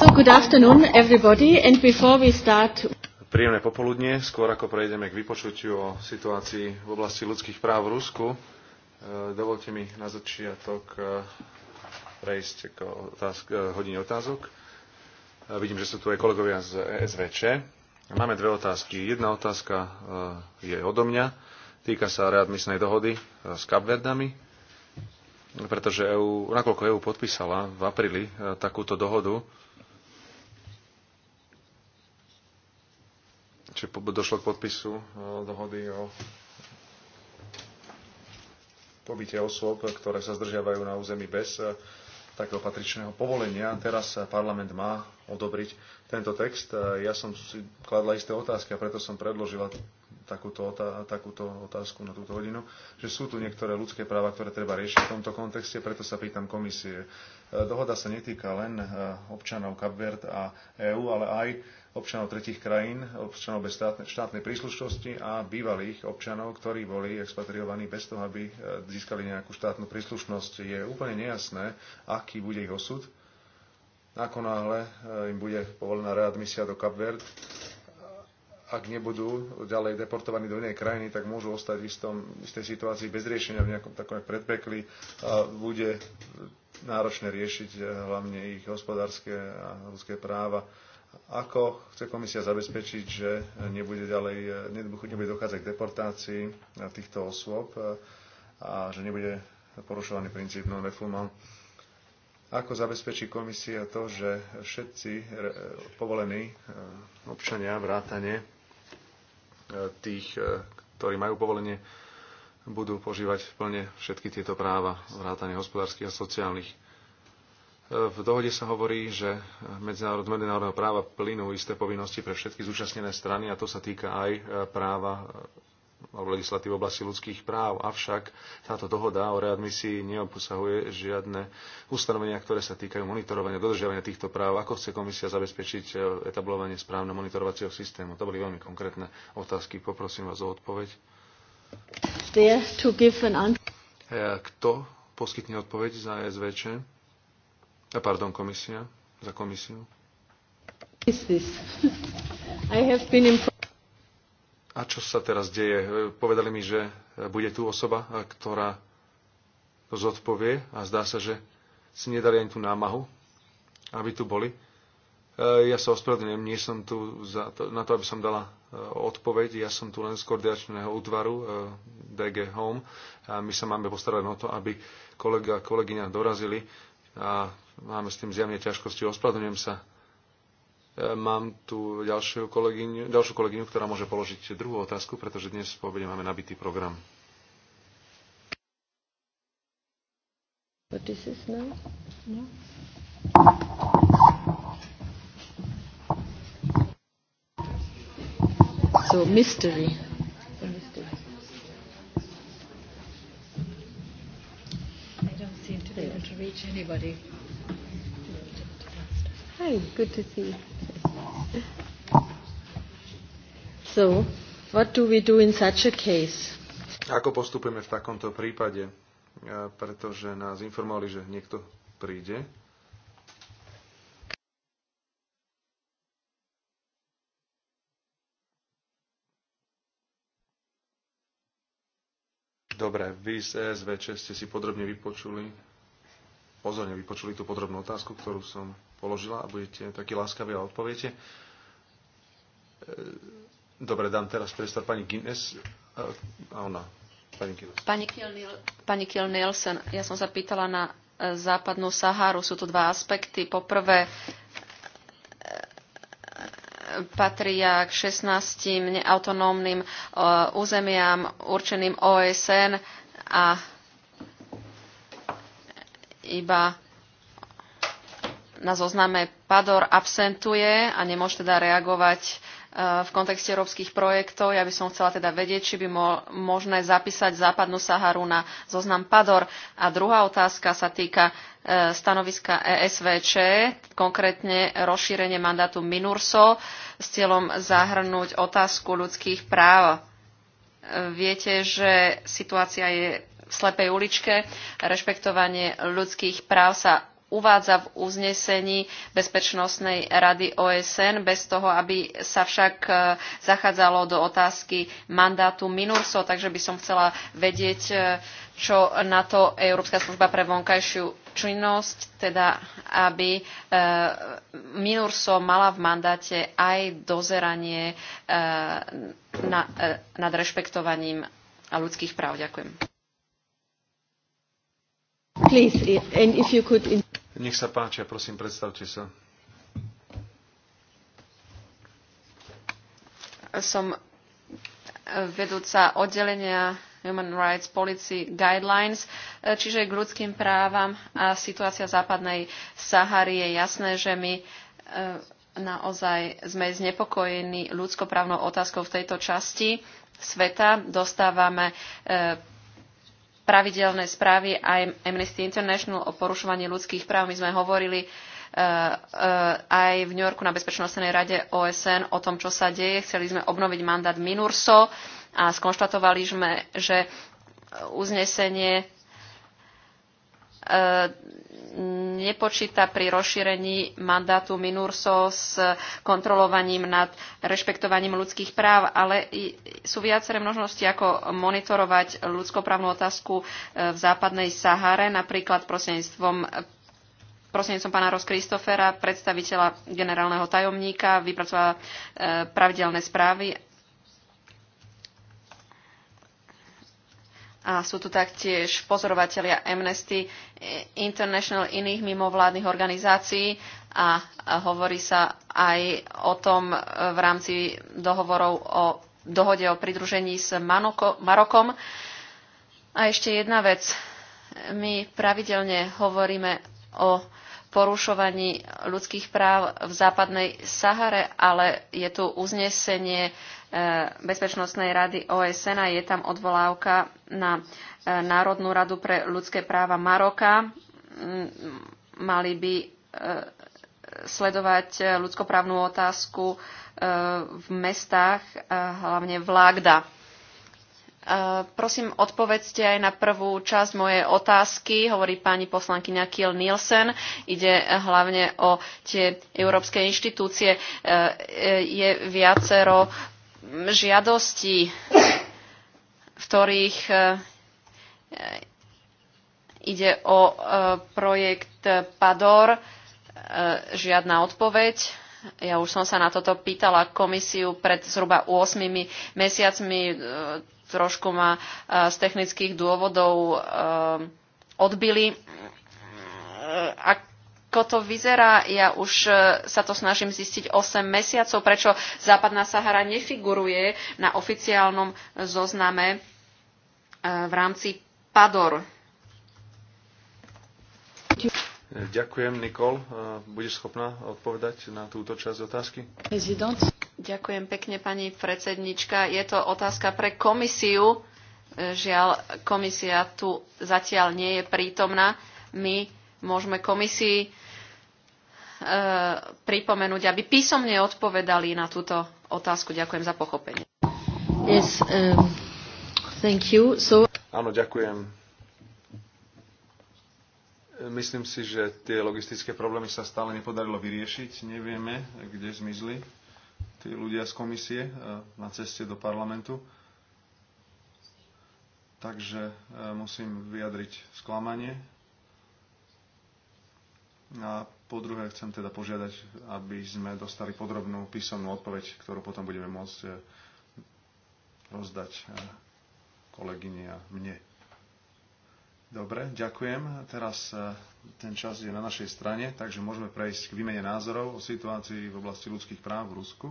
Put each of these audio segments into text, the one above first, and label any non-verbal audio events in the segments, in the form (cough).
So good afternoon everybody and before we start Príjemné popoludne, skôr ako prejdeme k vypočutiu o situácii v oblasti ľudských práv v Rusku, eh, dovolte mi na začiatok eh, prejsť k, otázk, eh, hodine otázok. Vidím, že sú tu aj kolegovia z e SVČ. Máme dve otázky. Jedna otázka je odo mňa. Týka sa readmisnej dohody s Kapverdami pretože EU, nakoľko EU podpísala v apríli takúto dohodu či došlo k podpisu e, dohody o pobyte osôb, ktoré sa zdržiavajú na území bez e, takého patričného povolenia. Teraz parlament má odobriť tento text. E, ja som si kladla isté otázky a preto som predložila takúto, takúto otázku na túto hodinu, že sú tu niektoré ľudské práva, ktoré treba riešiť v tomto kontexte, preto sa pýtam komisie. Dohoda sa netýka len občanov Kapverd a EÚ, ale aj občanov tretich krajín, občanov bez štátnej, príslušnosti a bývalých občanov, ktorí boli expatriovaní bez toho, aby e, získali nejakú štátnu príslušnosť. Je úplne nejasné, aký bude ich osud. Ako náhle e, im bude povolená readmisia do Kapverd, ak nebudú ďalej deportovaní do inej krajiny, tak môžu ostať v istom, istej situácii bez riešenia v nejakom takom predpekli a bude náročné riešiť e, hlavne ich hospodárske a ľudské práva ako chce komisia zabezpečiť, že nebude ďalej, nebude dochádzať k deportácii týchto osôb a že nebude porušovaný princíp non refoulement? Ako zabezpečí komisia to, že všetci povolení e, občania vrátane e, tých, e, ktorí majú povolenie, budú požívať plne všetky tieto práva vrátane hospodárskych a sociálnych? V dohode sa hovorí, že medzinárod, medzinárodného práva plynú isté povinnosti pre všetky zúčastnené strany a to sa týka aj e, práva e, alebo legislatívy v oblasti ľudských práv. Avšak táto dohoda o readmisii neobsahuje žiadne ustanovenia, ktoré sa týkajú monitorovania, dodržiavania týchto práv. Ako chce komisia zabezpečiť e, etablovanie správneho monitorovacieho systému? To boli veľmi konkrétne otázky. Poprosím vás o odpoveď. Kto poskytne odpoveď za SVČ? Eh, pardon, komisia. Za komisiu. (laughs) A čo sa teraz deje? Eh, povedali mi, že eh, bude tu osoba, ktorá to zodpovie a zdá sa, že si nedali ani tú námahu, aby tu boli. Ja sa ospravedlňujem, nie som tu za to, na to, aby som dala odpoveď. Ja som tu len z koordinačného útvaru DG Home a my sa máme postarať o to, aby kolega a kolegyňa dorazili a Máme s tým zjavne ťažkosti, ospravedlňujem sa. E, mám tu ďalšiu kolegyňu, ďalšiu kolegyňu, ktorá môže položiť druhú otázku, pretože dnes po obede máme nabitý program. What is this now? No. So mystery. I don't seem to be able to reach anybody. Hi, good to see you. So, what do we do in such a case? Ako postupujeme v takomto prípade? E, pretože nás informovali, že niekto príde. Dobre, vy z ESVČ ste si podrobne vypočuli pozorne vypočuli tú podrobnú otázku, ktorú som položila a budete takí láskaví a odpoviete. E, dobre, dám teraz priestor pani Guinness e, a ona. Pani Guinness. Pani Kiel, pani Kiel Nielsen, ja som sa pýtala na e, západnú Saharu. Sú tu dva aspekty. Poprvé, patria k 16 neautonómnym územiam určeným OSN a iba na zozname Pador absentuje a nemôže teda reagovať e, v kontexte európskych projektov. Ja by som chcela teda vedieť, či by mo- možné zapísať západnú Saharu na zoznam Pador. A druhá otázka sa týka e, stanoviska ESVČ, konkrétne rozšírenie mandátu MINURSO s cieľom zahrnúť otázku ľudských práv. E, viete, že situácia je slepej uličke. Rešpektovanie ľudských práv sa uvádza v uznesení Bezpečnostnej rady OSN, bez toho, aby sa však e, zachádzalo do otázky mandátu MINURSO, takže by som chcela vedieť, e, čo na to Európska služba pre vonkajšiu činnosť, teda aby e, MINURSO mala v mandáte aj dozeranie nad rešpektovaním ľudských práv. Ďakujem. Please, and if you could... Nech sa páči, prosím, predstavte sa. Som e, vedúca oddelenia Human Rights Policy Guidelines, e, čiže k ľudským právam a situácia západnej Sahary je jasné, že my e, naozaj sme znepokojení ľudskoprávnou otázkou v tejto časti sveta. Dostávame pravidelné správy aj Amnesty International o porušovaní ľudských práv. My sme hovorili e, e, aj v New Yorku na Bezpečnostnej rade OSN o tom, čo sa deje. Chceli sme obnoviť mandát MINURSO a skonštatovali sme, že uznesenie E, nepočíta pri rozšírení mandátu MINURSO s kontrolovaním nad rešpektovaním ľudských práv, ale sú viaceré možnosti, ako monitorovať ľudskoprávnu otázku e, v západnej Sahare, napríklad prostredníctvom prostredníctvom pána Ros Kristofera, predstaviteľa generálneho tajomníka, vypracovala e, pravidelné správy a sú tu taktiež pozorovatelia Amnesty International iných mimovládnych organizácií a hovorí sa aj o tom v rámci dohovorov o dohode o pridružení s Manoko, Marokom. A ešte jedna vec. My pravidelne hovoríme o porušovaní ľudských práv v západnej Sahare, ale je tu uznesenie Eh, Bezpečnostnej rady OSN a je tam odvolávka na eh, Národnú radu pre ľudské práva Maroka. Mm, mali by eh, sledovať ľudskoprávnu otázku v mestách, hlavne v Lagda. Prosím, odpovedzte aj na prvú časť mojej otázky, hovorí pani poslankyňa Kiel Nielsen. Ide hlavne o tie európske inštitúcie. Je viacero žiadosti, v ktorých e, e, ide o e, projekt PADOR. Žiadna odpoveď. Ja už som sa na toto pýtala komisiu pred zhruba 8 mesiacmi. Trošku ma z technických dôvodov odbili. Ak ako to vyzerá. Ja už e, sa to snažím zistiť 8 mesiacov, prečo Západná Sahara nefiguruje na oficiálnom zozname e, v rámci PADOR. Ďakujem, Nikol. E, budeš schopná odpovedať na túto časť otázky? Prezident. Ďakujem pekne, pani predsednička. Je to otázka pre komisiu. Žiaľ, komisia tu zatiaľ nie je prítomná. My môžeme komisii e, pripomenúť, aby písomne odpovedali na túto otázku. Ďakujem za pochopenie. Yes, um, thank you. So... Áno, ďakujem. Myslím si, že tie logistické problémy sa stále nepodarilo vyriešiť. Nevieme, kde zmizli tí ľudia z komisie e, na ceste do parlamentu. Takže e, musím vyjadriť sklamanie No a po druhé chcem teda požiadať, aby sme dostali podrobnú písomnú odpoveď, ktorú potom budeme môcť e, rozdať e, kolegyne a mne. Dobre, ďakujem. Teraz e, ten čas je na našej strane, takže môžeme prejsť k výmene názorov o situácii v oblasti ľudských práv v Rusku,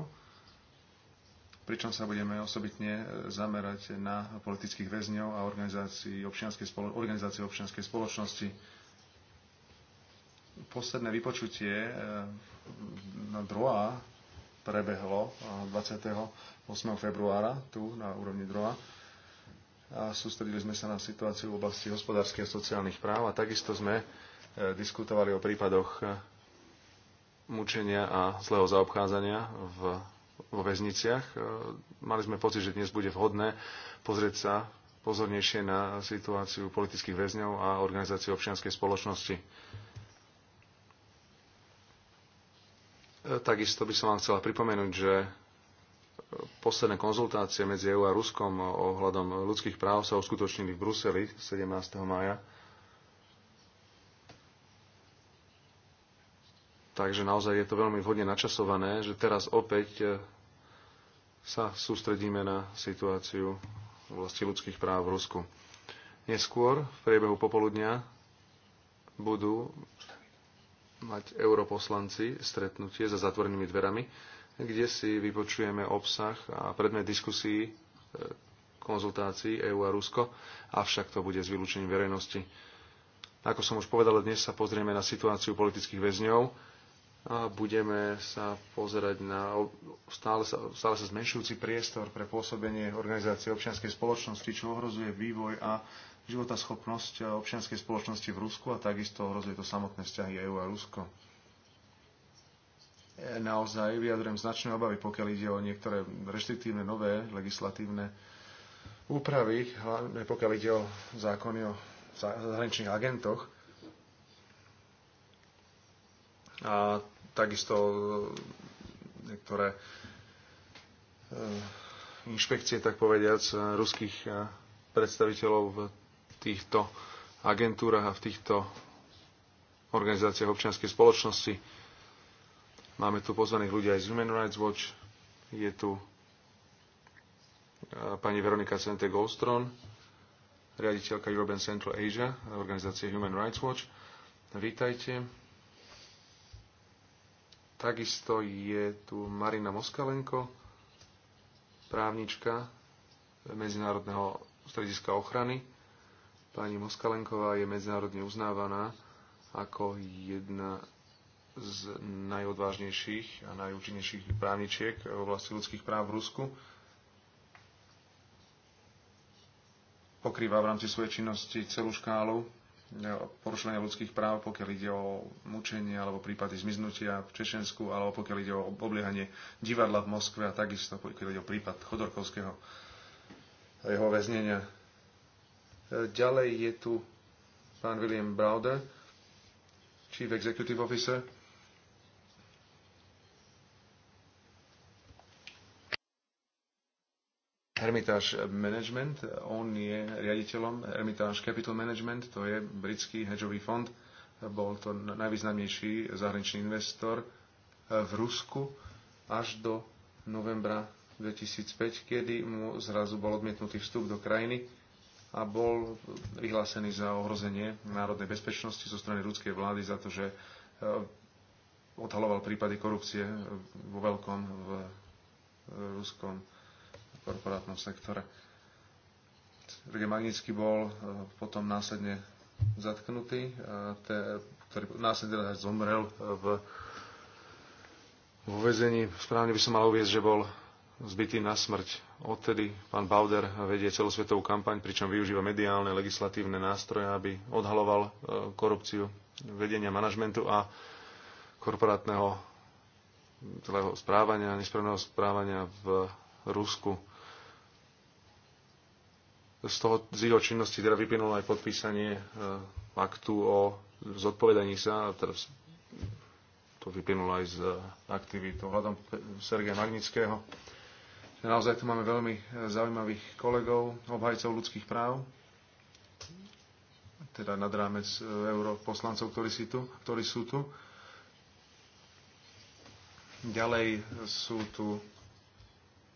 pričom sa budeme osobitne zamerať na politických väzňov a organizácii občianskej spoločnosti posledné vypočutie eh, na DROA prebehlo 28. Eh, februára tu na úrovni DROA a sústredili sme sa na situáciu v oblasti hospodárskych a sociálnych práv a takisto sme eh, diskutovali o prípadoch mučenia a zlého zaobchádzania v, vo väzniciach. Mali sme pocit, že dnes bude vhodné pozrieť sa pozornejšie na situáciu politických väzňov a organizáciu občianskej spoločnosti. E, takisto by som vám chcela pripomenúť, že posledné konzultácie medzi EU a Ruskom ohľadom ľudských práv sa uskutočnili v Bruseli 17. mája. Takže naozaj je to veľmi vhodne načasované, že teraz opäť e, sa sústredíme na situáciu v oblasti ľudských práv v Rusku. Neskôr, v priebehu popoludnia, budú mať europoslanci stretnutie za zatvorenými dverami, kde si vypočujeme obsah a predmet diskusí e, konzultácií EÚ a Rusko, avšak to bude s vylúčením verejnosti. Ako som už povedal, dnes sa pozrieme na situáciu politických väzňov a budeme sa pozerať na stále sa, stále sa zmenšujúci priestor pre pôsobenie organizácie občianskej spoločnosti, čo ohrozuje vývoj a schopnosť eh, občianskej spoločnosti v Rusku a takisto ohrozuje to samotné vzťahy EU a Rusko. E, naozaj vyjadrujem značné obavy, pokiaľ ide o niektoré reštriktívne nové legislatívne úpravy, hlavne pokiaľ ide o zákony o zahraničných agentoch. A takisto eh, niektoré eh, inšpekcie, tak povediac, ruských predstaviteľov v týchto agentúrach a v týchto organizáciách občianskej spoločnosti. Máme tu pozvaných ľudí aj z Human Rights Watch. Je tu eh, pani Veronika Sente Goldstron, riaditeľka European Central Asia, organizácie Human Rights Watch. Vítajte. Takisto je tu Marina Moskalenko, právnička Medzinárodného strediska ochrany Pani Moskalenková je medzinárodne uznávaná ako jedna z najodvážnejších a najúčinnejších právničiek v oblasti ľudských práv v Rusku. Pokrýva v rámci svojej činnosti celú škálu e, porušovania ľudských práv, pokiaľ ide o mučenie alebo prípady zmiznutia v Čečensku, alebo pokiaľ ide o obliehanie divadla v Moskve a takisto pokiaľ ide o prípad Chodorkovského a jeho väznenia Ďalej je tu pán William Browder, Chief Executive Officer. Hermitage Management, on je riaditeľom Hermitage Capital Management, to je britský hedžový fond, bol to najvýznamnejší zahraničný investor eh, v Rusku až do novembra 2005, kedy mu zrazu bol odmietnutý vstup do krajiny a bol vyhlásený za ohrozenie národnej bezpečnosti zo strany ruskej vlády za to, že e, odhaloval prípady korupcie vo veľkom v e, ruskom korporátnom sektore. Sergej Magnický bol e, potom následne zatknutý, ktorý následne teda zomrel v vo Správne by som mal uvieť, že bol zbytý na smrť. Odtedy pán Bauder vedie celosvetovú kampaň, pričom využíva mediálne legislatívne nástroje, aby odhaloval e, korupciu vedenia manažmentu a korporátneho celého správania, nesprávneho správania v Rusku. Z, toho, z jeho činnosti teda vyplynulo aj podpísanie e, aktu o zodpovedaní sa, teda to vyplynulo aj z aktivít ohľadom Sergeja Magnického. Naozaj tu máme veľmi eh, zaujímavých kolegov, obhajcov ľudských práv, teda nad rámec eh, europoslancov, ktorí, si tu, ktorí sú tu. Ďalej eh, sú tu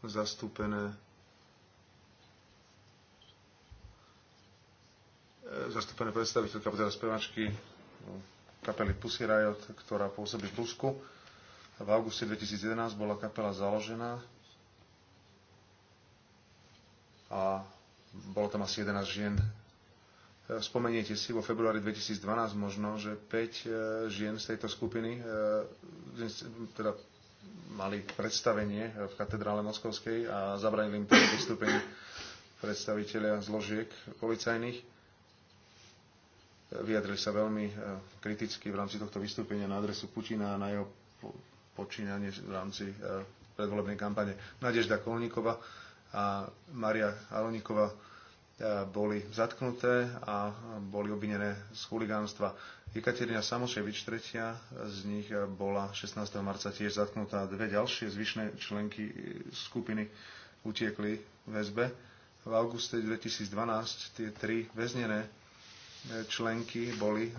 zastúpené zastúpené predstaviteľka teda spevačky kapely Pussy Riot, ktorá pôsobí v Rusku. V auguste 2011 bola kapela založená a bolo tam asi 11 žien. E, spomeniete si, vo februári 2012 možno, že 5 e, žien z tejto skupiny e, teda mali predstavenie v katedrále Moskovskej a zabranili im teda vystúpenie predstaviteľia zložiek policajných. Vyjadrili sa veľmi kriticky v rámci tohto vystúpenia na adresu Putina a na jeho počínanie v rámci predvolebnej kampane. Nadežda Kolníková a Maria Aroníkova e, boli zatknuté a boli obvinené z chuligánstva. Jekaterina Samoševič, tretia z nich, e, bola 16. marca tiež zatknutá. Dve ďalšie zvyšné členky e, skupiny utiekli väzbe. V auguste 2012 tie tri väznené členky boli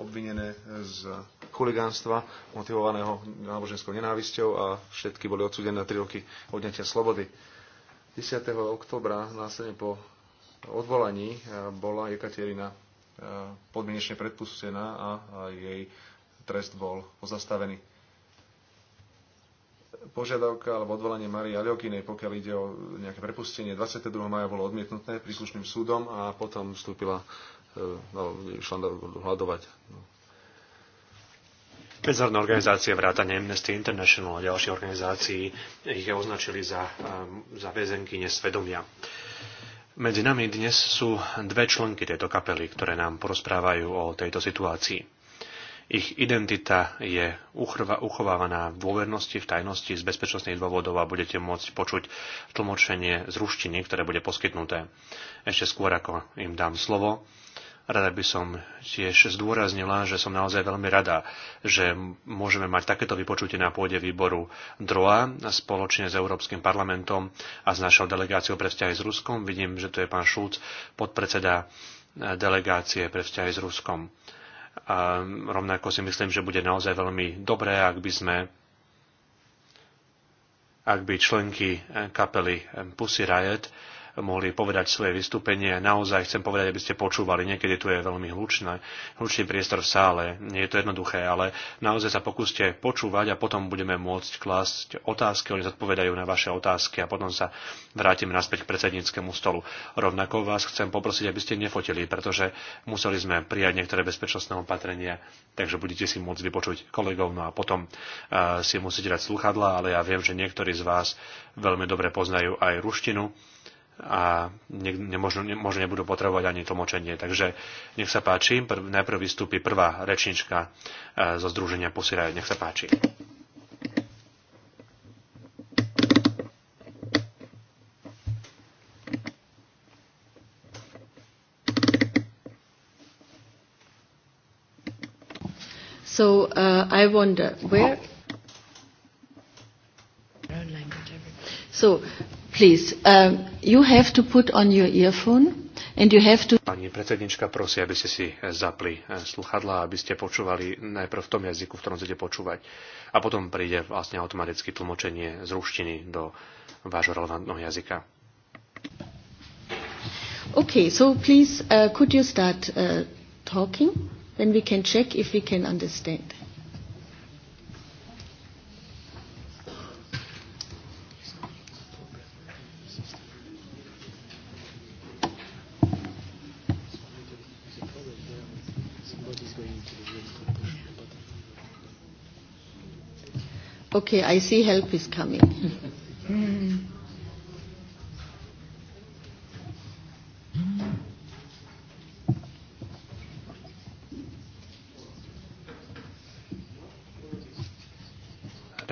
obvinené z chuligánstva motivovaného náboženskou nenávisťou a všetky boli odsudené na tri roky odňatia slobody. 10. oktobra následne po odvolaní eh, bola Jekaterina eh, podmienečne predpustená a jej trest bol pozastavený. Požiadavka alebo odvolanie Marie Aliokinej, pokiaľ ide o nejaké prepustenie, 22. maja bolo odmietnuté príslušným súdom a potom vstúpila, eh, no, išla hľadovať no. Medzárodné organizácie vrátane Amnesty International a ďalších organizácií ich označili za, ehm, za väzenky nesvedomia. Medzi nami dnes sú dve členky tejto kapely, ktoré nám porozprávajú o tejto situácii. Ich identita je uchovávaná v dôvernosti, v tajnosti z bezpečnostných dôvodov a budete môcť počuť tlmočenie z ruštiny, ktoré bude poskytnuté. Ešte skôr, ako im dám slovo, Rada by som tiež zdôraznila, že som naozaj veľmi rada, že môžeme mať takéto vypočutie na pôde výboru DROA spoločne s Európskym parlamentom a s našou delegáciou pre vzťahy s Ruskom. Vidím, že tu je pán Šulc, podpredseda delegácie pre vzťahy s Ruskom. A rovnako si myslím, že bude naozaj veľmi dobré, ak by sme ak by členky kapely Pussy Riot mohli povedať svoje vystúpenie. Naozaj chcem povedať, aby ste počúvali. Niekedy tu je veľmi hlučné, hlučný priestor v sále. Nie je to jednoduché, ale naozaj sa pokúste počúvať a potom budeme môcť klásť otázky. Oni zodpovedajú na vaše otázky a potom sa vrátime naspäť k predsedníckému stolu. Rovnako vás chcem poprosiť, aby ste nefotili, pretože museli sme prijať niektoré bezpečnostné opatrenia, takže budete si môcť vypočuť kolegov, no a potom e, si musíte dať sluchadla, ale ja viem, že niektorí z vás veľmi dobre poznajú aj ruštinu a ne, ne, možno, ne, možno nebudú potrebovať ani tlmočenie. Takže nech sa páči, prv, najprv vystúpi prvá rečnička e, zo Združenia Pusiraj. Nech sa páči. So uh, I wonder where. So Please, um, you have to put on your earphone and you have to... Pani predsednička, prosím, aby ste si eh, zapli eh, sluchadla, aby ste počúvali najprv v tom jazyku, v ktorom chcete počúvať. A potom príde vlastne automaticky tlmočenie z ruštiny do vášho relevantného jazyka. OK, so please, uh, could you start uh, talking? Then we can check if we can understand. Okay, I see help is coming. (laughs)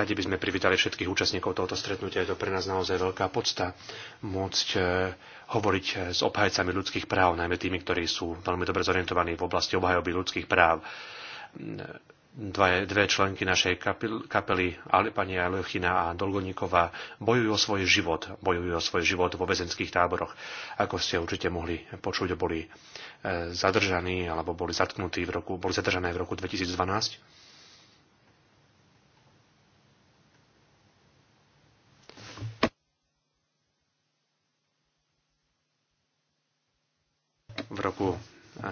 Radi by sme privítali všetkých účastníkov tohoto stretnutia. Je to pre nás naozaj veľká podsta môcť e, hovoriť e, s obhajcami ľudských práv, najmä tými, ktorí sú veľmi dobre zorientovaní v oblasti obhajoby ľudských práv mm, dve, dve členky našej kapel, kapely, ale pani Alechina a Dolgoníková, bojujú o svoj život, bojujú o svoj život vo väzenských táboroch. Ako ste určite mohli počuť, boli e, zadržaní alebo boli zatknutí v roku, boli zadržané v roku 2012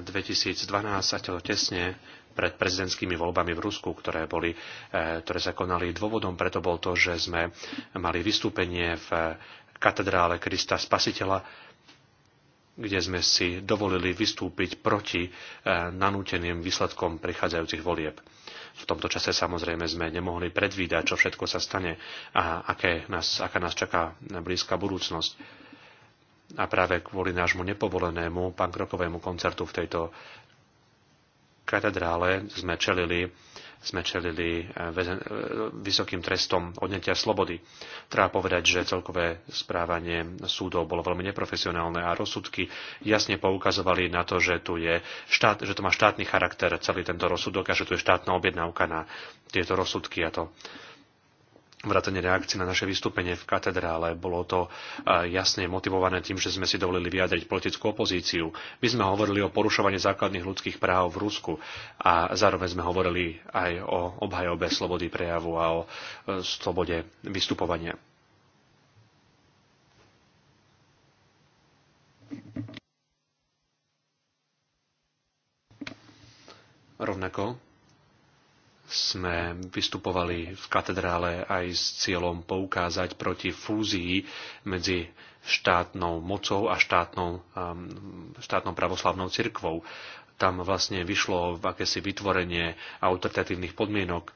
2012 a to tesne pred prezidentskými voľbami v Rusku, ktoré, boli, e, ktoré sa konali. Dôvodom preto bol to, že sme mali vystúpenie v katedrále Krista Spasiteľa, kde sme si dovolili vystúpiť proti e, nanúteným výsledkom prichádzajúcich volieb. V tomto čase samozrejme sme nemohli predvídať, čo všetko sa stane a aké nás, aká nás čaká blízka budúcnosť a práve kvôli nášmu nepovolenému pankrokovému koncertu v tejto katedrále sme čelili, sme čelili e, e, vysokým trestom odnetia slobody. Treba povedať, že celkové správanie súdov bolo veľmi neprofesionálne a rozsudky jasne poukazovali na to, že, tu je štát, že to má štátny charakter celý tento rozsudok a že tu je štátna objednávka na tieto rozsudky a to vrátane reakcie na naše vystúpenie v katedrále. Bolo to e, jasne motivované tým, že sme si dovolili vyjadriť politickú opozíciu. My sme hovorili o porušovaní základných ľudských práv v Rusku a zároveň sme hovorili aj o obhajobe slobody prejavu a o e, slobode vystupovania. Rovnako sme vystupovali v katedrále aj s cieľom poukázať proti fúzii medzi štátnou mocou a štátnou, um, štátnou pravoslavnou cirkvou. Tam vlastne vyšlo v akési vytvorenie autoritatívnych podmienok,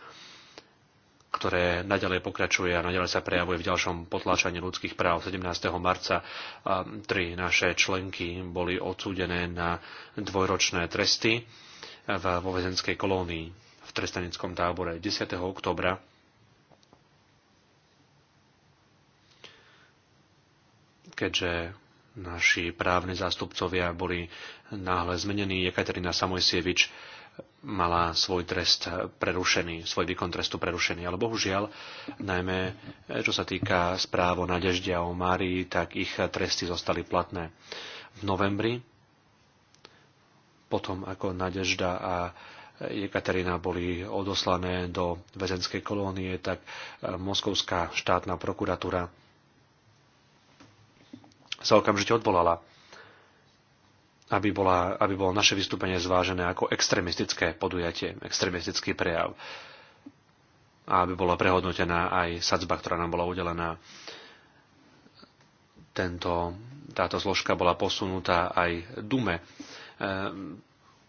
ktoré naďalej pokračuje a naďalej sa prejavuje v ďalšom potláčaní ľudských práv. 17. marca um, tri naše členky boli odsúdené na dvojročné tresty uh, vo väzenskej kolónii v trestaneckom tábore 10. oktobra keďže naši právni zástupcovia boli náhle zmenení. Jekaterina Samojsievič mala svoj trest prerušený, svoj výkon trestu prerušený. Ale bohužiaľ, najmä čo sa týka správ o Nadežde a o Márii, tak ich tresty zostali platné. V novembri, potom ako Nadežda a Jekaterina boli odoslané do väzenskej kolónie, tak e, Moskovská štátna prokuratúra sa okamžite odvolala, aby, bola, aby bolo naše vystúpenie zvážené ako extremistické podujatie, extremistický prejav a aby bola prehodnotená aj sadzba, ktorá nám bola udelená. Tento, táto zložka bola posunutá aj Dume e,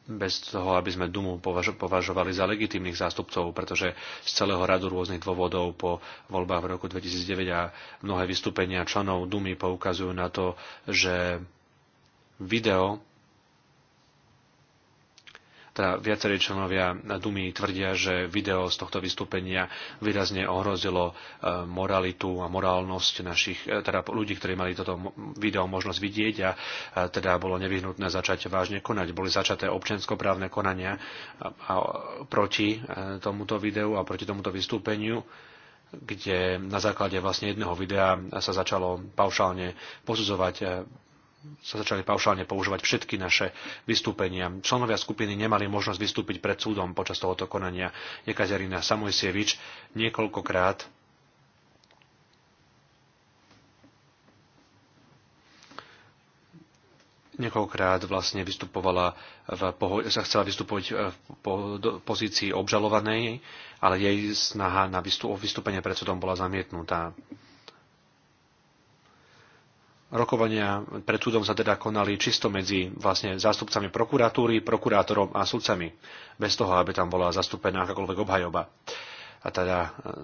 bez toho, aby sme Dumu považovali za legitimných zástupcov, pretože z celého radu rôznych dôvodov po voľbách v roku 2009 a mnohé vystúpenia členov Dumy poukazujú na to, že video teda viacerí členovia Dumy tvrdia, že video z tohto vystúpenia výrazne ohrozilo e, moralitu a morálnosť našich, e, teda ľudí, ktorí mali toto video možnosť vidieť a teda bolo nevyhnutné začať vážne konať. Boli začaté občianskoprávne konania proti e, tomuto videu a proti tomuto vystúpeniu kde na základe vlastne jedného videa sa začalo paušálne posudzovať sa začali paušálne používať všetky naše vystúpenia. Členovia skupiny nemali možnosť vystúpiť pred súdom počas tohoto konania. Kazarina Samojsievič niekoľkokrát niekoľkokrát vlastne vystupovala v poho- sa chcela vystupovať v eh, po- pozícii obžalovanej, ale jej snaha na vystup- vystúpenie pred súdom bola zamietnutá. Rokovania pred súdom sa teda konali čisto medzi vlastne zástupcami prokuratúry, prokurátorom a sudcami, bez toho, aby tam bola zastúpená akákoľvek obhajoba. A teda eh,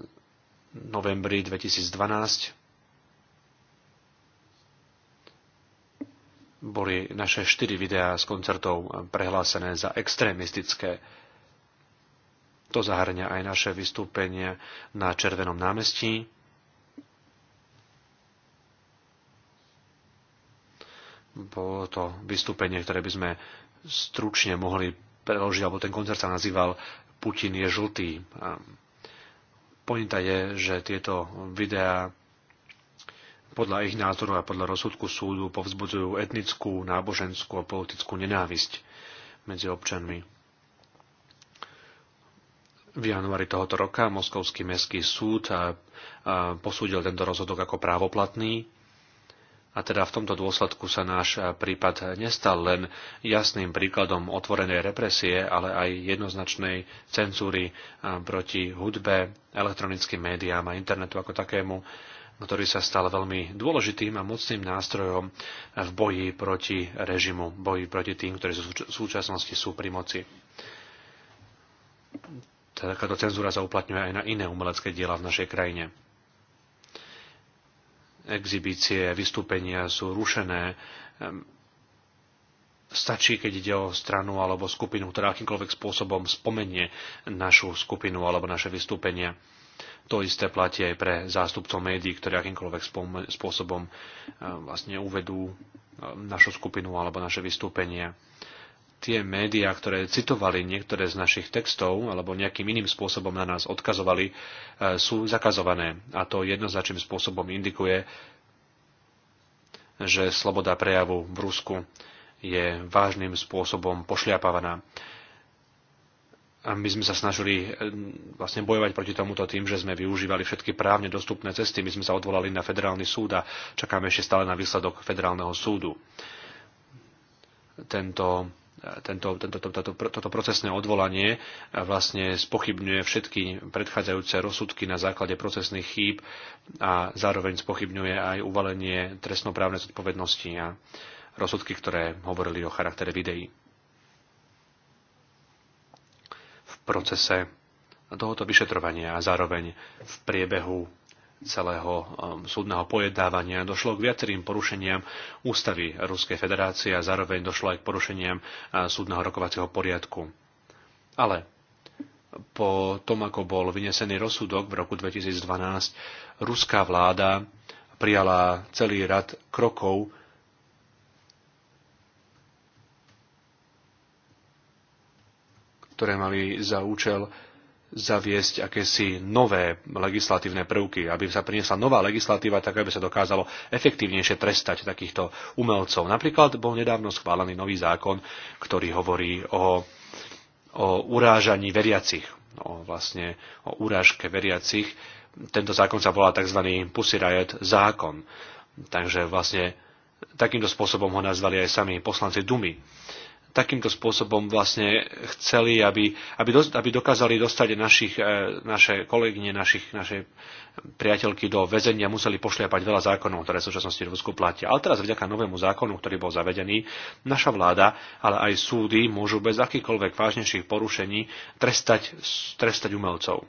novembri 2012 boli naše štyri videá z koncertov prehlásené za extrémistické. To zahrňa aj naše vystúpenie na Červenom námestí, Bolo to vystúpenie, ktoré by sme stručne mohli preložiť, alebo ten koncert sa nazýval Putin je žltý. Pointa je, že tieto videá podľa ich názoru a podľa rozsudku súdu povzbudzujú etnickú, náboženskú a politickú nenávisť medzi občanmi. V januári tohoto roka Moskovský mestský súd posúdil tento rozhodok ako právoplatný a teda v tomto dôsledku sa náš eh, prípad eh, nestal len jasným príkladom otvorenej represie, ale aj jednoznačnej cenzúry eh, proti hudbe, elektronickým médiám a internetu ako takému, ktorý sa stal veľmi dôležitým a mocným nástrojom v boji proti režimu, boji proti tým, ktorí v súčasnosti sú pri moci. Takáto cenzúra sa uplatňuje aj na iné umelecké diela v našej krajine exhibície, vystúpenia sú rušené. Ehm, stačí, keď ide o stranu alebo skupinu, ktorá akýmkoľvek spôsobom spomenie našu skupinu alebo naše vystúpenie. To isté platí aj pre zástupcov médií, ktorí akýmkoľvek spôsobom ehm, vlastne uvedú ehm, našu skupinu alebo naše vystúpenie tie médiá, ktoré citovali niektoré z našich textov alebo nejakým iným spôsobom na nás odkazovali, e, sú zakazované. A to jednoznačným spôsobom indikuje, že sloboda prejavu v Rusku je vážnym spôsobom pošliapávaná. A my sme sa snažili e, vlastne bojovať proti tomuto tým, že sme využívali všetky právne dostupné cesty. My sme sa odvolali na federálny súd a čakáme ešte stále na výsledok federálneho súdu. Tento tento, tento, to, to, to, toto procesné odvolanie vlastne spochybňuje všetky predchádzajúce rozsudky na základe procesných chýb a zároveň spochybňuje aj uvalenie trestnoprávnej zodpovednosti a rozsudky, ktoré hovorili o charaktere videí. V procese tohoto vyšetrovania a zároveň v priebehu celého um, súdneho pojednávania došlo k viacerým porušeniam ústavy Ruskej federácie a zároveň došlo aj k porušeniam uh, súdneho rokovacieho poriadku. Ale po tom, ako bol vynesený rozsudok v roku 2012, ruská vláda prijala celý rad krokov, ktoré mali za účel zaviesť akési nové legislatívne prvky, aby sa priniesla nová legislatíva, tak aby sa dokázalo efektívnejšie trestať takýchto umelcov. Napríklad bol nedávno schválený nový zákon, ktorý hovorí o, o urážaní veriacich, o, vlastne, o urážke veriacich. Tento zákon sa volá tzv. Pussy Riot zákon. Takže vlastne takýmto spôsobom ho nazvali aj sami poslanci Dumy takýmto spôsobom vlastne chceli, aby, aby, do, aby dokázali dostať našich, e, naše kolegyne, našich, naše priateľky do väzenia, museli pošliapať veľa zákonov, ktoré v súčasnosti v Rusku platia. Ale teraz vďaka novému zákonu, ktorý bol zavedený, naša vláda, ale aj súdy môžu bez akýkoľvek vážnejších porušení trestať, trestať umelcov.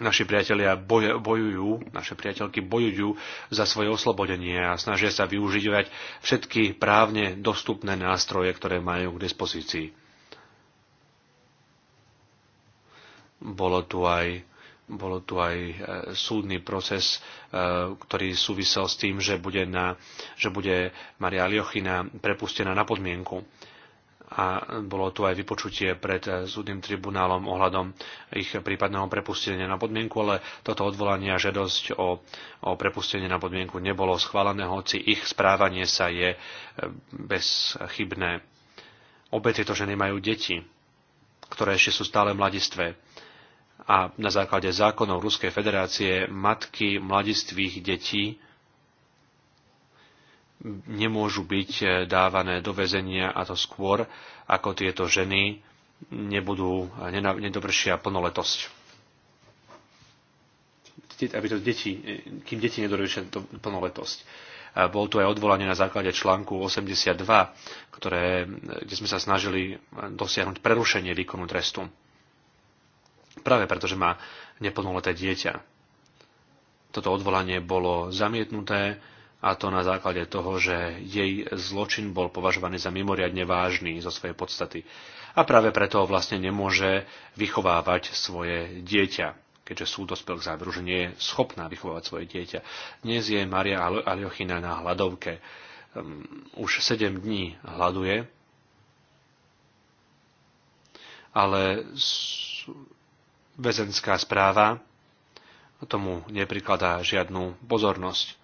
naši priatelia bojujú, naše priateľky bojujú za svoje oslobodenie a snažia sa využívať všetky právne dostupné nástroje, ktoré majú k dispozícii. Bolo tu aj bolo tu aj e, súdny proces, e, ktorý súvisel s tým, že bude, na, že bude Maria Liochina prepustená na podmienku a bolo tu aj vypočutie pred eh, súdnym tribunálom ohľadom ich prípadného prepustenia na podmienku, ale toto odvolanie a žiadosť o, o prepustenie na podmienku nebolo schválené, hoci ich správanie sa je eh, bezchybné. Obe tieto ženy majú deti, ktoré ešte sú stále mladistvé. A na základe zákonov Ruskej federácie matky mladistvých detí nemôžu byť eh, dávané do väzenia a to skôr, ako tieto ženy nebudú, eh, nedovršia plnoletosť. Aby to deti, eh, kým deti nedovršia plnoletosť. Bol tu aj odvolanie na základe článku 82, ktoré, kde sme sa snažili dosiahnuť prerušenie výkonu trestu. Práve preto, že má neplnoleté dieťa. Toto odvolanie bolo zamietnuté, a to na základe toho, že jej zločin bol považovaný za mimoriadne vážny zo svojej podstaty. A práve preto vlastne nemôže vychovávať svoje dieťa keďže súd dospel k záveru, že nie je schopná vychovávať svoje dieťa. Dnes je Maria Aliochina na hladovke. Ehm, už 7 dní hladuje, ale väzenská správa tomu neprikladá žiadnu pozornosť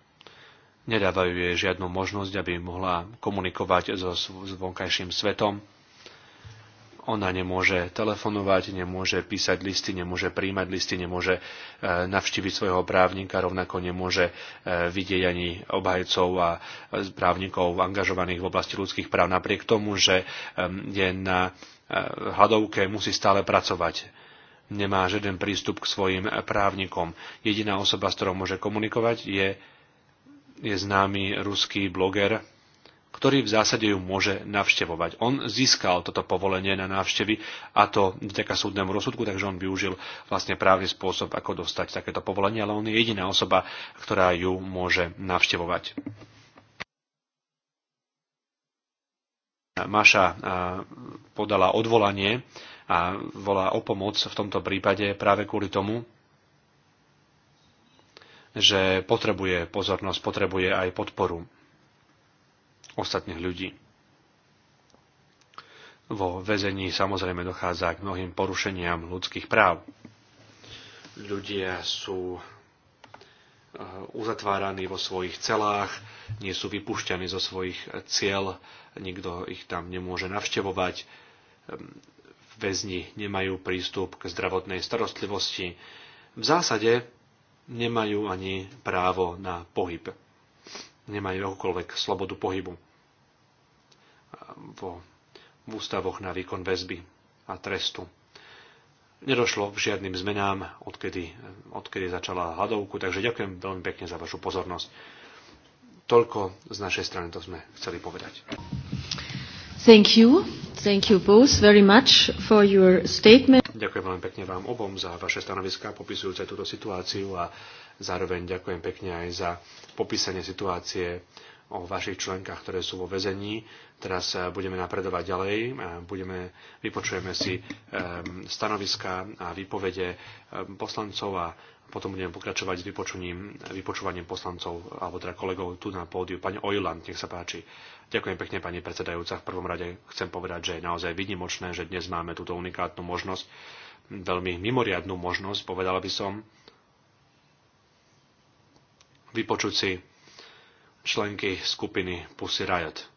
nedávajú jej žiadnu možnosť, aby mohla komunikovať so, vonkajším svetom. Ona nemôže telefonovať, nemôže písať listy, nemôže príjmať listy, nemôže e, navštíviť svojho právnika, rovnako nemôže e, vidieť ani obhajcov a e, právnikov angažovaných v oblasti ľudských práv, napriek tomu, že je na hladovke, musí stále pracovať nemá žiaden prístup k svojim právnikom. Jediná osoba, s ktorou môže komunikovať, je je známy ruský bloger, ktorý v zásade ju môže navštevovať. On získal toto povolenie na návštevy a to vďaka súdnemu rozsudku, takže on využil vlastne právny spôsob, ako dostať takéto povolenie, ale on je jediná osoba, ktorá ju môže navštevovať. Maša podala odvolanie a volá o pomoc v tomto prípade práve kvôli tomu, že potrebuje pozornosť, potrebuje aj podporu ostatných ľudí. Vo väzení samozrejme dochádza k mnohým porušeniam ľudských práv. Ľudia sú eh, uzatváraní vo svojich celách, nie sú vypušťaní zo svojich cieľ, nikto ich tam nemôže navštevovať, ehm, väzni nemajú prístup k zdravotnej starostlivosti. V zásade nemajú ani právo na pohyb. Nemajú akúkoľvek slobodu pohybu vo v ústavoch na výkon väzby a trestu. Nedošlo k žiadnym zmenám, odkedy, odkedy začala hladovku, takže ďakujem veľmi pekne za vašu pozornosť. Toľko z našej strany to sme chceli povedať. Thank you. Thank you both very much for your statement. Ďakujem veľmi pekne vám obom za vaše stanoviská popisujúce túto situáciu a zároveň ďakujem pekne aj za popísanie situácie o vašich členkách, ktoré sú vo väzení. Teraz eh, budeme napredovať ďalej, eh, budeme, vypočujeme si eh, stanoviska a výpovede poslancov a potom budeme pokračovať s vypočuním, vypočúvaním poslancov alebo teda kolegov tu na pódiu. Pani Ojland, nech sa páči. Ďakujem pekne, pani predsedajúca. V prvom rade chcem povedať, že je naozaj vynimočné, že dnes máme túto unikátnu možnosť, veľmi mimoriadnú možnosť, povedala by som, vypočuť si členky skupiny Pussy Riot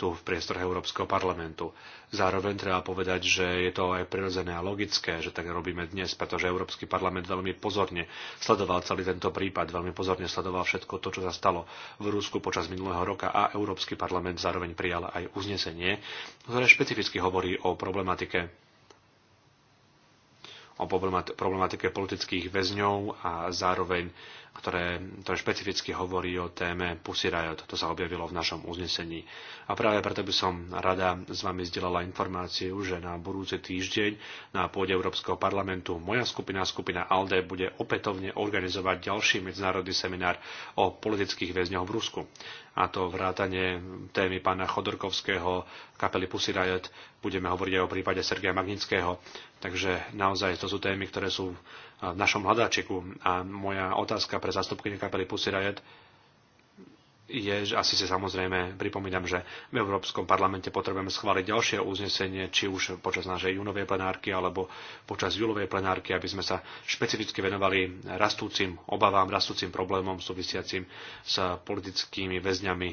tu v priestore Európskeho parlamentu. Zároveň treba povedať, že je to aj prirodzené a logické, že tak robíme dnes, pretože Európsky parlament veľmi pozorne sledoval celý tento prípad, veľmi pozorne sledoval všetko to, čo sa stalo v Rusku počas minulého roka a Európsky parlament zároveň prijal aj uznesenie, ktoré špecificky hovorí o problematike o problematike politických väzňov a zároveň ktoré, ktoré špecificky hovorí o téme Pussy Riot. To sa objavilo v našom uznesení. A práve preto by som rada s vami zdieľala informáciu, že na budúci týždeň na pôde Európskeho parlamentu moja skupina, skupina ALDE, bude opätovne organizovať ďalší medzinárodný seminár o politických väzňoch v Rusku. A to vrátanie témy pána Chodorkovského, kapely Pussy Riot, budeme hovoriť aj o prípade Sergeja Magnického. Takže naozaj to sú témy, ktoré sú v našom hľadáčiku. A moja otázka pre zastupkyňu kapely Pussy Riot je, že asi si samozrejme pripomínam, že v Európskom parlamente potrebujeme schváliť ďalšie uznesenie, či už počas našej júnovej plenárky alebo počas júlovej plenárky, aby sme sa špecificky venovali rastúcim obavám, rastúcim problémom súvisiacim s politickými väzňami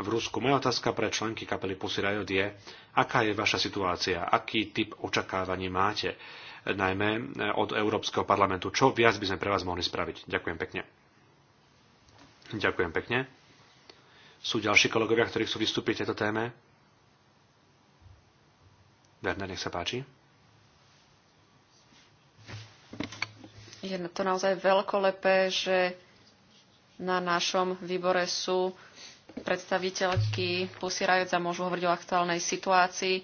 v Rusku. Moja otázka pre členky kapely Pussy Riot je, aká je vaša situácia, aký typ očakávaní máte najmä e, od Európskeho parlamentu. Čo viac by sme pre vás mohli spraviť? Ďakujem pekne. Ďakujem pekne. Sú ďalší kolegovia, ktorí chcú vystúpiť v tejto téme? Werner, nech sa páči. Je to naozaj lepé, že na našom výbore sú predstaviteľky Pussy a môžu hovoriť o aktuálnej situácii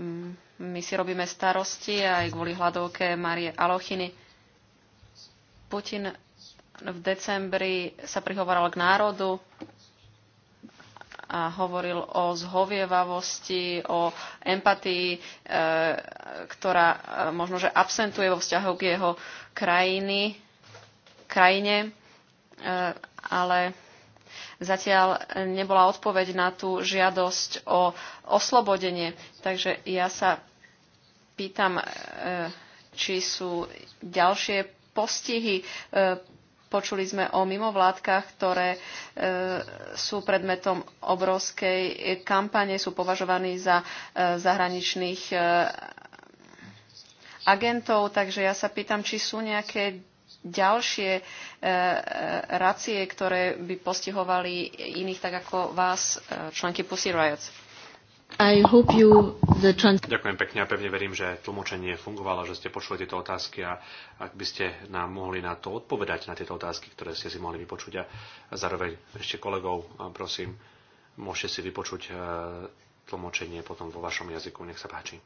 mm, my si robíme starosti aj kvôli hladovke Marie Alochiny. Putin v decembri sa prihovoral k národu a hovoril o zhovievavosti, o empatii, e, ktorá e, možno, že absentuje vo vzťahu k jeho krajiny, krajine, e, ale zatiaľ nebola odpoveď na tú žiadosť o oslobodenie. Takže ja sa pýtam, e, či sú ďalšie postihy. E, počuli sme o mimovládkach, ktoré e, sú predmetom obrovskej kampane, sú považovaní za zahraničných agentov, takže ja sa pýtam, či sú nejaké ďalšie racie, ktoré by postihovali iných, tak ako vás, členky Pussy Riots. You, trans... Ďakujem pekne a pevne verím, že tlmočenie fungovalo, že ste počuli tieto otázky a ak by ste nám mohli na to odpovedať, na tieto otázky, ktoré ste si mohli vypočuť a zároveň ešte kolegov, prosím, môžete si vypočuť e, tlmočenie potom vo vašom jazyku. Nech sa páči.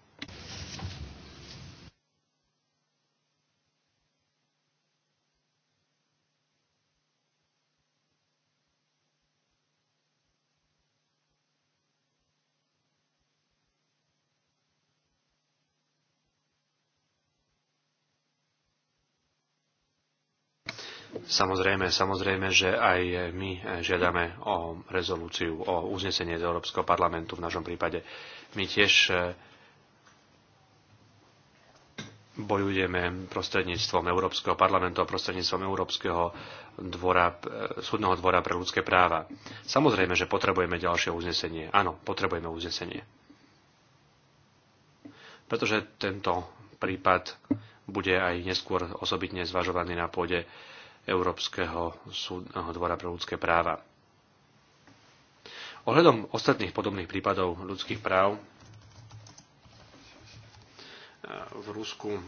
Samozrejme, samozrejme, že aj my žiadame o rezolúciu, o uznesenie z Európskeho parlamentu v našom prípade. My tiež eh, bojujeme prostredníctvom Európskeho parlamentu a prostredníctvom Európskeho dvora, eh, súdneho dvora pre ľudské práva. Samozrejme, že potrebujeme ďalšie uznesenie. Áno, potrebujeme uznesenie. Pretože tento prípad bude aj neskôr osobitne zvažovaný na pôde Európskeho súdneho dvora pre ľudské práva. Ohľadom ostatných podobných prípadov ľudských práv eh, v Rusku eh,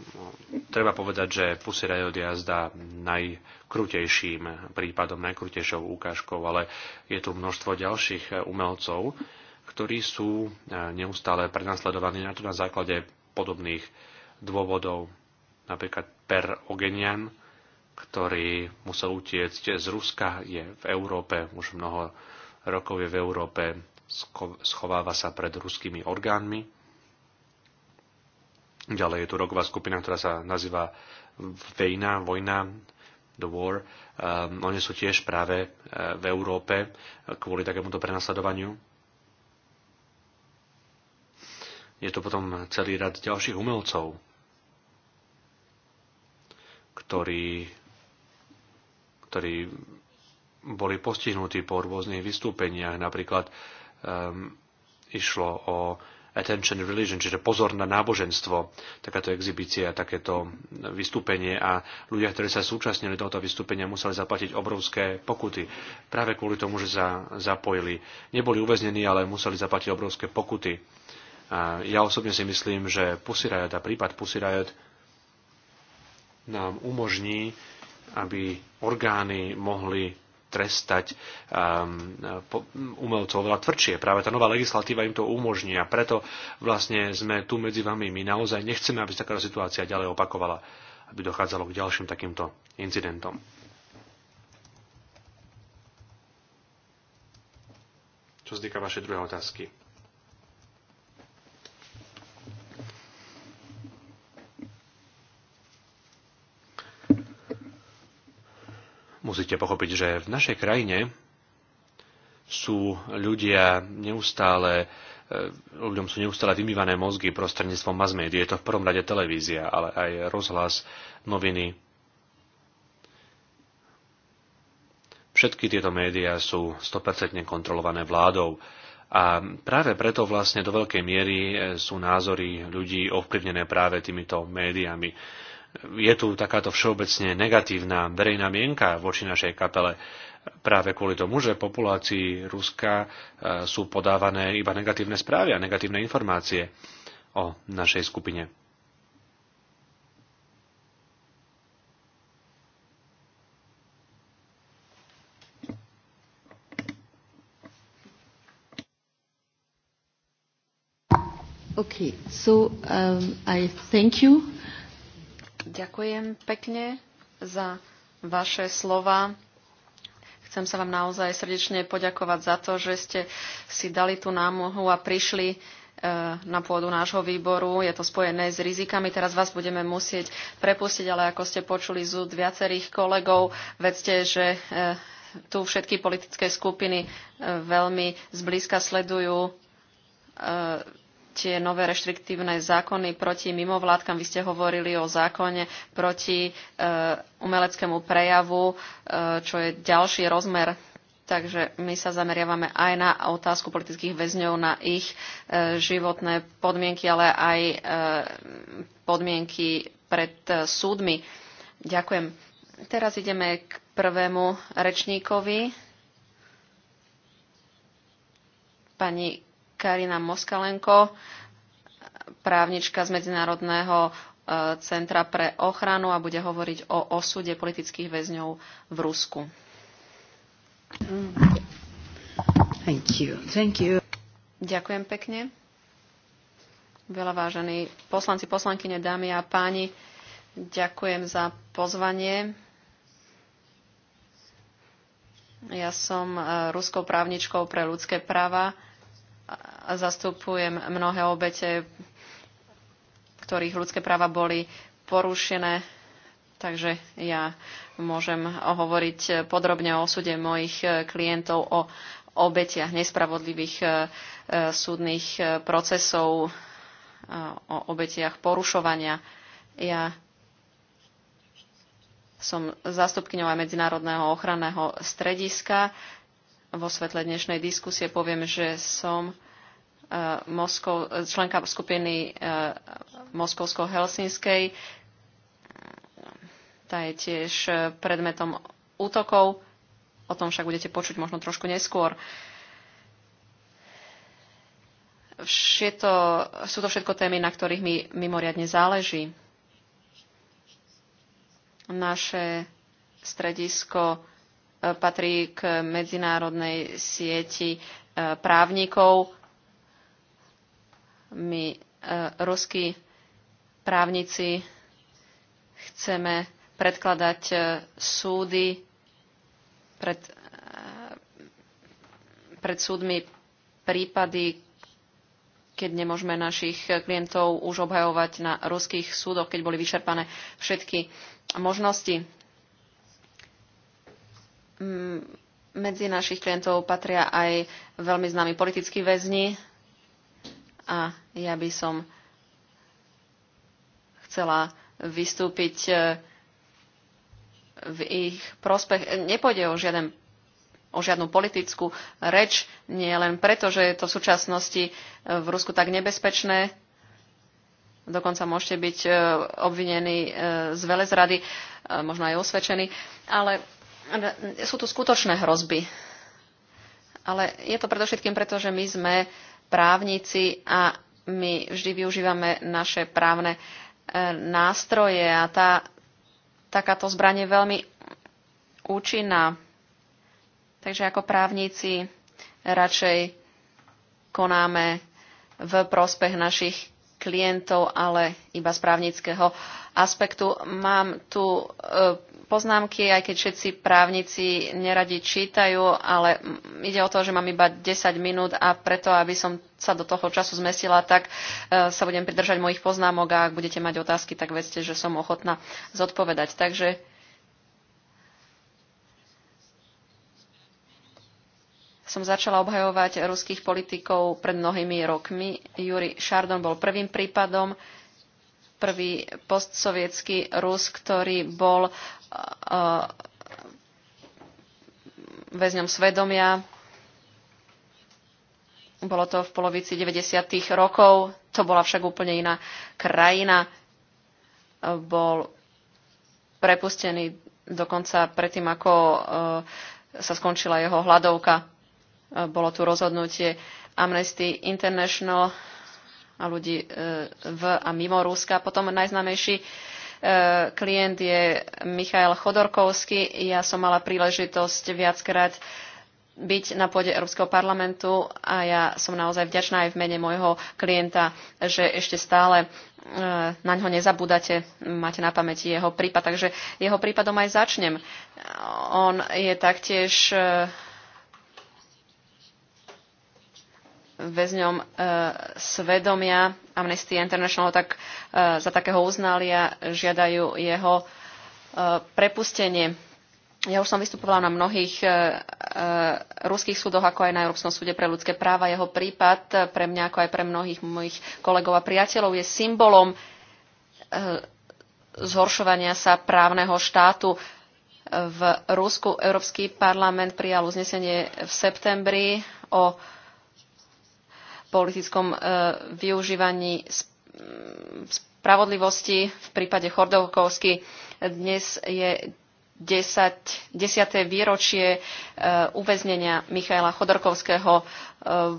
treba povedať, že Pussy Riot je najkrutejším prípadom, najkrutejšou ukážkou, ale je tu množstvo ďalších eh, umelcov, ktorí sú neustále prenasledovaní na to na základe podobných dôvodov, napríklad Per Ogenian, ktorý musel utiecť z Ruska, je v Európe, už mnoho rokov je v Európe, schováva sa pred ruskými orgánmi. Ďalej je tu roková skupina, ktorá sa nazýva Vejna, Vojna, The War. Um, oni sú tiež práve e, v Európe kvôli takémuto prenasledovaniu. Je tu potom celý rad ďalších umelcov, ktorí ktorí boli postihnutí po rôznych vystúpeniach. Napríklad um, išlo o attention religion, čiže pozor na náboženstvo, takáto exibícia, takéto vystúpenie a ľudia, ktorí sa súčasnili tohoto vystúpenia, museli zaplatiť obrovské pokuty práve kvôli tomu, že sa zapojili. Neboli uväznení, ale museli zaplatiť obrovské pokuty. A ja osobne si myslím, že Pussy Riot a prípad Pussy Riot nám umožní aby orgány mohli trestať um, umelcov veľa tvrdšie. Práve tá nová legislatíva im to umožní a preto vlastne sme tu medzi vami. My naozaj nechceme, aby sa taká situácia ďalej opakovala, aby dochádzalo k ďalším takýmto incidentom. Čo sa týka vašej druhej otázky. Musíte pochopiť, že v našej krajine sú ľudia neustále e, ľuďom sú neustále vymývané mozgy prostredníctvom mass Je to v prvom rade televízia, ale aj rozhlas, noviny. Všetky tieto médiá sú 100% kontrolované vládou. A práve preto vlastne do veľkej miery e, sú názory ľudí ovplyvnené práve týmito médiami je tu takáto všeobecne negatívna verejná mienka voči našej kapele práve kvôli tomu, že populácii Ruska e, sú podávané iba negatívne správy a negatívne informácie o našej skupine. Okay, so um, I thank you Ďakujem pekne za vaše slova. Chcem sa vám naozaj srdečne poďakovať za to, že ste si dali tú námohu a prišli e, na pôdu nášho výboru. Je to spojené s rizikami. Teraz vás budeme musieť prepustiť, ale ako ste počuli z úd viacerých kolegov, vedzte, že e, tu všetky politické skupiny e, veľmi zblízka sledujú tie nové reštriktívne zákony proti mimovládkam. Vy ste hovorili o zákone proti e, umeleckému prejavu, e, čo je ďalší rozmer. Takže my sa zameriavame aj na otázku politických väzňov, na ich e, životné podmienky, ale aj e, podmienky pred e, súdmi. Ďakujem. Teraz ideme k prvému rečníkovi. Pani Karina Moskalenko, právnička z Medzinárodného e, Centra pre ochranu a bude hovoriť o osude politických väzňov v Rusku. Thank you. Thank you. Ďakujem pekne. Veľa vážení poslanci, poslankyne, dámy a páni, ďakujem za pozvanie. Ja som e, ruskou právničkou pre ľudské práva zastupujem mnohé obete, ktorých ľudské práva boli porušené. Takže ja môžem hovoriť podrobne o súde mojich klientov, o obetiach nespravodlivých e, súdnych e, procesov, o obetiach porušovania. Ja som zástupkyňou aj Medzinárodného ochranného strediska. Vo svetle dnešnej diskusie poviem, že som členka skupiny e, Moskovsko-Helsinskej. Tá je tiež e, predmetom útokov. O tom však budete počuť možno trošku neskôr. Všetko, sú to všetko témy, na ktorých mi mimoriadne záleží. Naše stredisko e, patrí k medzinárodnej sieti právnikov, my, e, ruskí právnici, chceme predkladať e, súdy pred, e, pred súdmi prípady, keď nemôžeme našich klientov už obhajovať na ruských súdoch, keď boli vyčerpané všetky možnosti. Medzi našich klientov patria aj veľmi známi politickí väzni, a ja by som chcela vystúpiť e, v ich prospech. Nepôjde o, žiaden, o žiadnu politickú reč, nie len preto, že je to v súčasnosti e, v Rusku tak nebezpečné. Dokonca môžete byť e, obvinení z velezrady, možno aj osvedčení. Ale sú tu skutočné hrozby. Ale je to predovšetkým preto, že my sme právnici a my vždy využívame naše právne e, nástroje a tá, takáto zbraň je veľmi účinná. Takže ako právnici radšej konáme v prospech našich klientov, ale iba z právnického aspektu. Mám tu e, poznámky, aj keď všetci právnici neradi čítajú, ale ide o to, že mám iba 10 minút a preto, aby som sa do toho času zmestila, tak e, sa budem pridržať mojich poznámok a ak budete mať otázky, tak vedzte, že som ochotná zodpovedať. Takže som začala obhajovať ruských politikov pred mnohými rokmi. Juri Šardon bol prvým prípadom prvý postsovietský Rus, ktorý bol uh, uh, väzňom svedomia. Bolo to v polovici 90. rokov, to bola však úplne iná krajina. Bol prepustený dokonca predtým, ako uh, sa skončila jeho hladovka. Bolo tu rozhodnutie Amnesty International a ľudí e, v a mimo Ruska. Potom najznámejší e, klient je Michail Chodorkovský. Ja som mala príležitosť viackrát byť na pôde Európskeho parlamentu a ja som naozaj vďačná aj v mene môjho klienta, že ešte stále e, na ňo nezabúdate, máte na pamäti jeho prípad. Takže jeho prípadom aj začnem. On je taktiež väzňom e, svedomia. Amnesty International tak e, za takého uznali a žiadajú jeho e, prepustenie. Ja už som vystupovala na mnohých e, e, ruských súdoch, ako aj na Európskom súde pre ľudské práva. Jeho prípad e, pre mňa, ako aj pre mnohých mojich kolegov a priateľov, je symbolom e, zhoršovania sa právneho štátu v Rusku. Európsky parlament prijal uznesenie v septembri o politickom e, využívaní mm, spravodlivosti v prípade Chordovkovsky. Dnes je 10, 10. výročie e, uväznenia Michaela Chodorkovského. E,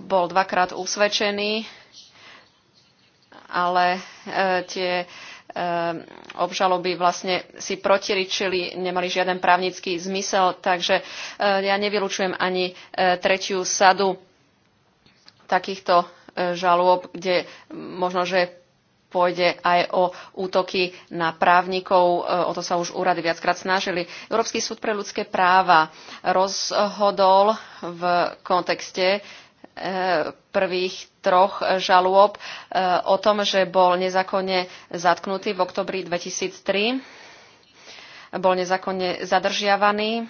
bol dvakrát usvedčený, ale tie obžaloby vlastne si protiričili, nemali žiaden právnický zmysel, takže ja nevylučujem ani tretiu sadu takýchto e, žalôb, kde možno, že pôjde aj o útoky na právnikov, e, o to sa už úrady viackrát snažili. Európsky súd pre ľudské práva rozhodol v kontexte e, prvých troch žalôb o tom, že bol nezákonne zatknutý v oktobri 2003, bol nezákonne zadržiavaný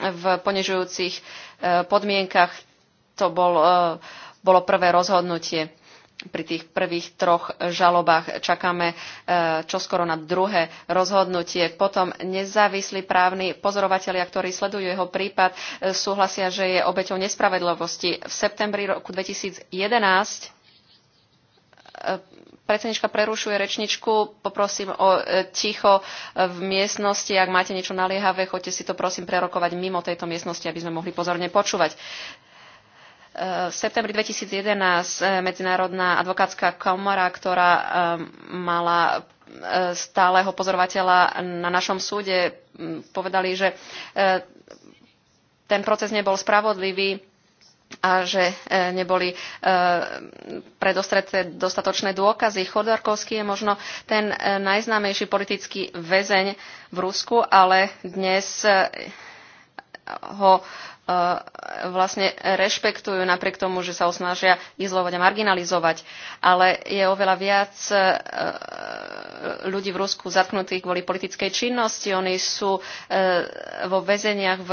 v ponižujúcich podmienkach to bol, e, bolo prvé rozhodnutie pri tých prvých troch žalobách. Čakáme e, čoskoro na druhé rozhodnutie. Potom nezávislí právni pozorovatelia, ktorí sledujú jeho prípad, e, súhlasia, že je obeťou nespravedlivosti. V septembri roku 2011 predsednička prerušuje rečničku. Poprosím o ticho v miestnosti. Ak máte niečo naliehavé, choďte si to prosím prerokovať mimo tejto miestnosti, aby sme mohli pozorne počúvať. V septembri 2011 eh, Medzinárodná advokátska komora, ktorá eh, mala eh, stáleho pozorovateľa na našom súde, mm, povedali, že ten proces nebol spravodlivý a že neboli predostreté dostatočné dôkazy. Chodorkovský je možno ten najznámejší politický väzeň v Rusku, ale dnes ho E, vlastne rešpektujú napriek tomu, že sa osnažia izlovať a marginalizovať. Ale je oveľa viac e, e, ľudí v Rusku zatknutých kvôli politickej činnosti. Oni sú vo väzeniach v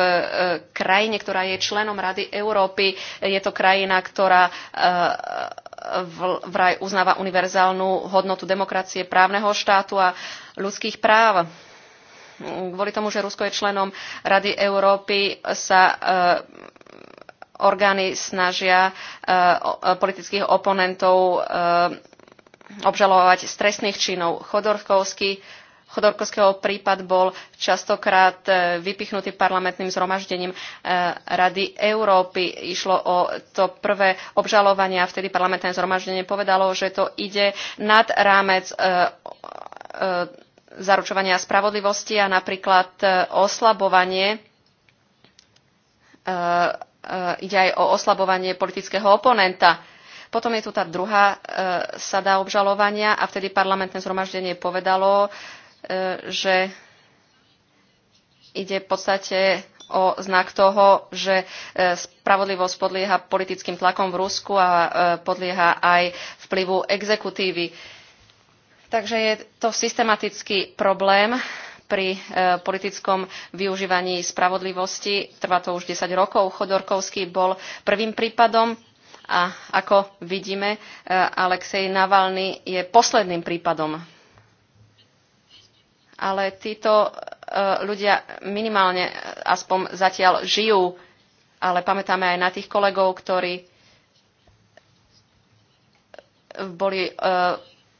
krajine, ktorá je členom Rady Európy. Je to krajina, ktorá vraj uznáva univerzálnu hodnotu demokracie, právneho štátu a ľudských práv kvôli tomu, že Rusko je členom Rady Európy, sa e, orgány snažia e, e, politických oponentov obžalovať z trestných činov. Chodorkovský Chodorkovského prípad bol častokrát vypichnutý parlamentným zhromaždením Rady Európy. Išlo o to prvé obžalovanie a vtedy parlamentné zhromaždenie povedalo, že to ide nad rámec zaručovania spravodlivosti a napríklad e, oslabovanie e, e, ide aj o oslabovanie politického oponenta. Potom je tu tá druhá sada obžalovania a vtedy parlamentné zhromaždenie povedalo, že ide v podstate o znak toho, že spravodlivosť podlieha politickým tlakom v Rusku a podlieha aj vplyvu exekutívy Takže je to systematický problém pri e, politickom využívaní spravodlivosti. Trvá to už 10 rokov. Chodorkovský bol prvým prípadom a ako vidíme, e, Alexej Navalny je posledným prípadom. Ale títo e, ľudia minimálne aspoň zatiaľ žijú, ale pamätáme aj na tých kolegov, ktorí boli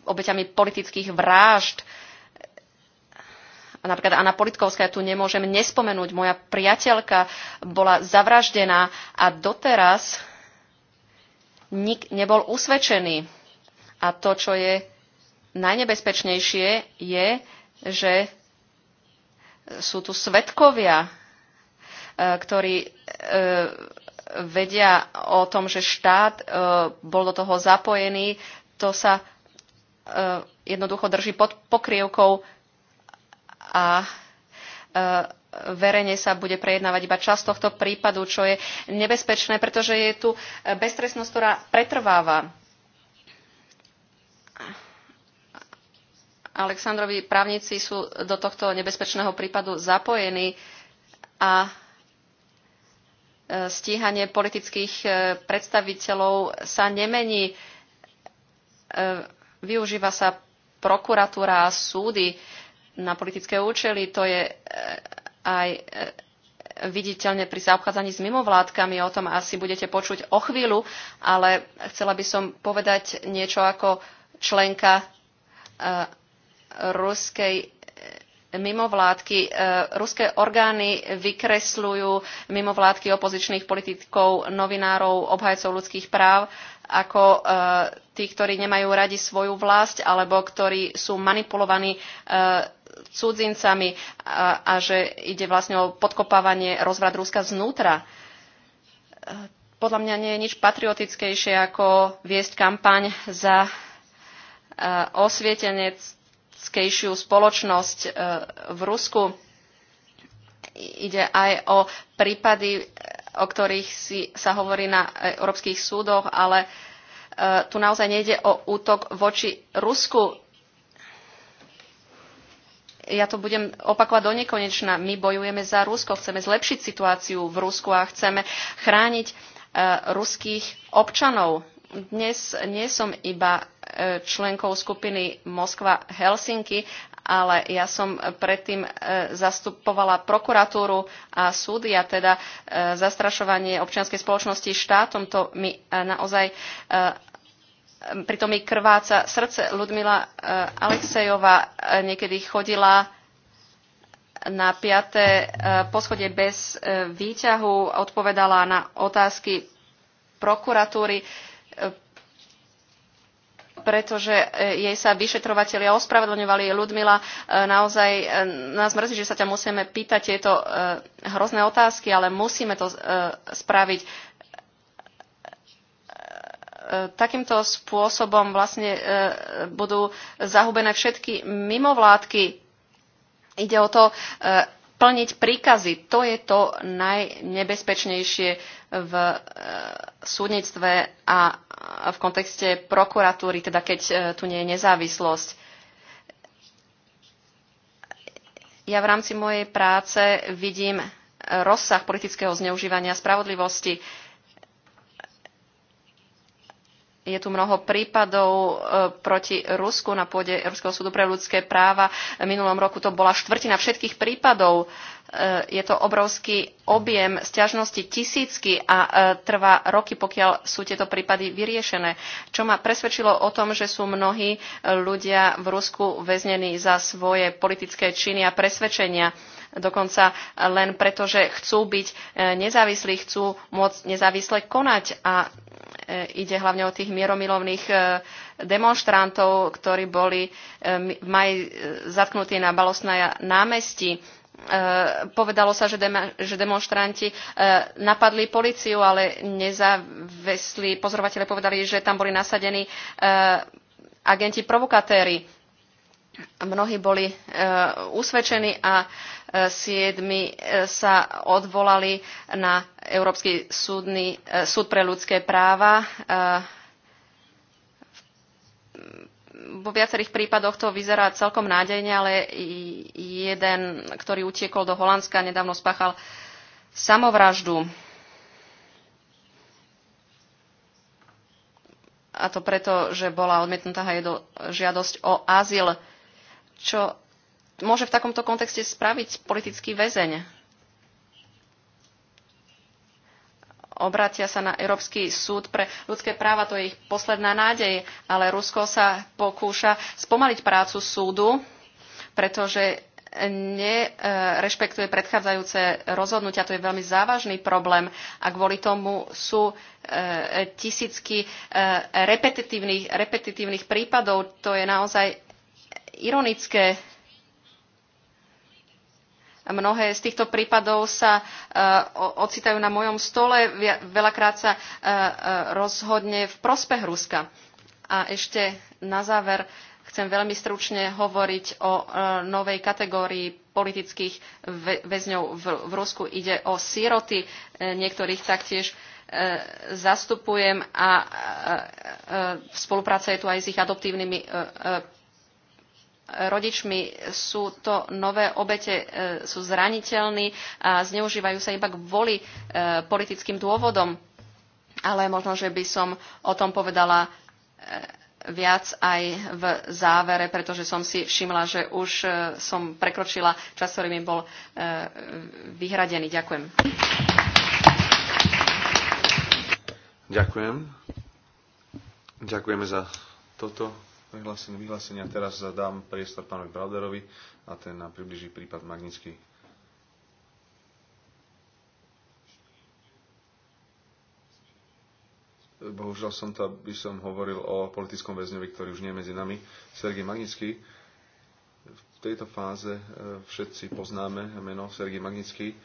obeťami politických vražd. Napríklad Anna Politkovská, ja tu nemôžem nespomenúť, moja priateľka bola zavraždená a doteraz nik nebol usvedčený. A to, čo je najnebezpečnejšie, je, že sú tu svetkovia, e, ktorí e, vedia o tom, že štát e, bol do toho zapojený. To sa E, jednoducho drží pod pokrievkou a e, verejne sa bude prejednávať iba čas tohto prípadu, čo je nebezpečné, pretože je tu beztrestnosť, ktorá pretrváva. Aleksandrovi právnici sú do tohto nebezpečného prípadu zapojení a e, stíhanie politických predstaviteľov sa nemení Využíva sa prokuratúra a súdy na politické účely. To je eh, aj eh, viditeľne pri zaobchádzaní s mimovládkami. O tom asi budete počuť o chvíľu, ale chcela by som povedať niečo ako členka eh, ruskej mimovládky. E, ruské orgány vykresľujú mimovládky opozičných politikov, novinárov, obhajcov ľudských práv ako e, tí, ktorí nemajú radi svoju vlast alebo ktorí sú manipulovaní e, cudzincami a, že ide vlastne o podkopávanie rozvrat Ruska znútra. Podľa mňa nie je nič patriotickejšie ako viesť kampaň za osvietenec demokratickejšiu spoločnosť e, v Rusku. Ide aj o prípady, e, o ktorých si, sa hovorí na európskych súdoch, ale e, tu naozaj nejde o útok voči Rusku. Ja to budem opakovať do nekonečna. My bojujeme za Rusko, chceme zlepšiť situáciu v Rusku a chceme chrániť ruských občanov. Dnes nie som iba členkou skupiny Moskva-Helsinky, ale ja som predtým e, zastupovala prokuratúru a súdy a teda e, zastrašovanie občianskej spoločnosti štátom, to mi e, naozaj pritom mi krváca srdce. Ludmila Alexejová niekedy chodila na piaté poschodie bez výťahu, odpovedala na otázky prokuratúry pretože e, jej sa vyšetrovateľia ospravedlňovali. Ludmila, e, naozaj e, nás mrzí, že sa ťa musíme pýtať tieto hrozné otázky, ale musíme to spraviť. Takýmto spôsobom vlastne budú zahubené všetky mimovládky. Ide o to plniť príkazy. To je to najnebezpečnejšie v e, súdnictve a v kontexte prokuratúry, teda keď e, tu nie je nezávislosť. Ja v rámci mojej práce vidím rozsah politického zneužívania spravodlivosti. Je tu mnoho prípadov e, proti Rusku na pôde Európskeho súdu pre ľudské práva. V minulom roku to bola štvrtina všetkých prípadov. E, je to obrovský objem stiažnosti tisícky a e, trvá roky, pokiaľ sú tieto prípady vyriešené. Čo ma presvedčilo o tom, že sú mnohí ľudia v Rusku väznení za svoje politické činy a presvedčenia dokonca len preto, že chcú byť nezávislí, chcú môcť nezávisle konať a E, ide hlavne o tých mieromilovných e, demonstrantov, ktorí boli v e, maji zatknutí na balostnej námestí povedalo sa, že, dema, že demonstranti napadli policiu, ale nezavesli. pozorovateľe povedali, že tam boli nasadení agenti provokatéry mnohí boli e, usvedčení a e, siedmi e, sa odvolali na Európsky súdny, súd pre ľudské práva. Vo viacerých prípadoch to vyzerá celkom nádejne, ale jeden, ktorý utiekol do Holandska, nedávno spáchal samovraždu. A to preto, že bola odmietnutá jeho žiadosť o azyl čo môže v takomto kontexte spraviť politický väzeň. Obracia sa na Európsky súd pre ľudské práva, to je ich posledná nádej, ale Rusko sa pokúša spomaliť prácu súdu, pretože nerešpektuje predchádzajúce rozhodnutia. To je veľmi závažný problém a kvôli tomu sú e, tisícky e, repetitívnych, repetitívnych prípadov. To je naozaj ironické. Mnohé z týchto prípadov sa e, ocitajú na mojom stole, veľakrát sa e, e, rozhodne v prospech Ruska. A ešte na záver chcem veľmi stručne hovoriť o novej kategórii politických väzňov v Rusku. Ide o síroty, niektorých taktiež zastupujem a spolupráca je tu aj s ich adoptívnymi rodičmi sú to nové obete, e, sú zraniteľní a zneužívajú sa iba kvôli e, politickým dôvodom. Ale možno, že by som o tom povedala e, viac aj v závere, pretože som si všimla, že už som prekročila čas, ktorý mi bol vyhradený. Ďakujem. Ďakujem. Ďakujeme za toto prehlásenia, vyhlásenia. Teraz dám priestor pánovi Browderovi a ten nám približí prípad Magnický. Bohužiaľ som to, aby som hovoril o politickom väzňovi, ktorý už nie je medzi nami, Sergej Magnický. V tejto fáze e, všetci poznáme meno Sergej Magnický.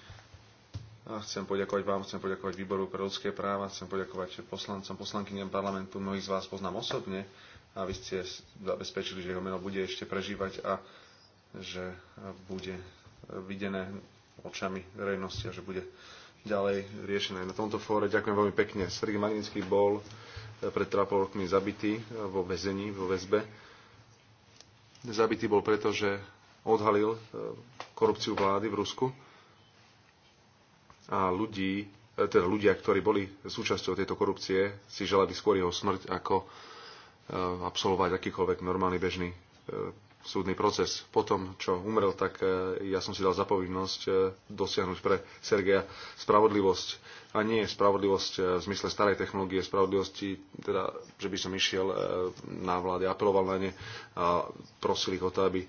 A chcem poďakovať vám, chcem poďakovať Výboru pre ľudské práva, chcem poďakovať poslancom, poslankyňam parlamentu. Mnohých z vás poznám osobne aby ste zabezpečili, že jeho meno bude ešte prežívať a že bude videné očami verejnosti a že bude ďalej riešené. Na tomto fóre ďakujem veľmi pekne. Sergej Malinský bol eh, pred trápol rokmi zabitý eh, vo väzení, vo väzbe. Zabitý bol preto, že odhalil eh, korupciu vlády v Rusku a ľudí, teda ľudia, ktorí boli súčasťou tejto korupcie, si želali skôr jeho smrť ako Eh, absolvovať akýkoľvek normálny bežný eh, súdny proces. Po tom, čo umrel, tak eh, ja som si dal zapovinnosť dosiahnuť pre Sergeja spravodlivosť. A nie spravodlivosť v zmysle starej technológie, spravodlivosti, teda, že by som išiel na vlády, apeloval na ne a prosil ich o to, aby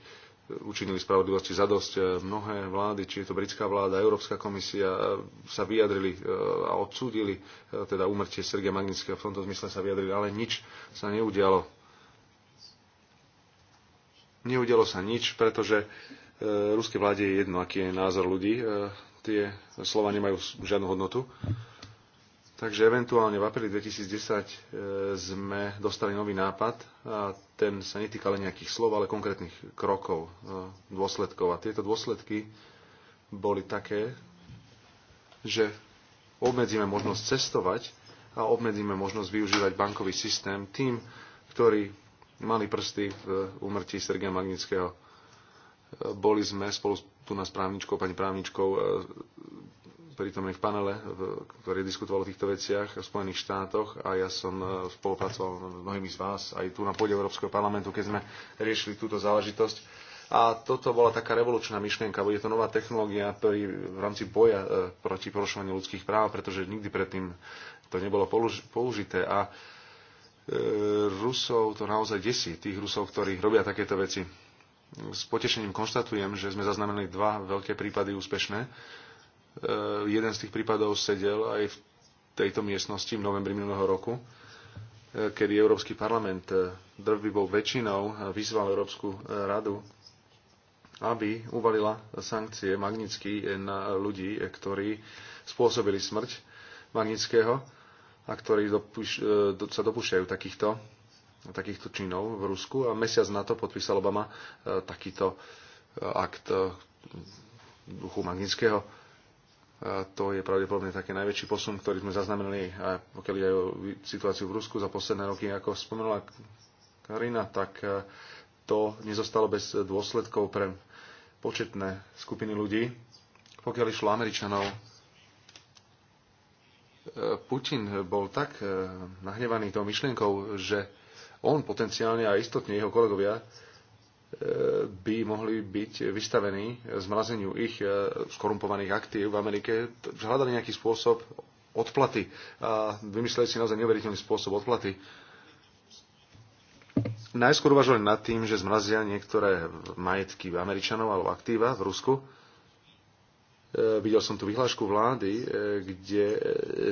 učinili spravodlivosti zadosť. E, mnohé vlády, či je to britská vláda, Európska komisia, e, sa vyjadrili e, a odsúdili teda úmrtie Sergia Magnického, v tomto zmysle sa vyjadrili, ale nič sa neudialo. Neudialo sa nič, pretože ruskej vláde je jedno, aký je názor ľudí. Tie slova nemajú žiadnu hodnotu. Takže eventuálne v apríli 2010 e, sme dostali nový nápad a ten sa netýka len nejakých slov, ale konkrétnych krokov, e, dôsledkov. A tieto dôsledky boli také, že obmedzíme možnosť cestovať a obmedzíme možnosť využívať bankový systém tým, ktorí mali prsty v úmrtí Sergeja Magnického. E, boli sme spolu tu na správničkou, pani právničkou, prítomný v panele, ktorý diskutoval o týchto veciach v Spojených štátoch a ja som e, spolupracoval s mnohými z vás aj tu na pôde Európskeho parlamentu, keď sme riešili túto záležitosť. A toto bola taká revolučná myšlienka, bude to nová technológia ktorý v rámci boja e, proti porušovaniu ľudských práv, pretože nikdy predtým to nebolo použité. A e, Rusov to naozaj desí, tých Rusov, ktorí robia takéto veci. S potešením konštatujem, že sme zaznamenali dva veľké prípady úspešné Eh, jeden z tých prípadov sedel aj v tejto miestnosti v novembri minulého roku, eh, kedy Európsky parlament eh, bol väčšinou vyzval Európsku radu, aby uvalila sankcie Magnický na ľudí, ktorí spôsobili smrť Magnického a ktorí dopuš- sa dopúšťajú takýchto, takýchto činov v Rusku. A mesiac na to podpísal Obama takýto akt duchu Magnického to je pravdepodobne taký najväčší posun, ktorý sme zaznamenali, pokiaľ ide o situáciu v Rusku za posledné roky, ako spomenula Karina, tak e, to nezostalo bez dôsledkov pre početné skupiny ľudí. Pokiaľ išlo Američanov, e, Putin bol tak e, nahnevaný tou myšlienkou, že on potenciálne a istotne jeho kolegovia by mohli byť vystavení zmrazeniu ich e, skorumpovaných aktív v Amerike. Hľadali nejaký spôsob odplaty a vymysleli si naozaj neuveriteľný spôsob odplaty. Najskôr uvažovali nad tým, že zmrazia niektoré majetky Američanov alebo aktíva v Rusku. E, videl som tu vyhlášku vlády, e, kde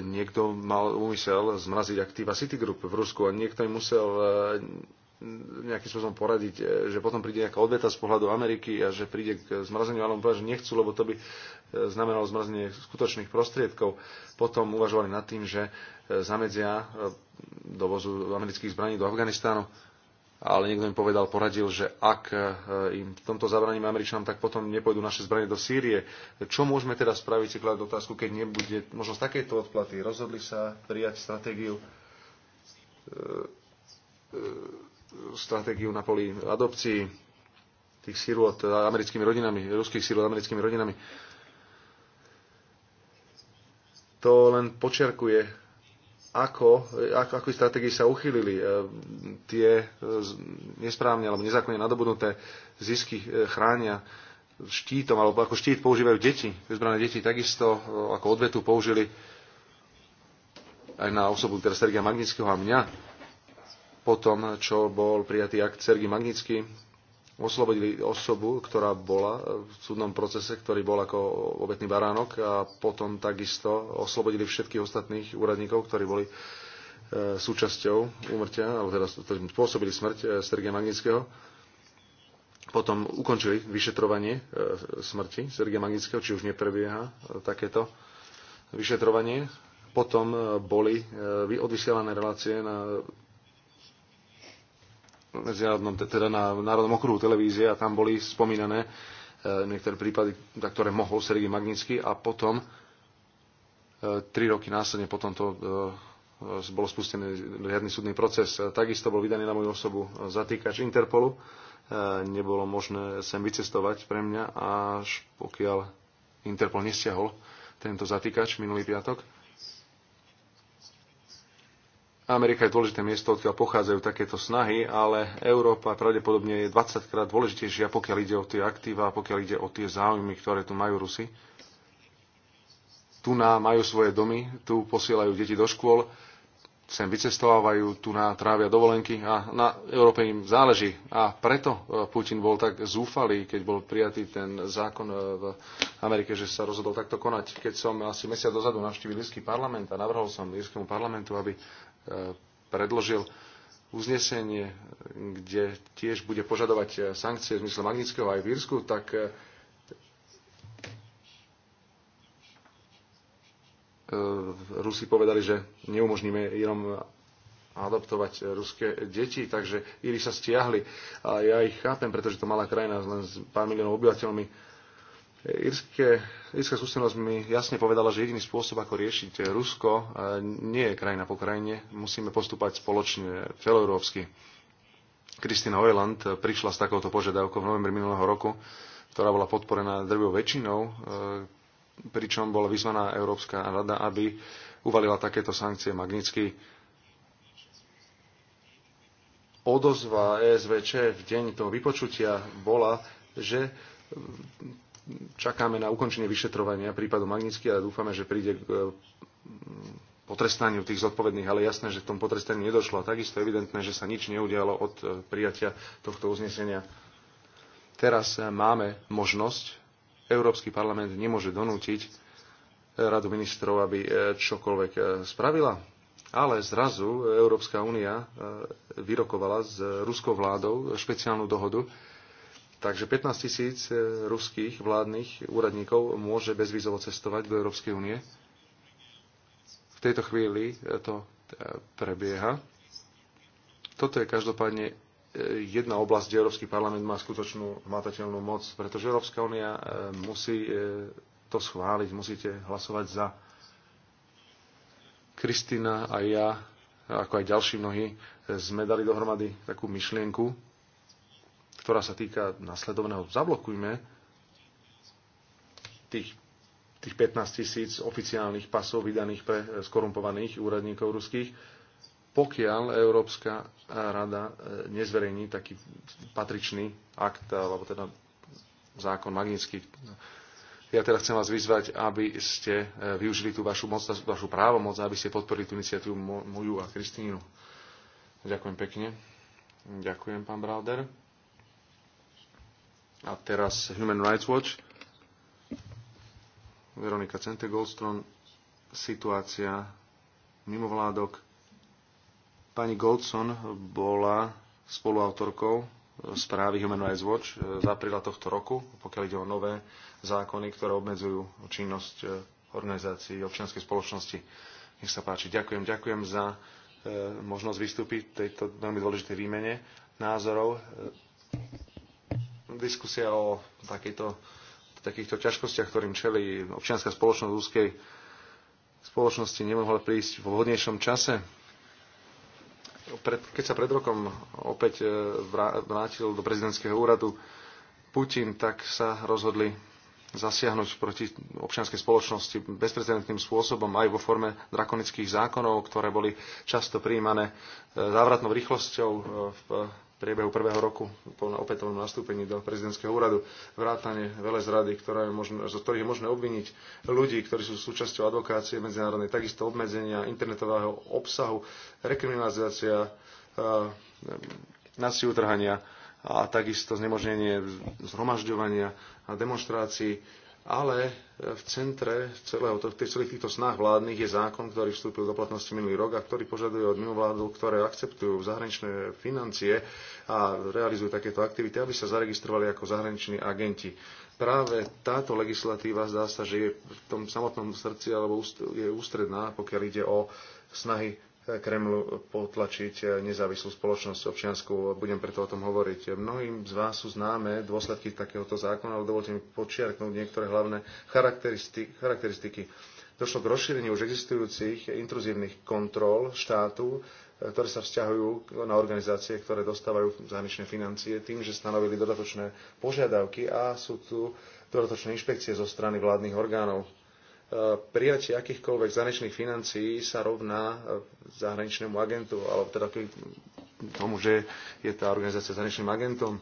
niekto mal úmysel zmraziť aktíva Citigroup v Rusku a niekto im musel nejakým spôsobom poradiť, e, že potom príde nejaká odveta z pohľadu Ameriky a že príde k zmrazeniu, ale on povedal, že nechcú, lebo to by e, znamenalo zmrazenie skutočných prostriedkov. Potom uvažovali nad tým, že e, zamedzia dovozu amerických zbraní do Afganistánu, ale niekto im povedal, poradil, že ak im v tomto zabraním Američanom, tak potom nepôjdu naše zbranie do Sýrie. Čo môžeme teda spraviť, si kladať otázku, keď nebude možnosť takéto odplaty? Rozhodli sa prijať stratégiu stratégiu na poli adopcií tých sírot americkými rodinami, ruských sírot americkými rodinami. To len počerkuje, ako, ako, ako stratégii sa uchylili e, tie e, nesprávne alebo nezákonne nadobudnuté zisky e, chránia štítom, alebo ako štít používajú deti, bezbrané deti, takisto ako odvetu použili aj na osobu, teda Sergia Magnického a mňa, po tom, čo bol prijatý akt Sergi Magnický, oslobodili osobu, ktorá bola v súdnom procese, ktorý bol ako obetný baránok a potom takisto oslobodili všetkých ostatných úradníkov, ktorí boli e, súčasťou úmrtia, alebo teda, teda spôsobili smrť e, Sergeja Magnického. Potom ukončili vyšetrovanie e, smrti Sergeja Magnického, či už neprebieha takéto vyšetrovanie. Potom boli odvysielané relácie na medzinárodnom, teda na Národnom okruhu televízie a tam boli spomínané e, niektoré prípady, na ktoré mohol Sergej Magnický a potom e, tri roky následne potom to e, bol spustený riadny súdny proces. Takisto bol vydaný na moju osobu zatýkač Interpolu. Nebolo možné sem vycestovať pre mňa, až pokiaľ Interpol nestiahol tento zatýkač minulý piatok Amerika je dôležité miesto, odkiaľ pochádzajú takéto snahy, ale Európa pravdepodobne je 20 krát dôležitejšia, pokiaľ ide o tie aktíva, pokiaľ ide o tie záujmy, ktoré tu majú Rusy. Tu na majú svoje domy, tu posielajú deti do škôl, sem vycestovávajú, tu na trávia dovolenky a na Európe im záleží. A preto e, Putin bol tak zúfalý, keď bol prijatý ten zákon e, v Amerike, že sa rozhodol takto konať. Keď som asi mesiac dozadu navštívil Lírsky parlament a navrhol som Lírskému parlamentu, aby predložil uznesenie, kde tiež bude požadovať eh, sankcie v zmysle Magnického aj v Írsku, tak eh, eh, Rusi povedali, že neumožníme Írom adoptovať ruské deti, takže Íri sa stiahli. A ja ich chápem, pretože to malá krajina s len pár miliónov obyvateľmi Irská írska skúsenosť mi jasne povedala, že jediný spôsob, ako riešiť Rusko, e, nie je krajina po krajine. Musíme postúpať spoločne, celoeurópsky. Kristina Ojeland prišla s takouto požiadavkou v novembri minulého roku, ktorá bola podporená drvou väčšinou, e, pričom bola vyzvaná Európska rada, aby uvalila takéto sankcie Magnitsky. Odozva ESVČ v deň toho vypočutia bola, že čakáme na ukončenie vyšetrovania prípadu Magnický a dúfame, že príde k eh, potrestaniu tých zodpovedných, ale jasné, že k tomu potrestaniu nedošlo. A takisto je evidentné, že sa nič neudialo od eh, prijatia tohto uznesenia. Teraz eh, máme možnosť, Európsky parlament nemôže donútiť Radu ministrov, aby čokoľvek spravila, ale zrazu Európska únia vyrokovala s ruskou vládou špeciálnu dohodu, Takže 15 tisíc e, ruských vládnych úradníkov môže bezvízovo cestovať do Európskej únie. V tejto chvíli e, to e, prebieha. Toto je každopádne jedna oblasť, kde Európsky parlament má skutočnú hmatateľnú moc, pretože Európska únia musí to schváliť, musíte hlasovať za. Kristina a ja, ako aj ďalší mnohí, sme dali dohromady takú myšlienku, ktorá sa týka nasledovného. Zablokujme tých, tých 15 tisíc oficiálnych pasov vydaných pre eh, skorumpovaných úradníkov ruských, pokiaľ Európska eh, rada eh, nezverejní taký patričný akt, alebo teda zákon magnický. Ja teraz chcem vás vyzvať, aby ste využili tú vašu, moc, vašu právomoc, aby ste podporili tú iniciatívu moju a Kristínu. Ďakujem pekne. Ďakujem, pán Brauder. A teraz Human Rights Watch. Veronika Cente Goldstrom, situácia mimovládok. Pani Goldson bola spoluautorkou správy Human Rights Watch eh, z apríla tohto roku, pokiaľ ide o nové zákony, ktoré obmedzujú činnosť eh, organizácií občianskej spoločnosti. Nech sa páči. Ďakujem, ďakujem za eh, možnosť vystúpiť v tejto veľmi dôležitej výmene názorov Diskusia o takýto, takýchto ťažkostiach, ktorým čeli občianská spoločnosť úzkej spoločnosti, nemohla prísť v vhodnejšom čase. Pred, keď sa pred rokom opäť e, vrátil do prezidentského úradu Putin, tak sa rozhodli zasiahnuť proti občianskej spoločnosti bezprecedentným spôsobom aj vo forme drakonických zákonov, ktoré boli často príjmané e, závratnou rýchlosťou e, v priebehu prvého roku po opätovnom nastúpení do prezidentského úradu, vrátane velezrady, ktoré je možno, zo ktorých je možné obviniť ľudí, ktorí sú súčasťou advokácie medzinárodnej, takisto obmedzenia internetového obsahu, rekriminalizácia, e, násilu utrhania a takisto znemožnenie zhromažďovania a demonstrácií ale e, v centre celého, celých týchto snách vládnych je zákon, ktorý vstúpil do platnosti minulý rok a ktorý požaduje od mimovládov, ktoré akceptujú zahraničné financie a realizujú takéto aktivity, aby sa zaregistrovali ako zahraniční agenti. Práve táto legislatíva zdá sa, že je v tom samotnom srdci alebo je ústredná, pokiaľ ide o snahy Kremlu potlačiť eh, nezávislú spoločnosť občianskú. Budem preto o tom hovoriť. Mnohým z vás sú známe dôsledky takéhoto zákona, ale dovolte mi počiarknúť niektoré hlavné charakteristiky. Došlo k rozšíreniu už existujúcich intruzívnych kontrol štátu, eh, ktoré sa vzťahujú na organizácie, ktoré dostávajú zahraničné financie tým, že stanovili dodatočné požiadavky a sú tu dodatočné inšpekcie zo strany vládnych orgánov prijatie akýchkoľvek zahraničných financií sa rovná e, zahraničnému agentu, alebo teda k tomu, že je tá organizácia zahraničným agentom.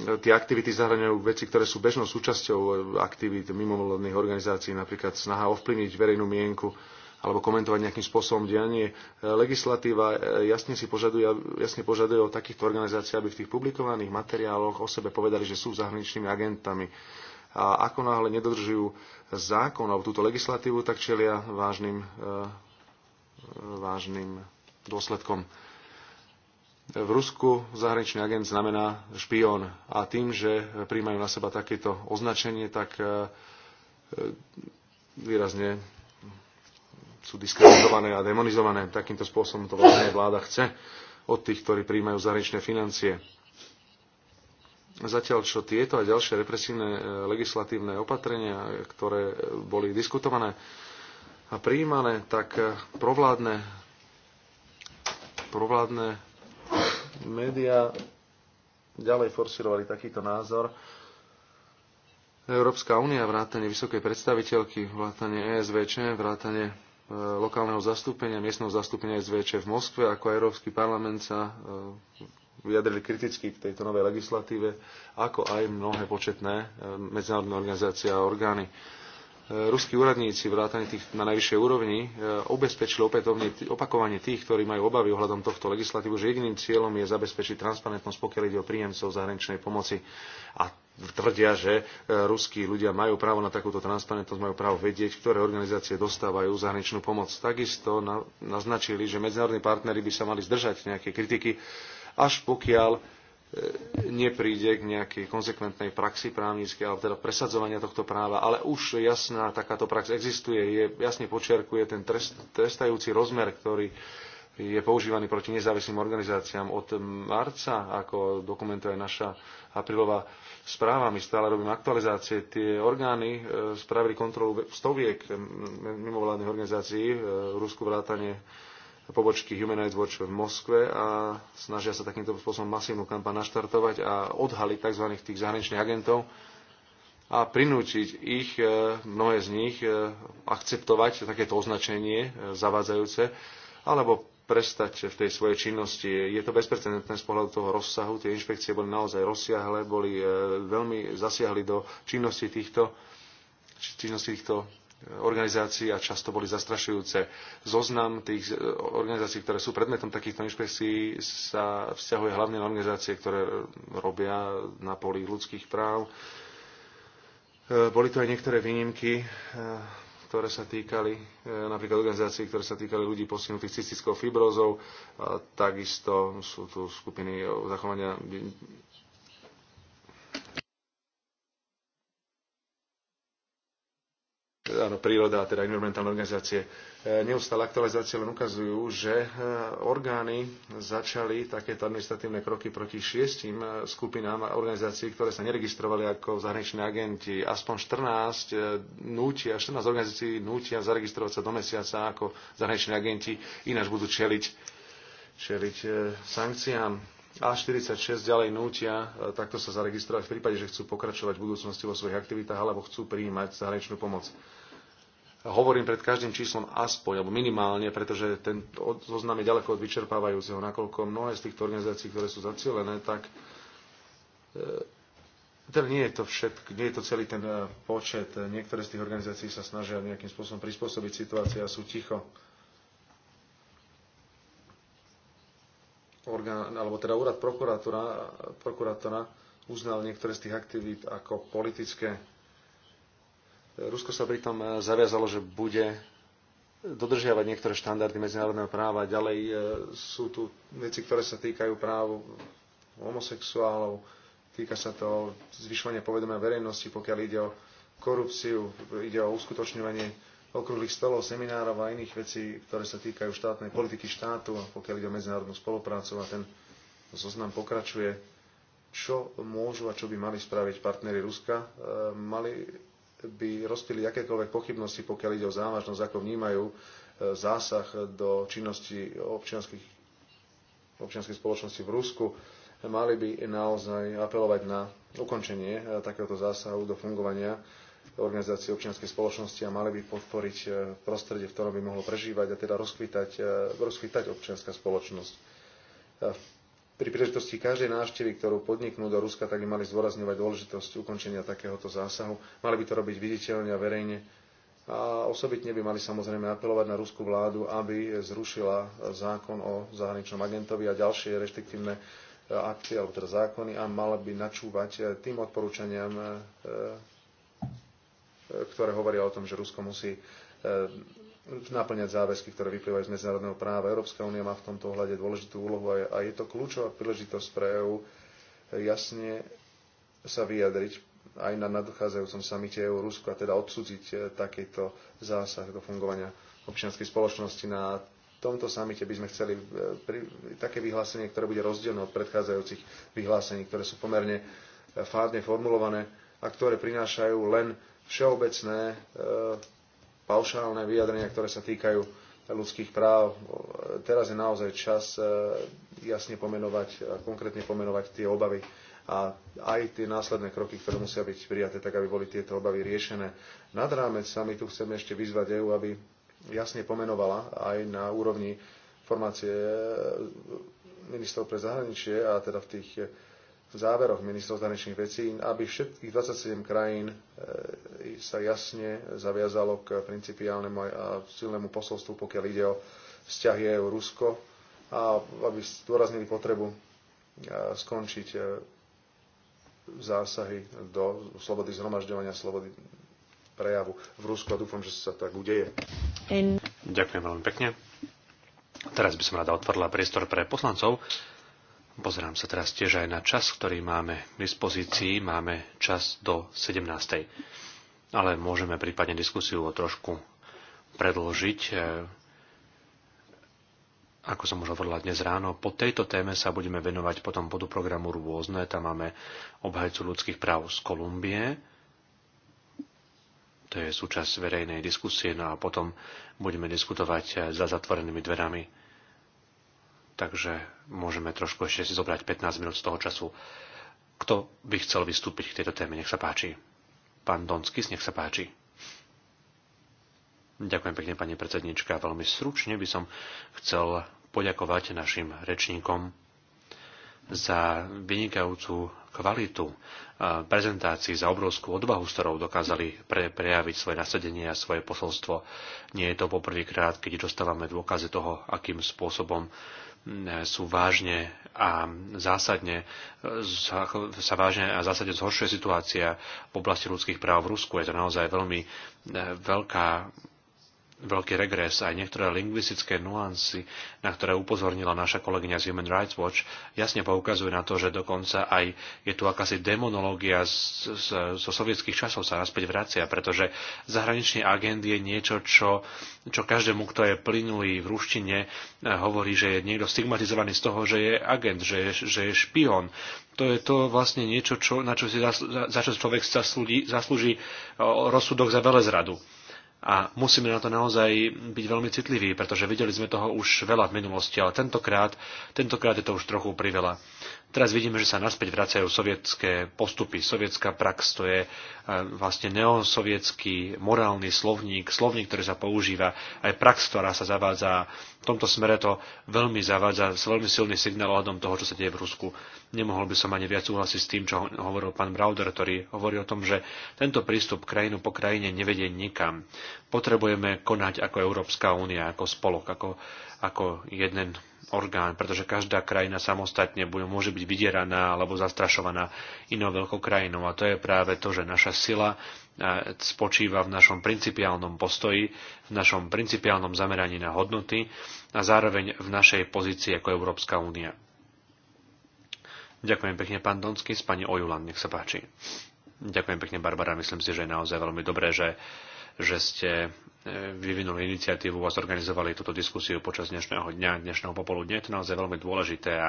E, tie aktivity zahraňujú veci, ktoré sú bežnou súčasťou e, aktivít mimovládnych organizácií, napríklad snaha ovplyvniť verejnú mienku alebo komentovať nejakým spôsobom dianie. Legislatíva jasne, si požaduje, jasne požaduje o takýchto organizácií, aby v tých publikovaných materiáloch o sebe povedali, že sú zahraničnými agentami a ako náhle nedodržujú zákon alebo túto legislatívu, tak čelia vážnym, eh, vážnym dôsledkom. V Rusku zahraničný agent znamená špión a tým, že príjmajú na seba takéto označenie, tak eh, eh, výrazne sú diskriminované a demonizované. Takýmto spôsobom to vlastne vláda chce od tých, ktorí príjmajú zahraničné financie. Zatiaľ, čo tieto a ďalšie represívne e, legislatívne opatrenia, e, ktoré e, boli diskutované a prijímané, tak provládne, provládne médiá ďalej forsirovali takýto názor. Európska únia, vrátanie vysokej predstaviteľky, vrátanie ESVČ, vrátanie lokálneho zastúpenia, miestneho zastúpenia SVČ v Moskve, ako Európsky parlament sa vyjadrili kriticky k tejto novej legislatíve, ako aj mnohé početné e, medzinárodné organizácie a orgány. E, ruskí úradníci vrátane tých na najvyššej úrovni e, obezpečili opätovne opakovanie tých, ktorí majú obavy ohľadom tohto legislatívu, že jediným cieľom je zabezpečiť transparentnosť, pokiaľ ide o príjemcov zahraničnej pomoci. A tvrdia, že ruskí ľudia majú právo na takúto transparentnosť, majú právo vedieť, ktoré organizácie dostávajú zahraničnú pomoc. Takisto naznačili, že medzinárodní partnery by sa mali zdržať nejaké kritiky až pokiaľ e, nepríde k nejakej konsekventnej praxi právnickej, alebo teda presadzovania tohto práva, ale už jasná takáto prax existuje, je, jasne počiarkuje ten trest, trestajúci rozmer, ktorý je používaný proti nezávislým organizáciám od marca, ako dokumentuje naša aprílová správa. My stále robíme aktualizácie. Tie orgány e, spravili kontrolu stoviek mimovládnych organizácií, v e, Rusku vrátane pobočky Human Rights Watch v Moskve a snažia sa takýmto spôsobom masívnu kampaň naštartovať a odhaliť tzv. tých zahraničných agentov a prinútiť ich, e, mnohé z nich, e, akceptovať takéto označenie e, zavádzajúce alebo prestať v tej svojej činnosti. Je to bezprecedentné z pohľadu toho rozsahu. Tie inšpekcie boli naozaj rozsiahle, boli veľmi zasiahli do činnosti týchto, činnosti týchto organizácií a často boli zastrašujúce. Zoznam tých e, organizácií, ktoré sú predmetom takýchto inšpekcií, sa vzťahuje hlavne na organizácie, ktoré robia na poli ľudských práv. E, boli tu aj niektoré výnimky, e, ktoré sa týkali napríklad organizácií, ktoré sa týkali ľudí postihnutých cystickou fibrózou. Takisto sú tu skupiny zachovania áno, príroda, teda environmentálne organizácie, e, neustále aktualizácie len ukazujú, že e, orgány začali takéto administratívne kroky proti šiestim e, skupinám a organizácií, ktoré sa neregistrovali ako zahraniční agenti. Aspoň 14 nútia, 14 organizácií nútia zaregistrovať sa do mesiaca ako zahraniční agenti, ináč budú čeliť, čeliť sankciám. A46 ďalej nútia takto sa zaregistrovať v prípade, že chcú pokračovať v budúcnosti vo svojich aktivitách alebo chcú prijímať zahraničnú pomoc. Hovorím pred každým číslom aspoň, alebo minimálne, pretože ten zoznam je ďaleko od vyčerpávajúceho, nakoľko mnohé z týchto organizácií, ktoré sú zacielené, tak e, teda nie je to všetko, nie je to celý ten e, počet. Niektoré z tých organizácií sa snažia nejakým spôsobom prispôsobiť situácii a sú ticho. orgán, alebo teda úrad prokurátora, prokurátora uznal niektoré z tých aktivít ako politické Rusko sa pritom e, zaviazalo, že bude dodržiavať niektoré štandardy medzinárodného práva. Ďalej e, sú tu veci, ktoré sa týkajú práv homosexuálov, týka sa to zvyšovania povedomia verejnosti, pokiaľ ide o korupciu, ide o uskutočňovanie okrúhlych stolov, seminárov a iných vecí, ktoré sa týkajú štátnej politiky štátu a pokiaľ ide o medzinárodnú spoluprácu a ten zoznam pokračuje. Čo môžu a čo by mali spraviť partnery Ruska? E, mali by rozptýli akékoľvek pochybnosti, pokiaľ ide o závažnosť, ako vnímajú e, zásah do činnosti občianskej spoločnosti v Rusku. Mali by naozaj apelovať na ukončenie e, takéhoto zásahu do fungovania organizácie občianskej spoločnosti a mali by podporiť e, prostredie, v ktorom by mohlo prežívať a teda rozkvitať, občianska občianská spoločnosť. V pri príležitosti každej návštevy, ktorú podniknú do Ruska, tak by mali zdôrazňovať dôležitosť ukončenia takéhoto zásahu. Mali by to robiť viditeľne a verejne. A osobitne by mali samozrejme apelovať na ruskú vládu, aby zrušila zákon o zahraničnom agentovi a ďalšie reštriktívne e, akcie, alebo teda zákony a mala by načúvať e, tým odporúčaniam, e, ktoré hovoria o tom, že Rusko musí naplňať záväzky, ktoré vyplývajú z medzinárodného práva. Európska únia má v tomto ohľade dôležitú úlohu a je to kľúčová príležitosť pre EÚ jasne sa vyjadriť aj na nadchádzajúcom samite EÚ Rusku a teda odsudziť e, takýto zásah do fungovania občianskej spoločnosti. Na tomto samite by sme chceli e, pri, také vyhlásenie, ktoré bude rozdielne od predchádzajúcich vyhlásení, ktoré sú pomerne e, fádne formulované a ktoré prinášajú len všeobecné e, paušálne vyjadrenia, ktoré sa týkajú ľudských práv. Teraz je naozaj čas eh, jasne pomenovať, eh, konkrétne pomenovať tie obavy a aj tie následné kroky, ktoré musia byť prijaté, tak aby boli tieto obavy riešené. Nad rámec sa my tu chceme ešte vyzvať EU, aby jasne pomenovala aj na úrovni formácie eh, ministrov pre zahraničie a teda v tých záveroch ministrov zahraničných vecí, aby všetkých 27 krajín e, sa jasne zaviazalo k principiálnemu a silnému posolstvu, pokiaľ ide o vzťahy EU-Rusko a aby zdôraznili potrebu e, skončiť e, zásahy do slobody zhromažďovania, slobody prejavu v Rusku a dúfam, že sa tak udeje. Ďakujem veľmi pekne. Teraz by som rada otvorila priestor pre poslancov Pozerám sa teraz tiež aj na čas, ktorý máme k dispozícii. Máme čas do 17. Ale môžeme prípadne diskusiu o trošku predložiť. E, ako som už hovorila dnes ráno, po tejto téme sa budeme venovať potom bodu programu rôzne. Tam máme obhajcu ľudských práv z Kolumbie. To je súčasť verejnej diskusie. No a potom budeme diskutovať za zatvorenými dverami takže môžeme trošku ešte si zobrať 15 minút z toho času. Kto by chcel vystúpiť k tejto téme? Nech sa páči. Pán Donskis, nech sa páči. Ďakujem pekne, pani predsednička. Veľmi stručne by som chcel poďakovať našim rečníkom za vynikajúcu kvalitu eh, prezentácií, za obrovskú odvahu, s ktorou dokázali pre, prejaviť svoje nasadenie a svoje posolstvo. Nie je to poprvýkrát, keď dostávame dôkazy toho, akým spôsobom Eh, sú vážne a zásadne eh, sa vážne a zásadne zhoršuje situácia v oblasti ľudských práv v Rusku. Je to naozaj veľmi eh, veľká veľký regres, aj niektoré lingvistické nuancy, na ktoré upozornila naša kolegyňa z Human Rights Watch, jasne poukazujú na to, že dokonca aj je tu akási demonológia zo sovietských časov sa naspäť vracia, pretože zahraničný agent je niečo, čo, čo každému, kto je plynulý v ruštine, eh, hovorí, že je niekto stigmatizovaný z toho, že je agent, že je, že je špion. To je to vlastne niečo, čo, na čo si za, za čo človek zaslúži, zaslúži eh, rozsudok za veľa zradu a musíme na to naozaj byť veľmi citliví, pretože videli sme toho už veľa v minulosti, ale tentokrát, tentokrát je to už trochu priveľa. Teraz vidíme, že sa naspäť vracajú sovietské postupy, sovietská prax, to je e, vlastne neonsovietský morálny slovník, slovník, ktorý sa používa, aj prax, ktorá sa zavádza. V tomto smere to veľmi zavádza veľmi silný signál ohľadom toho, čo sa deje v Rusku. Nemohol by som ani viac súhlasiť s tým, čo hovoril pán Browder, ktorý hovorí o tom, že tento prístup krajinu po krajine nevedie nikam. Potrebujeme konať ako Európska únia, ako spolok, ako, ako jeden orgán, pretože každá krajina samostatne bude, môže byť vydieraná alebo zastrašovaná inou veľkou krajinou. A to je práve to, že naša sila spočíva v našom principiálnom postoji, v našom principiálnom zameraní na hodnoty a zároveň v našej pozícii ako Európska únia. Ďakujem pekne, pán Donsky, s pani Ojulan, nech sa páči. Ďakujem pekne, Barbara. Myslím si, že je naozaj veľmi dobré, že uh, že ste e, vyvinuli iniciatívu a zorganizovali túto diskusiu počas dnešného dňa, dnešného popoludne. Je to naozaj veľmi dôležité a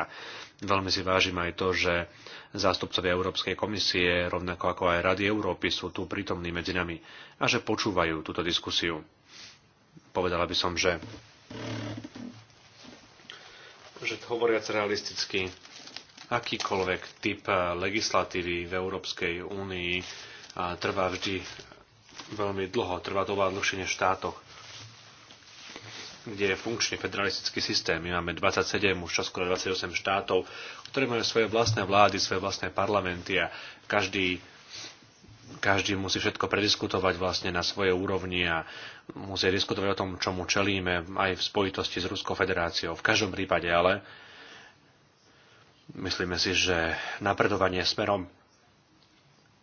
veľmi si vážim aj to, že zástupcovia Európskej komisie, rovnako ako aj Rady Európy, sú tu prítomní medzi nami a že počúvajú túto diskusiu. Povedala by som, že že hovoriac realisticky, akýkoľvek typ legislatívy v Európskej únii trvá vždy veľmi dlho, trvá to oveľa dlhšie než v štátoch, kde je funkčný federalistický systém. My máme 27, už čoskoro 28 štátov, ktoré majú svoje vlastné vlády, svoje vlastné parlamenty a každý každý musí všetko prediskutovať vlastne na svojej úrovni a musí diskutovať o tom, čomu čelíme aj v spojitosti s Ruskou federáciou. V každom prípade ale myslíme si, že napredovanie smerom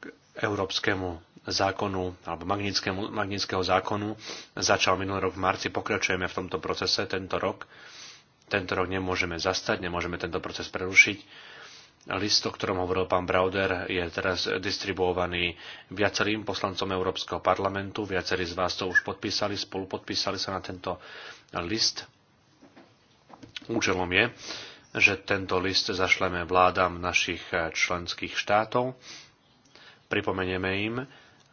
k európskemu zákonu alebo magnického zákonu začal minulý rok v marci, pokračujeme v tomto procese tento rok. Tento rok nemôžeme zastať, nemôžeme tento proces prerušiť. List, o ktorom hovoril pán Browder, je teraz distribuovaný viacerým poslancom Európskeho parlamentu. Viacerí z vás to už podpísali, spolupodpísali sa na tento list. Účelom je, že tento list zašleme vládam našich členských štátov. Pripomenieme im,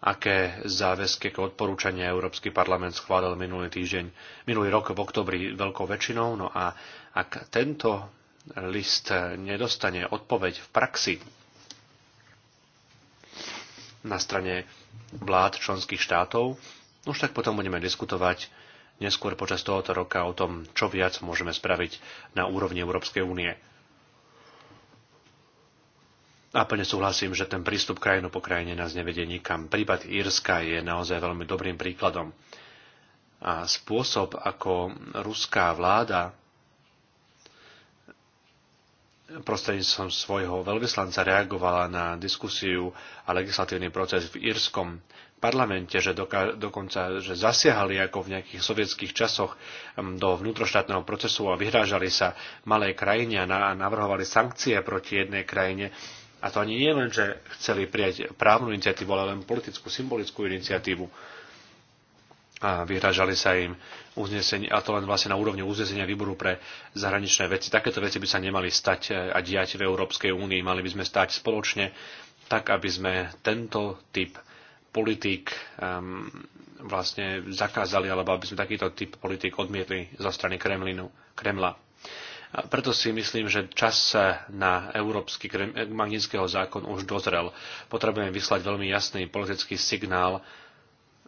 aké záväzky, aké odporúčania Európsky parlament schválil minulý týždeň, minulý rok v oktobri veľkou väčšinou. No a ak tento list nedostane odpoveď v praxi na strane vlád členských štátov, no už tak potom budeme diskutovať neskôr počas tohoto roka o tom, čo viac môžeme spraviť na úrovni Európskej únie. A plne súhlasím, že ten prístup krajinu po krajine nás nevedie nikam. Prípad Írska je naozaj veľmi dobrým príkladom. A spôsob, ako ruská vláda prostredníctvom svojho veľvyslanca reagovala na diskusiu a legislatívny proces v írskom parlamente, že doka- dokonca že zasiahali ako v nejakých sovietských časoch mm, do vnútroštátneho procesu a vyhrážali sa malej krajine a navrhovali sankcie proti jednej krajine, a to ani nie len, že chceli prijať právnu iniciatívu, ale len politickú, symbolickú iniciatívu. A vyhražali sa im uznesenie, a to len vlastne na úrovni uznesenia výboru pre zahraničné veci. Takéto veci by sa nemali stať e, a diať v Európskej únii. Mali by sme stať spoločne, tak aby sme tento typ politík um, vlastne zakázali, alebo aby sme takýto typ politík odmietli zo strany Kremlinu, Kremla. Preto si myslím, že čas na európsky magnického zákon už dozrel. Potrebujeme vyslať veľmi jasný politický signál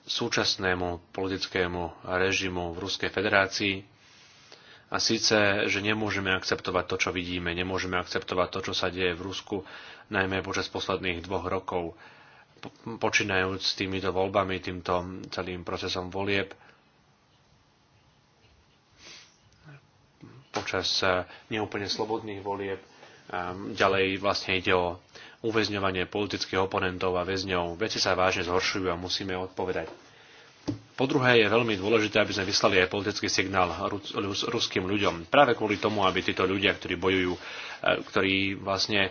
súčasnému politickému režimu v Ruskej federácii, a síce, že nemôžeme akceptovať to, čo vidíme, nemôžeme akceptovať to, čo sa deje v Rusku, najmä počas posledných dvoch rokov, počínajúc s týmito voľbami, týmto celým procesom volieb, počas e, neúplne slobodných volieb. E, ďalej vlastne ide o uväzňovanie politických oponentov a väzňov. Veci sa vážne zhoršujú a musíme odpovedať. Po druhé je veľmi dôležité, aby sme vyslali aj politický signál ruským ľuďom. Práve kvôli tomu, aby títo ľudia, ktorí bojujú, e, ktorí vlastne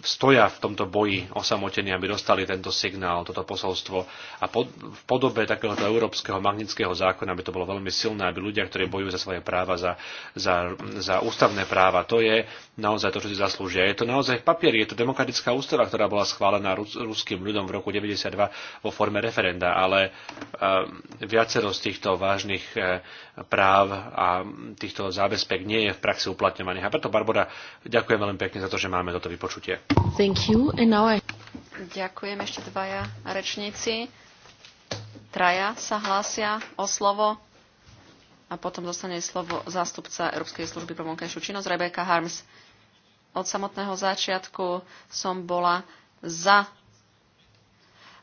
stoja v tomto boji osamotení, aby dostali tento signál, toto posolstvo. A pod, v podobe takéhoto európskeho magnického zákona by to bolo veľmi silné, aby ľudia, ktorí bojujú za svoje práva, za, za, za ústavné práva, to je naozaj to, čo si zaslúžia. Je to naozaj papieri, je to demokratická ústava, ktorá bola schválená rus, ruským ľudom v roku 92 vo forme referenda, ale e, viacero z týchto vážnych e, práv a týchto zábezpek nie je v praxi uplatňovaných. A preto, Barbara, ďakujem veľmi pekne za to, že máme toto vypočuť počutie. Thank you. And now I... Ďakujem ešte dvaja rečníci. Traja sa hlásia o slovo a potom dostane slovo zástupca Európskej služby pro vonkajšiu činnosť Rebecca Harms. Od samotného začiatku som bola za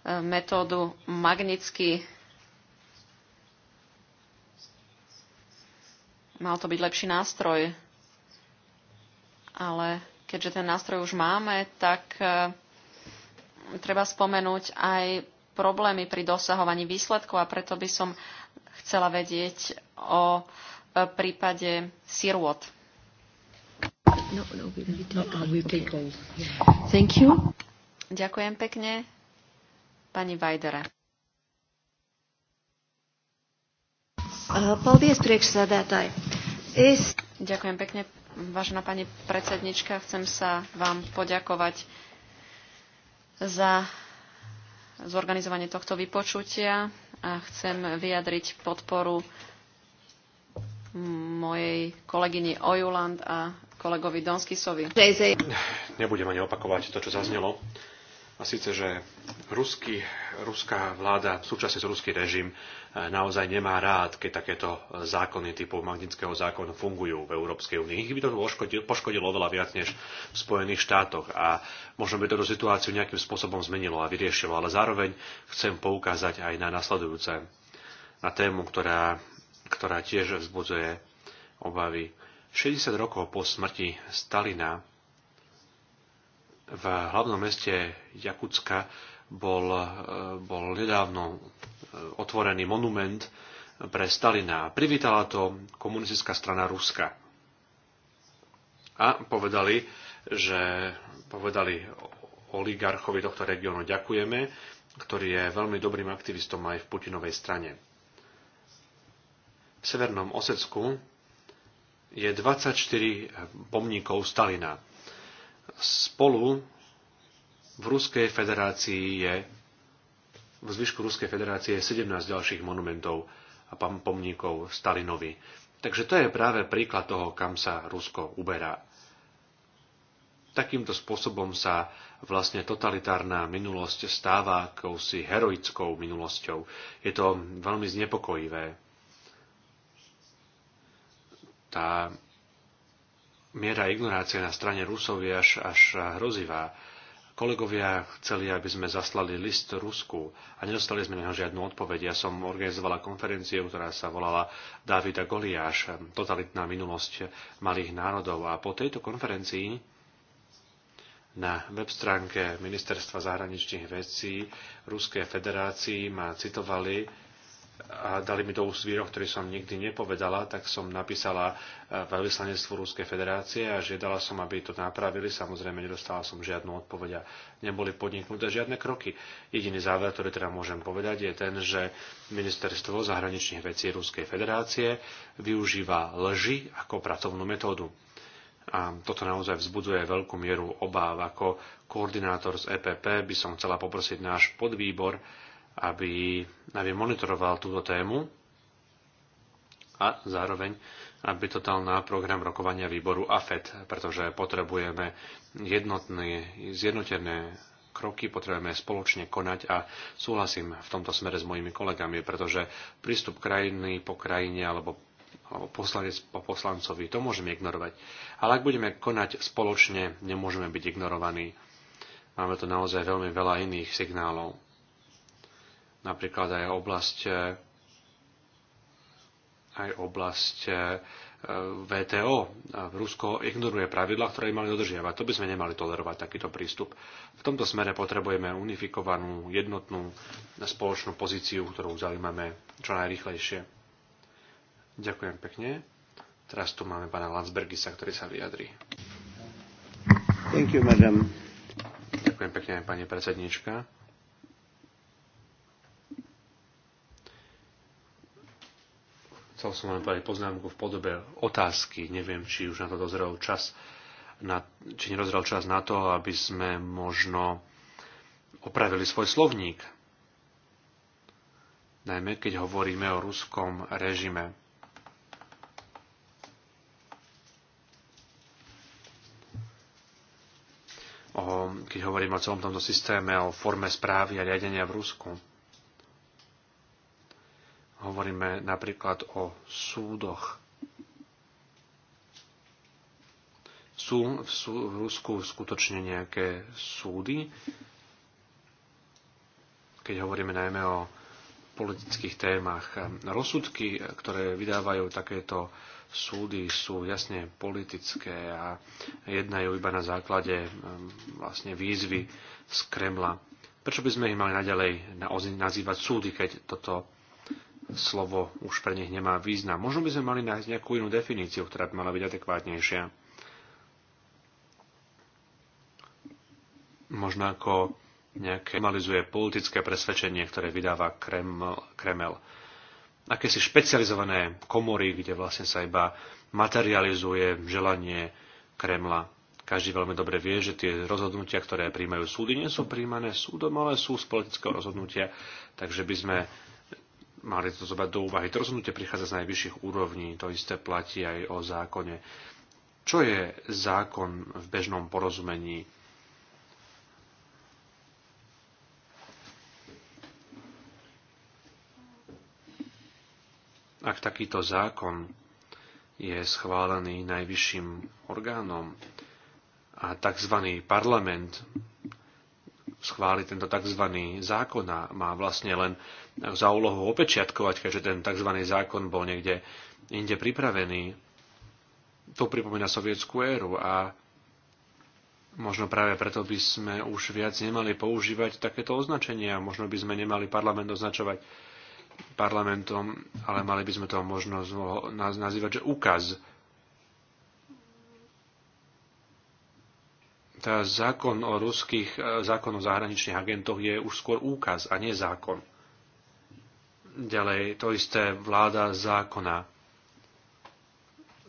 e, metódu Magnitsky. Mal to byť lepší nástroj, ale keďže ten nástroj už máme, tak e, treba spomenúť aj problémy pri dosahovaní výsledkov a preto by som chcela vedieť o e, prípade sirôt. No, no, no Ďakujem pekne. Pani Vajdere. Uh, Ďakujem pekne, Vážená pani predsednička, chcem sa vám poďakovať za zorganizovanie tohto vypočutia a chcem vyjadriť podporu mojej kolegyni Ojuland a kolegovi Donskisovi. Nebudem ani opakovať to, čo zaznelo. A síce, že ruský, ruská vláda, súčasne ruský režim eh, naozaj nemá rád, keď takéto zákony typu magnického zákonu fungujú v Európskej únii. Ich by to poškodilo, poškodilo oveľa viac než v Spojených štátoch a možno by to situáciu nejakým spôsobom zmenilo a vyriešilo, ale zároveň chcem poukázať aj na nasledujúce, na tému, ktorá, ktorá tiež vzbudzuje obavy. 60 rokov po smrti Stalina v hlavnom meste Jakucka bol, e, bol nedávno e, otvorený monument pre Stalina. Privítala to komunistická strana Ruska. A povedali, že povedali oligarchovi tohto regiónu ďakujeme, ktorý je veľmi dobrým aktivistom aj v Putinovej strane. V Severnom Osecku je 24 pomníkov Stalina spolu v Ruskej federácii je v zvyšku Ruskej federácie je 17 ďalších monumentov a pomníkov Stalinovi. Takže to je práve príklad toho, kam sa Rusko uberá. Takýmto spôsobom sa vlastne totalitárna minulosť stáva akousi heroickou minulosťou. Je to veľmi znepokojivé. Tá miera ignorácie na strane Rusov je až, až hrozivá. Kolegovia chceli, aby sme zaslali list Rusku a nedostali sme na neho žiadnu odpoveď. Ja som organizovala konferenciu, ktorá sa volala Davida Goliáš, totalitná minulosť malých národov. A po tejto konferencii na web stránke Ministerstva zahraničných vecí Ruskej federácii ma citovali a dali mi do úst výrok, ktorý som nikdy nepovedala, tak som napísala e, veľvyslanectvu Ruskej federácie a žiadala som, aby to napravili. Samozrejme, nedostala som žiadnu odpoveď a neboli podniknuté žiadne kroky. Jediný záver, ktorý teda môžem povedať, je ten, že Ministerstvo zahraničných vecí Ruskej federácie využíva lži ako pracovnú metódu. A toto naozaj vzbuduje veľkú mieru obáv. Ako koordinátor z EPP by som chcela poprosiť náš podvýbor, aby, aby monitoroval túto tému a zároveň, aby to dal na program rokovania výboru AFED, pretože potrebujeme jednotné, zjednotené kroky, potrebujeme spoločne konať a súhlasím v tomto smere s mojimi kolegami, pretože prístup krajiny po krajine alebo alebo poslanec po poslancovi, to môžeme ignorovať. Ale ak budeme konať spoločne, nemôžeme byť ignorovaní. Máme tu naozaj veľmi veľa iných signálov napríklad aj oblasť e, aj oblasť e, e, VTO. Rusko ignoruje pravidla, ktoré mali dodržiavať. To by sme nemali tolerovať takýto prístup. V tomto smere potrebujeme unifikovanú, jednotnú spoločnú pozíciu, ktorú zaujímame čo najrychlejšie. Ďakujem pekne. Teraz tu máme pána Landsbergisa, ktorý sa vyjadrí. Thank you, madam. Ďakujem pekne, pani predsednička. Chcel som len povedať poznámku v podobe otázky. Neviem, či už na to dozrel čas, na, či nerozrel čas na to, aby sme možno opravili svoj slovník. Najmä keď hovoríme o ruskom režime. O, keď hovoríme o celom tomto systéme, o forme správy a riadenia v Rusku. Hovoríme napríklad o súdoch. Sú v, sú v Rusku skutočne nejaké súdy? Keď hovoríme najmä o politických témach. Rozsudky, ktoré vydávajú takéto súdy sú jasne politické a jednajú iba na základe um, vlastne výzvy z Kremla. Prečo by sme ich mali naďalej nazývať súdy, keď toto slovo už pre nich nemá význam. Možno by sme mali nájsť nejakú inú definíciu, ktorá by mala byť adekvátnejšia. Možno ako nejaké normalizuje politické presvedčenie, ktoré vydáva Kreml, Kreml. si špecializované komory, kde vlastne sa iba materializuje želanie Kremla. Každý veľmi dobre vie, že tie rozhodnutia, ktoré príjmajú súdy, nie sú príjmané súdom, ale sú z politického rozhodnutia, takže by sme mali to zobrať do úvahy. To rozhodnutie prichádza z najvyšších úrovní, to isté platí aj o zákone. Čo je zákon v bežnom porozumení? Ak takýto zákon je schválený najvyšším orgánom a tzv. parlament schváliť tento tzv. zákon a má vlastne len za úlohu opečiatkovať, keďže ten tzv. zákon bol niekde inde pripravený. To pripomína sovietskú éru a Možno práve preto by sme už viac nemali používať takéto označenia. Možno by sme nemali parlament označovať parlamentom, ale mali by sme to možno nazývať, že ukaz tá zákon o ruských, e, zákon o zahraničných agentoch je už skôr úkaz a nie zákon. Ďalej, to isté vláda zákona.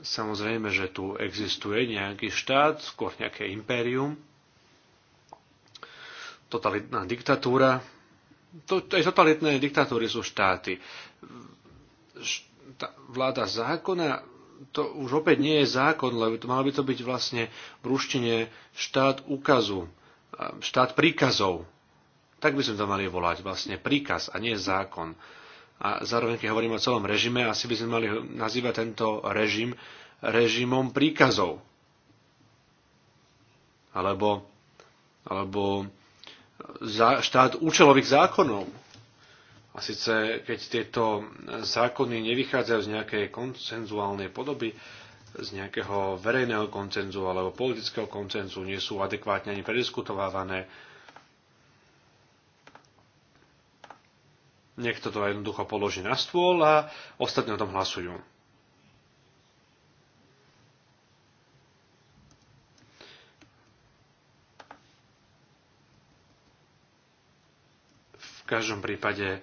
Samozrejme, že tu existuje nejaký štát, skôr nejaké impérium, totalitná diktatúra. To, aj totalitné diktatúry sú štáty. Tá vláda zákona to už opäť nie je zákon, lebo malo by to byť vlastne v ruštine štát ukazu, štát príkazov. Tak by sme to mali volať, vlastne príkaz a nie zákon. A zároveň, keď hovoríme o celom režime, asi by sme mali nazývať tento režim režimom príkazov. Alebo, alebo štát účelových zákonov a síce, keď tieto zákony nevychádzajú z nejakej koncenzuálnej podoby, z nejakého verejného koncenzu alebo politického koncenzu, nie sú adekvátne ani prediskutovávané, Niekto to jednoducho položí na stôl a ostatní o tom hlasujú. V každom prípade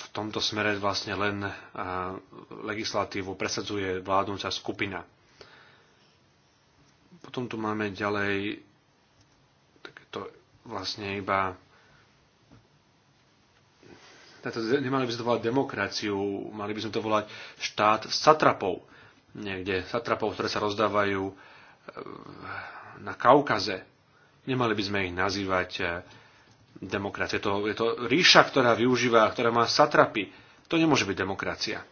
v tomto smere vlastne len legislatívu presadzuje vládnúca skupina. Potom tu máme ďalej takéto vlastne iba táto, nemali by sme to volať demokraciu, mali by sme to volať štát satrapov. Niekde satrapov, ktoré sa rozdávajú e, na Kaukaze. Nemali by sme ich nazývať e, demokracia. To, je to ríša, ktorá využíva, ktorá má satrapy. To nemôže byť demokracia.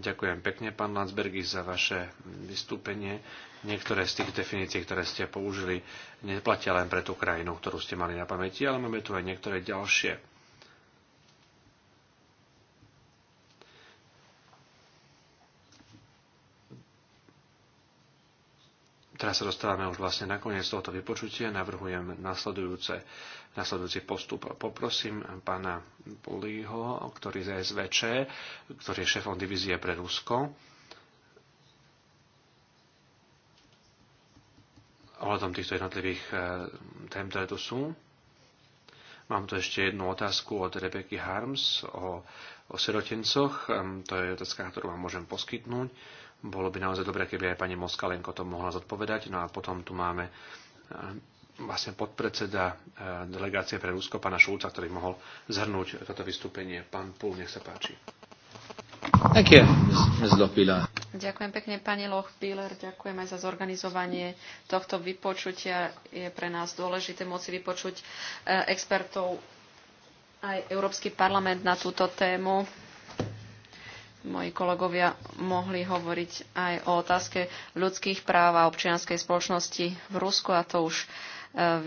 Ďakujem pekne, pán Landsbergis, za vaše vystúpenie. Niektoré z tých definícií, ktoré ste použili, neplatia len pre tú krajinu, ktorú ste mali na pamäti, ale máme tu aj niektoré ďalšie. Teraz sa dostávame už vlastne na koniec tohoto vypočutia. Navrhujem nasledujúce, nasledujúci postup. Poprosím pána Bulího, ktorý je z SVČ, ktorý je šéfom divízie pre Rusko, ohľadom týchto jednotlivých eh, tém, ktoré tu sú Mám tu ešte jednu otázku od Rebeky Harms o, o sirotencoch. To je otázka, ktorú vám môžem poskytnúť. Bolo by naozaj dobré, keby aj pani Moskalenko to mohla zodpovedať. No a potom tu máme vlastne podpredseda delegácie pre Rusko, pána Šulca, ktorý mohol zhrnúť toto vystúpenie. Pán Púl, nech sa páči. Thank you, Ms. Lopila. Ďakujem pekne, pani Lochbíler, ďakujem aj za zorganizovanie tohto vypočutia. Je pre nás dôležité moci vypočuť e, expertov aj Európsky parlament na túto tému. Moji kolegovia mohli hovoriť aj o otázke ľudských práv a občianskej spoločnosti v Rusku a to už e,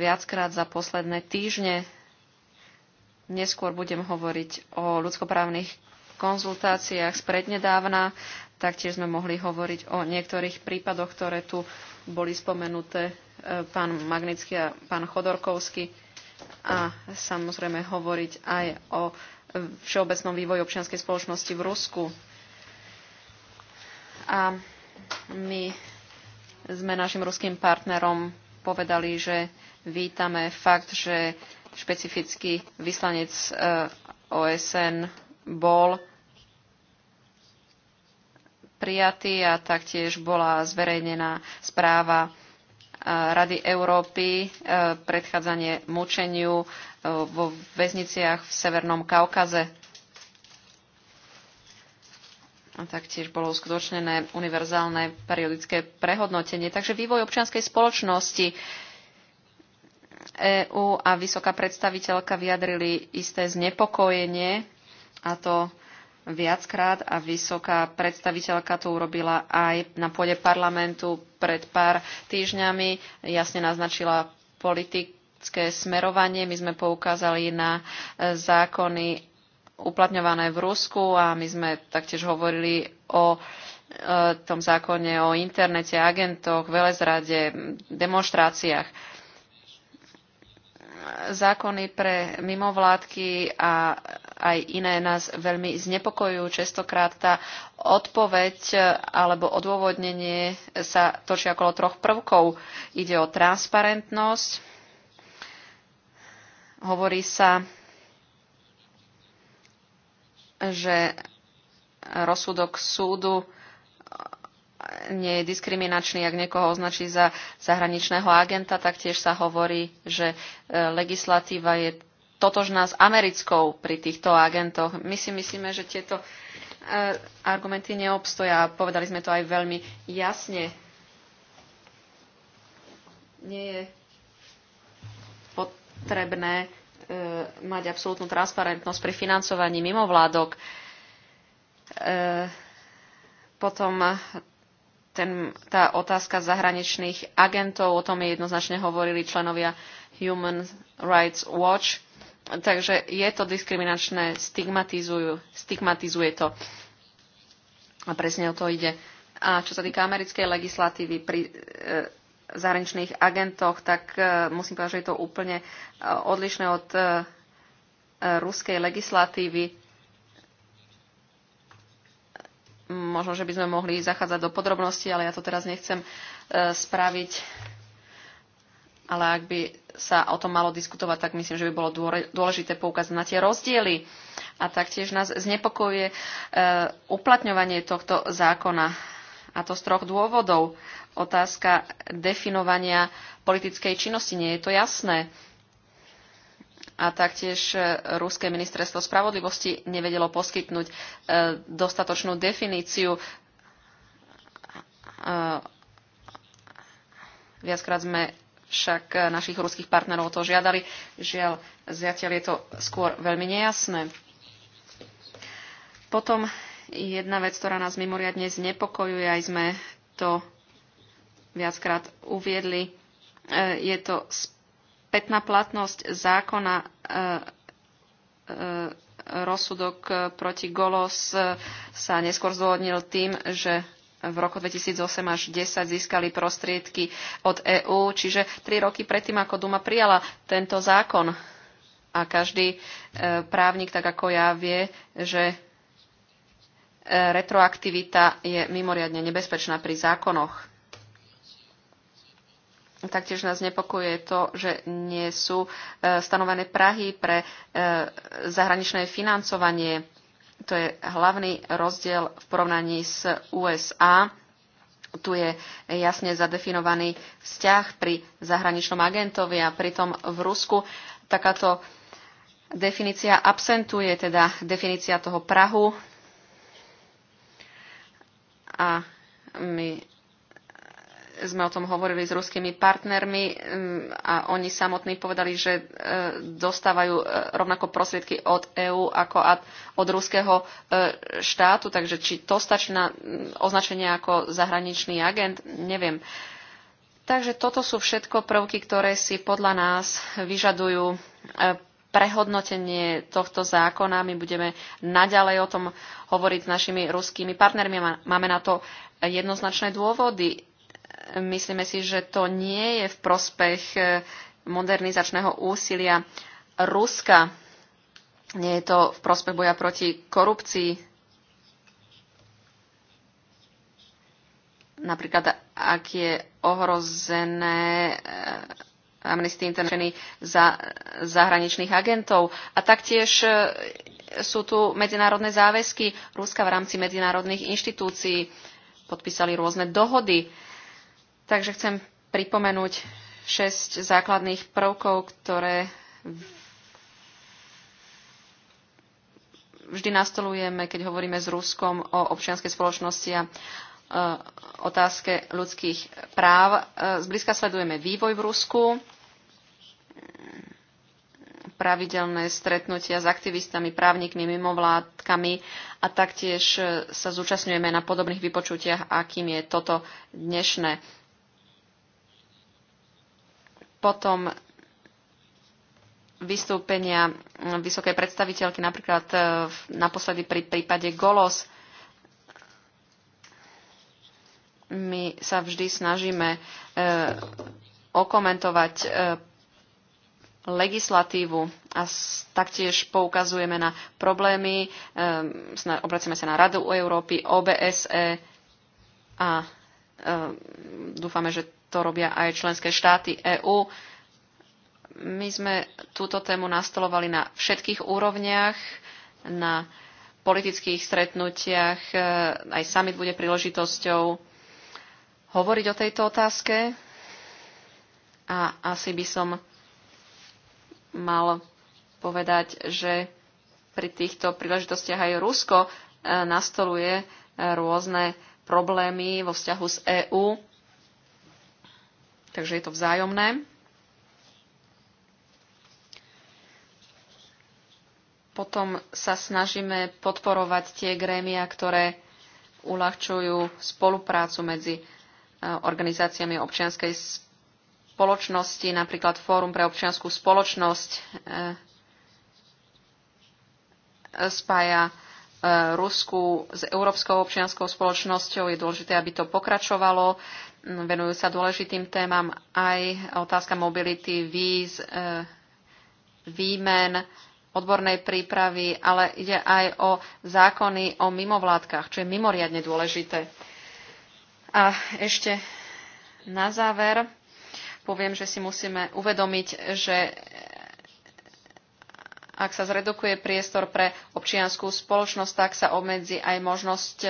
viackrát za posledné týždne. Neskôr budem hovoriť o ľudskoprávnych konzultáciách sprednedávna Taktiež sme mohli hovoriť o niektorých prípadoch, ktoré tu boli spomenuté e, pán Magnický a pán Chodorkovský a samozrejme hovoriť aj o všeobecnom vývoji občianskej spoločnosti v Rusku. A my sme našim ruským partnerom povedali, že vítame fakt, že špecifický vyslanec e, OSN bol prijatý a taktiež bola zverejnená správa e, Rady Európy e, predchádzanie mučeniu e, vo väzniciach v Severnom Kaukaze. A taktiež bolo uskutočnené univerzálne periodické prehodnotenie. Takže vývoj občianskej spoločnosti EÚ a vysoká predstaviteľka vyjadrili isté znepokojenie a to viackrát a vysoká predstaviteľka to urobila aj na pôde parlamentu pred pár týždňami. Jasne naznačila politické smerovanie. My sme poukázali na e, zákony uplatňované v Rusku a my sme taktiež hovorili o e, tom zákone o internete, agentoch, velezrade, demonstráciách. Zákony pre mimovládky a aj iné nás veľmi znepokojujú. Častokrát tá odpoveď e, alebo odôvodnenie sa točí okolo troch prvkov. Ide o transparentnosť, hovorí sa, že rozsudok súdu nie je diskriminačný, ak niekoho označí za zahraničného agenta, tak tiež sa hovorí, že e, legislatíva je totožná s americkou pri týchto agentoch. My si myslíme, že tieto e, argumenty neobstoja. Povedali sme to aj veľmi jasne. Nie je potrebné e, mať absolútnu transparentnosť pri financovaní mimovládok. E, potom ten, tá otázka zahraničných agentov, o tom je jednoznačne hovorili členovia Human Rights Watch. Takže je to diskriminačné, stigmatizujú stigmatizuje to. A presne o to ide. A čo sa týka americkej legislatívy pri e, zahraničných agentoch, tak e, musím povedať, že je to úplne e, odlišné od e, e ruskej legislatívy. Možno, že by sme mohli zachádzať do podrobností, ale ja to teraz nechcem e, spraviť ale ak by sa o tom malo diskutovať, tak myslím, že by bolo dôležité poukázať na tie rozdiely. A taktiež nás znepokojuje e, uplatňovanie tohto zákona. A to z troch dôvodov. Otázka definovania politickej činnosti. Nie je to jasné. A taktiež e, Ruské ministerstvo spravodlivosti nevedelo poskytnúť e, dostatočnú definíciu viackrát sme však eh, našich ruských partnerov to žiadali. Žiaľ, zatiaľ je to skôr veľmi nejasné. Potom jedna vec, ktorá nás mimoriadne znepokojuje, aj sme to viackrát uviedli, eh, je to spätná platnosť zákona eh, rozsudok proti Golos sa neskôr zdôvodnil tým, že v roku 2008 až 10 získali prostriedky od EÚ, čiže tri roky predtým, ako Duma prijala tento zákon. A každý e, právnik, tak ako ja, vie, že e, retroaktivita je mimoriadne nebezpečná pri zákonoch. Taktiež nás nepokuje to, že nie sú e, stanovené Prahy pre zahraničné financovanie to je hlavný rozdiel v porovnaní s USA. Tu je jasne zadefinovaný vzťah pri zahraničnom agentovi a pritom v Rusku takáto definícia absentuje, teda definícia toho Prahu. A my sme o tom hovorili s ruskými partnermi mm, a oni samotní povedali, že e, dostávajú e, rovnako prostriedky od EÚ ako od ruského e, štátu, takže či to stačí na mm, označenie ako zahraničný agent, neviem. Takže toto sú všetko prvky, ktoré si podľa nás vyžadujú prehodnotenie tohto zákona. My budeme naďalej o tom hovoriť s našimi ruskými partnermi. Máme na to jednoznačné dôvody. Myslíme si, že to nie je v prospech e, modernizačného úsilia Ruska. Nie je to v prospech boja proti korupcii. Napríklad, ak je ohrozené e, Amnesty International za zahraničných agentov. A taktiež e, sú tu medzinárodné záväzky Ruska v rámci medzinárodných inštitúcií. Podpísali rôzne dohody. Takže chcem pripomenúť šesť základných prvkov, ktoré vždy nastolujeme, keď hovoríme s Ruskom o občianskej spoločnosti a e, otázke ľudských práv. E, zblízka sledujeme vývoj v Rusku, pravidelné stretnutia s aktivistami, právnikmi, mimovládkami a taktiež e, sa zúčastňujeme na podobných vypočutiach, akým je toto dnešné. Potom vystúpenia vysokej predstaviteľky, napríklad e, naposledy pri prípade Golos. My sa vždy snažíme e, okomentovať e, legislatívu a taktiež poukazujeme na problémy, obracíme sa na Radu Európy, OBSE a dúfame, že to robia aj členské štáty EÚ. My sme túto tému nastolovali na všetkých úrovniach, na politických stretnutiach, e, aj summit bude príležitosťou hovoriť o tejto otázke. A asi by som mal povedať, že pri týchto príležitostiach aj Rusko e, nastoluje e, rôzne problémy vo vzťahu s EÚ Takže je to vzájomné. Potom sa snažíme podporovať tie grémia, ktoré uľahčujú spoluprácu medzi e, organizáciami občianskej spoločnosti, napríklad Fórum pre občianskú spoločnosť e, spája e, Rusku s Európskou občianskou spoločnosťou. Je dôležité, aby to pokračovalo. Venujú sa dôležitým témam aj otázka mobility, víz, e, výmen, odbornej prípravy, ale ide aj o zákony o mimovládkach, čo je mimoriadne dôležité. A ešte na záver poviem, že si musíme uvedomiť, že ak sa zredukuje priestor pre občianskú spoločnosť, tak sa obmedzi aj možnosť e,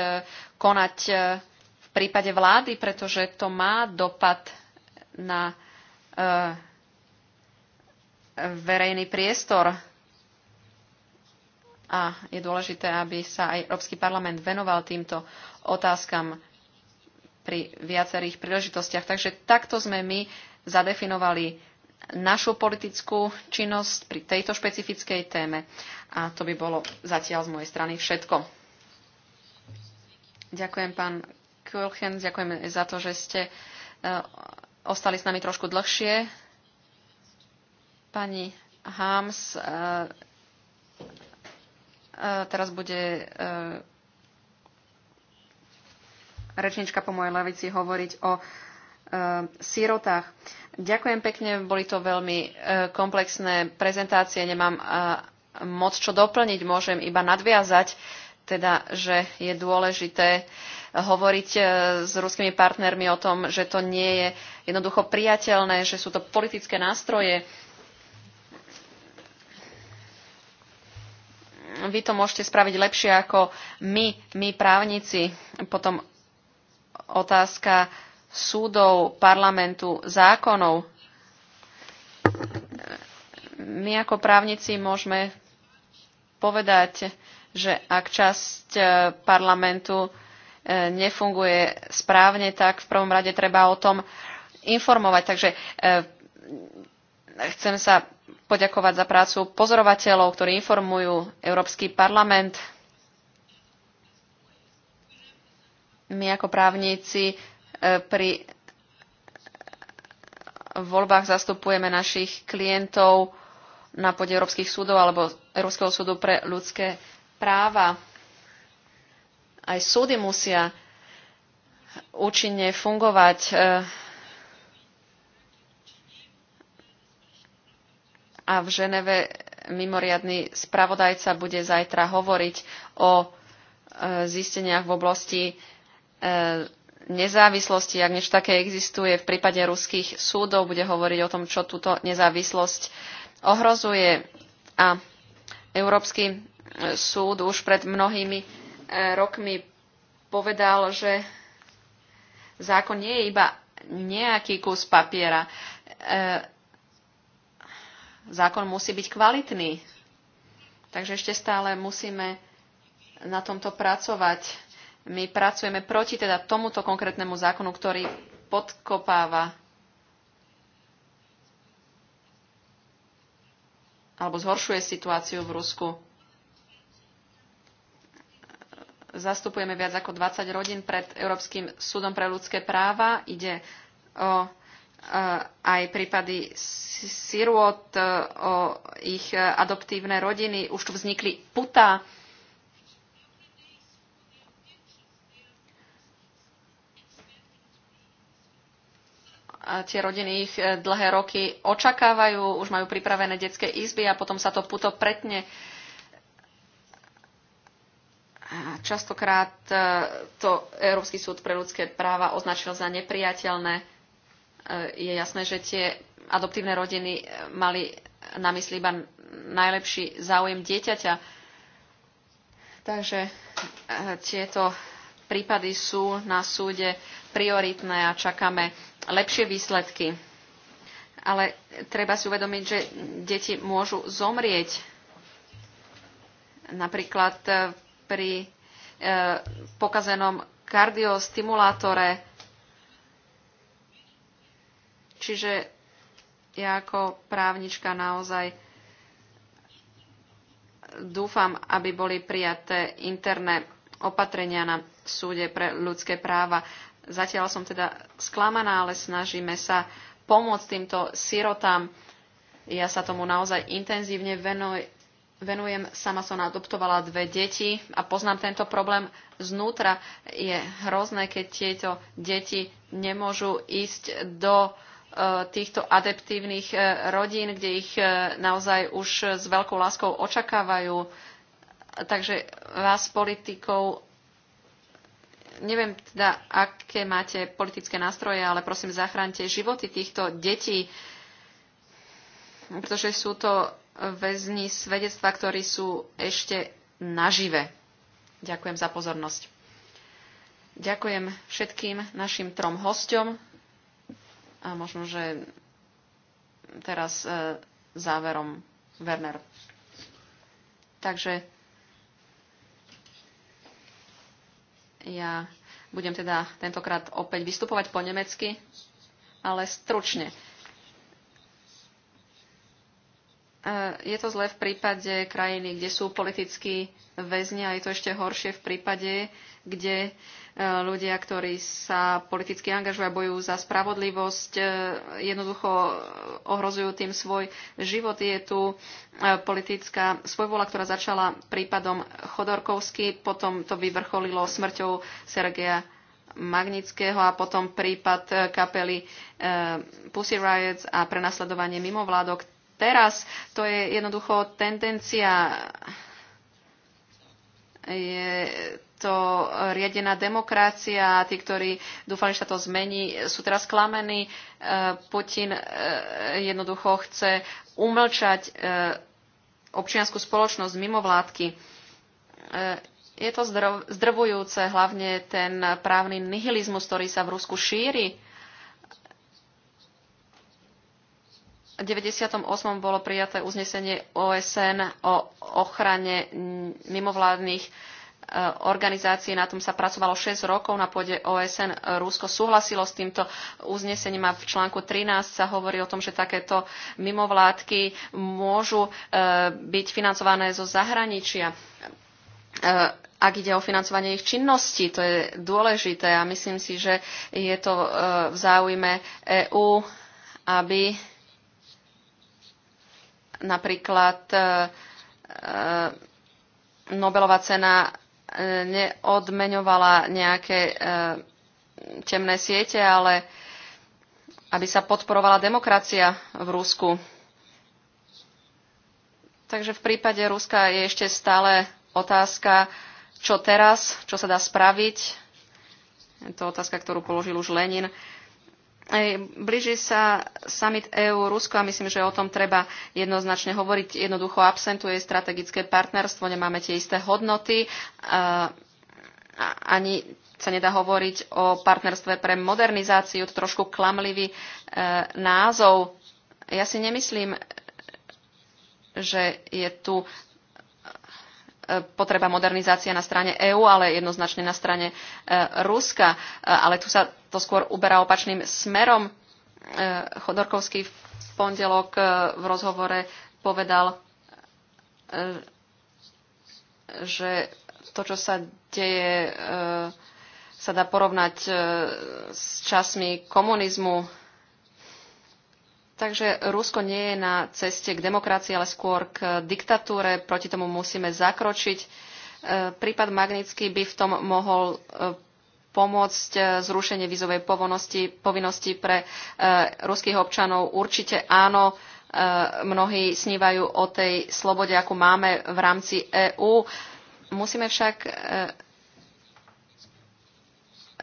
konať e, prípade vlády, pretože to má dopad na e, verejný priestor a je dôležité, aby sa aj Európsky parlament venoval týmto otázkam pri viacerých príležitostiach. Takže takto sme my zadefinovali našu politickú činnosť pri tejto špecifickej téme. A to by bolo zatiaľ z mojej strany všetko. Ďakujem, pán Kulchen, ďakujem za to, že ste e, ostali s nami trošku dlhšie. Pani Hams e, e, teraz bude rečnička po mojej lavici hovoriť o sirotách. Ďakujem pekne, boli to veľmi komplexné prezentácie, nemám moc čo doplniť, môžem iba nadviazať teda, že je dôležité hovoriť e, s ruskými partnermi o tom, že to nie je jednoducho priateľné, že sú to politické nástroje. Vy to môžete spraviť lepšie ako my, my právnici. Potom otázka súdov, parlamentu, zákonov. My ako právnici môžeme povedať, že ak časť e, parlamentu e, nefunguje správne, tak v prvom rade treba o tom informovať. Takže e, chcem sa poďakovať za prácu pozorovateľov, ktorí informujú Európsky parlament. My ako právníci pri voľbách zastupujeme našich klientov na pôde Európskych súdov alebo Európskeho súdu pre ľudské práva. Aj súdy musia účinne fungovať. Eh, a v Ženeve mimoriadný spravodajca bude zajtra hovoriť o eh, zisteniach v oblasti eh, nezávislosti, ak niečo také existuje v prípade ruských súdov, bude hovoriť o tom, čo túto nezávislosť ohrozuje. A Európsky súd už pred mnohými e, rokmi povedal, že zákon nie je iba nejaký kus papiera. E, zákon musí byť kvalitný. Takže ešte stále musíme na tomto pracovať. My pracujeme proti teda tomuto konkrétnemu zákonu, ktorý podkopáva alebo zhoršuje situáciu v Rusku. Zastupujeme viac ako 20 rodín pred Európskym súdom pre ľudské práva. Ide o e, aj prípady sirot, e, o ich adoptívne rodiny. Už tu vznikli puta. A tie rodiny ich e, dlhé roky očakávajú, už majú pripravené detské izby a potom sa to puto pretne. Častokrát e, to Európsky súd pre ľudské práva označil za nepriateľné. E, je jasné, že tie adoptívne rodiny e, mali na mysli iba najlepší záujem dieťaťa. Takže tieto prípady sú na súde prioritné a čakáme lepšie výsledky. Ale treba si uvedomiť, že deti môžu zomrieť. Napríklad pri Eh, pokazenom kardiostimulátore. Čiže ja ako právnička naozaj dúfam, aby boli prijaté interné opatrenia na súde pre ľudské práva. Zatiaľ som teda sklamaná, ale snažíme sa pomôcť týmto sirotám. Ja sa tomu naozaj intenzívne venujem. Sama som adoptovala dve deti a poznám tento problém znútra. Je hrozné, keď tieto deti nemôžu ísť do e, týchto adeptívnych e, rodín, kde ich e, naozaj už s veľkou láskou očakávajú. Takže vás, politikov, neviem teda, aké máte politické nástroje, ale prosím, zachránte životy týchto detí, pretože sú to väzni svedectva, ktorí sú ešte nažive. Ďakujem za pozornosť. Ďakujem všetkým našim trom hosťom a možno, že teraz e, záverom Werner. Takže ja budem teda tentokrát opäť vystupovať po nemecky, ale stručne. Eh, je to zle v prípade krajiny, kde sú politickí väzni a je to ešte horšie v prípade, kde eh, ľudia, ktorí sa politicky angažujú a bojujú za spravodlivosť, eh, jednoducho ohrozujú tým svoj život. Je tu politická svojvola, ktorá začala prípadom Chodorkovsky, potom to vyvrcholilo smrťou Sergeja Magnického a potom prípad kapely Pussy Riots a prenasledovanie mimovládok teraz. To je jednoducho tendencia. Je to riadená demokracia a tí, ktorí dúfali, že sa to zmení, sú teraz klamení. E, Putin e, jednoducho chce umlčať e, občianskú spoločnosť mimo vládky. Je to zdrvujúce, hlavne ten právny nihilizmus, ktorý sa v Rusku šíri. 98. bolo prijaté uznesenie OSN o ochrane mimovládnych eh, organizácií. Na tom sa pracovalo 6 rokov na pôde OSN. Rusko súhlasilo s týmto uznesením a v článku 13 sa hovorí o tom, že takéto mimovládky môžu eh, byť financované zo zahraničia eh, ak ide o financovanie ich činností, to je dôležité a myslím si, že je to v záujme EÚ, aby Napríklad e, e, Nobelová cena e, neodmeňovala nejaké temné siete, ale aby sa podporovala demokracia v Rusku. Takže v prípade Ruska je ešte stále otázka, čo teraz, čo sa dá spraviť. Je to otázka, ktorú položil už Lenin. Blíži sa summit EU-Rusko a myslím, že o tom treba jednoznačne hovoriť. Jednoducho absentuje strategické partnerstvo, nemáme tie isté hodnoty. Ani sa nedá hovoriť o partnerstve pre modernizáciu, to trošku klamlivý e, názov. Ja si nemyslím, že je tu potreba modernizácia na strane EÚ, ale jednoznačne na strane e, Ruska. E, ale tu sa to skôr uberá opačným smerom. E, Chodorkovský v pondelok v rozhovore povedal, že to, čo sa deje, sa dá porovnať s časmi komunizmu Takže Rusko nie je na ceste k demokracii, ale skôr k diktatúre. Proti tomu musíme zakročiť. E, prípad Magnický by v tom mohol e, pomôcť e, zrušenie vizovej povinnosti pre ruských občanov. Určite áno, mnohí snívajú o tej slobode, akú máme v rámci EÚ. Musíme však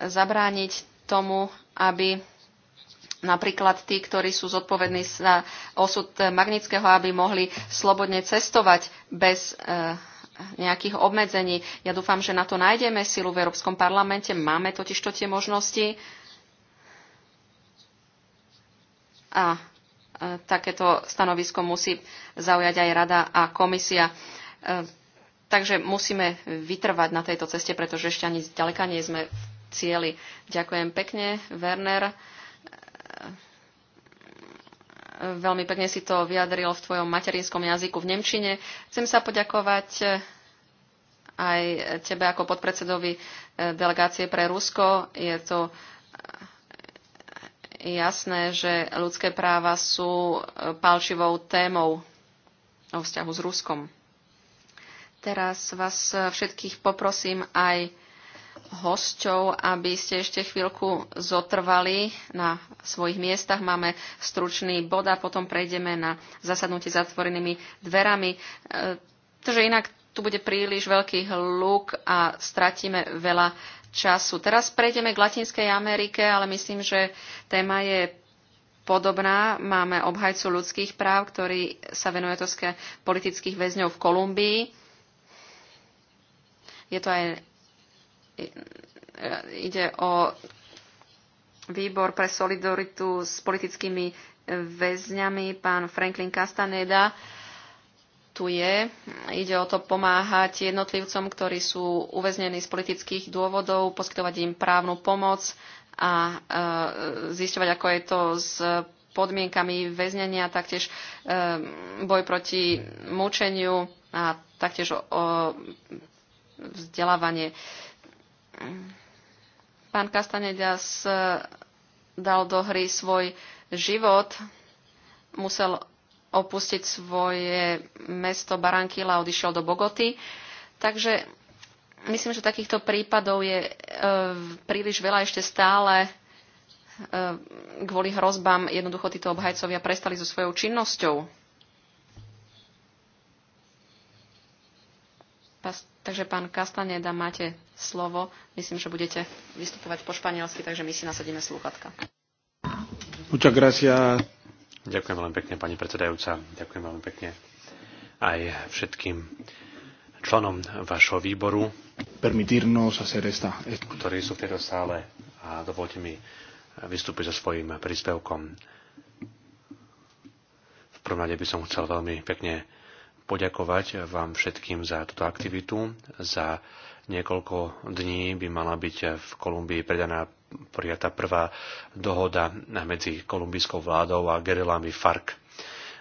zabrániť tomu, aby napríklad tí, ktorí sú zodpovední za osud Magnického, aby mohli slobodne cestovať bez eh, nejakých obmedzení. Ja dúfam, že na to nájdeme silu v Európskom parlamente. Máme totiž to tie možnosti. A eh, takéto stanovisko musí zaujať aj rada a komisia. Eh, takže musíme vytrvať na tejto ceste, pretože ešte ani zďaleka nie sme v cieli. Ďakujem pekne, Werner. Veľmi pekne si to vyjadril v tvojom materinskom jazyku v Nemčine. Chcem sa poďakovať eh, aj tebe ako podpredsedovi eh, delegácie pre Rusko. Je to eh, jasné, že ľudské práva sú palčivou témou o vzťahu s Ruskom. Teraz vás všetkých poprosím aj hosťov, aby ste ešte chvíľku zotrvali na svojich miestach. Máme stručný bod a potom prejdeme na zasadnutie zatvorenými dverami. E, takže inak tu bude príliš veľký hluk a stratíme veľa času. Teraz prejdeme k Latinskej Amerike, ale myslím, že téma je podobná. Máme obhajcu ľudských práv, ktorý sa venuje toské politických väzňov v Kolumbii. Je to aj ide o výbor pre solidaritu s politickými väzňami, pán Franklin Castaneda. Tu je. Ide o to pomáhať jednotlivcom, ktorí sú uväznení z politických dôvodov, poskytovať im právnu pomoc a e, zisťovať, ako je to s podmienkami väznenia, taktiež e, boj proti mučeniu a taktiež o vzdelávanie Pán Kastanedias e, dal do hry svoj život, musel opustiť svoje mesto Barankila a odišiel do Bogoty. Takže myslím, že takýchto prípadov je e, príliš veľa ešte stále e, kvôli hrozbám. Jednoducho títo obhajcovia prestali so svojou činnosťou. Past- Takže pán Kastaneda, máte slovo. Myslím, že budete vystupovať po španielsky, takže my si nasadíme slúchatka. Ďakujem veľmi pekne, pani predsedajúca. Ďakujem veľmi pekne aj všetkým členom vašho výboru, ktorí sú v tejto sále a dovolte mi vystúpiť so svojím príspevkom. V prvom rade by som chcel veľmi pekne poďakovať vám všetkým za túto aktivitu. Za niekoľko dní by mala byť v Kolumbii predaná prijatá prvá dohoda medzi kolumbijskou vládou a gerilami FARC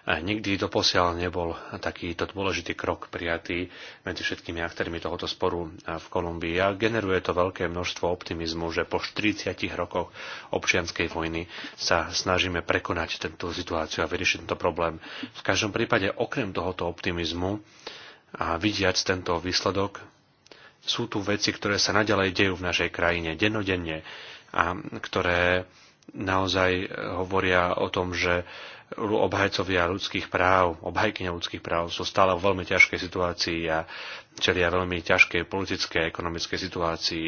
Nikdy doposiaľ nebol takýto dôležitý krok prijatý medzi všetkými aktérmi tohoto sporu v Kolumbii a generuje to veľké množstvo optimizmu, že po 40 rokoch občianskej vojny sa snažíme prekonať tento situáciu a vyriešiť tento problém. V každom prípade okrem tohoto optimizmu a vidiac tento výsledok, sú tu veci, ktoré sa naďalej dejú v našej krajine denodenne a ktoré naozaj hovoria o tom, že obhajcovia ľudských práv, obhajkyňa ľudských práv sú stále v veľmi ťažkej situácii a čelia veľmi ťažkej politickej a ekonomickej situácii.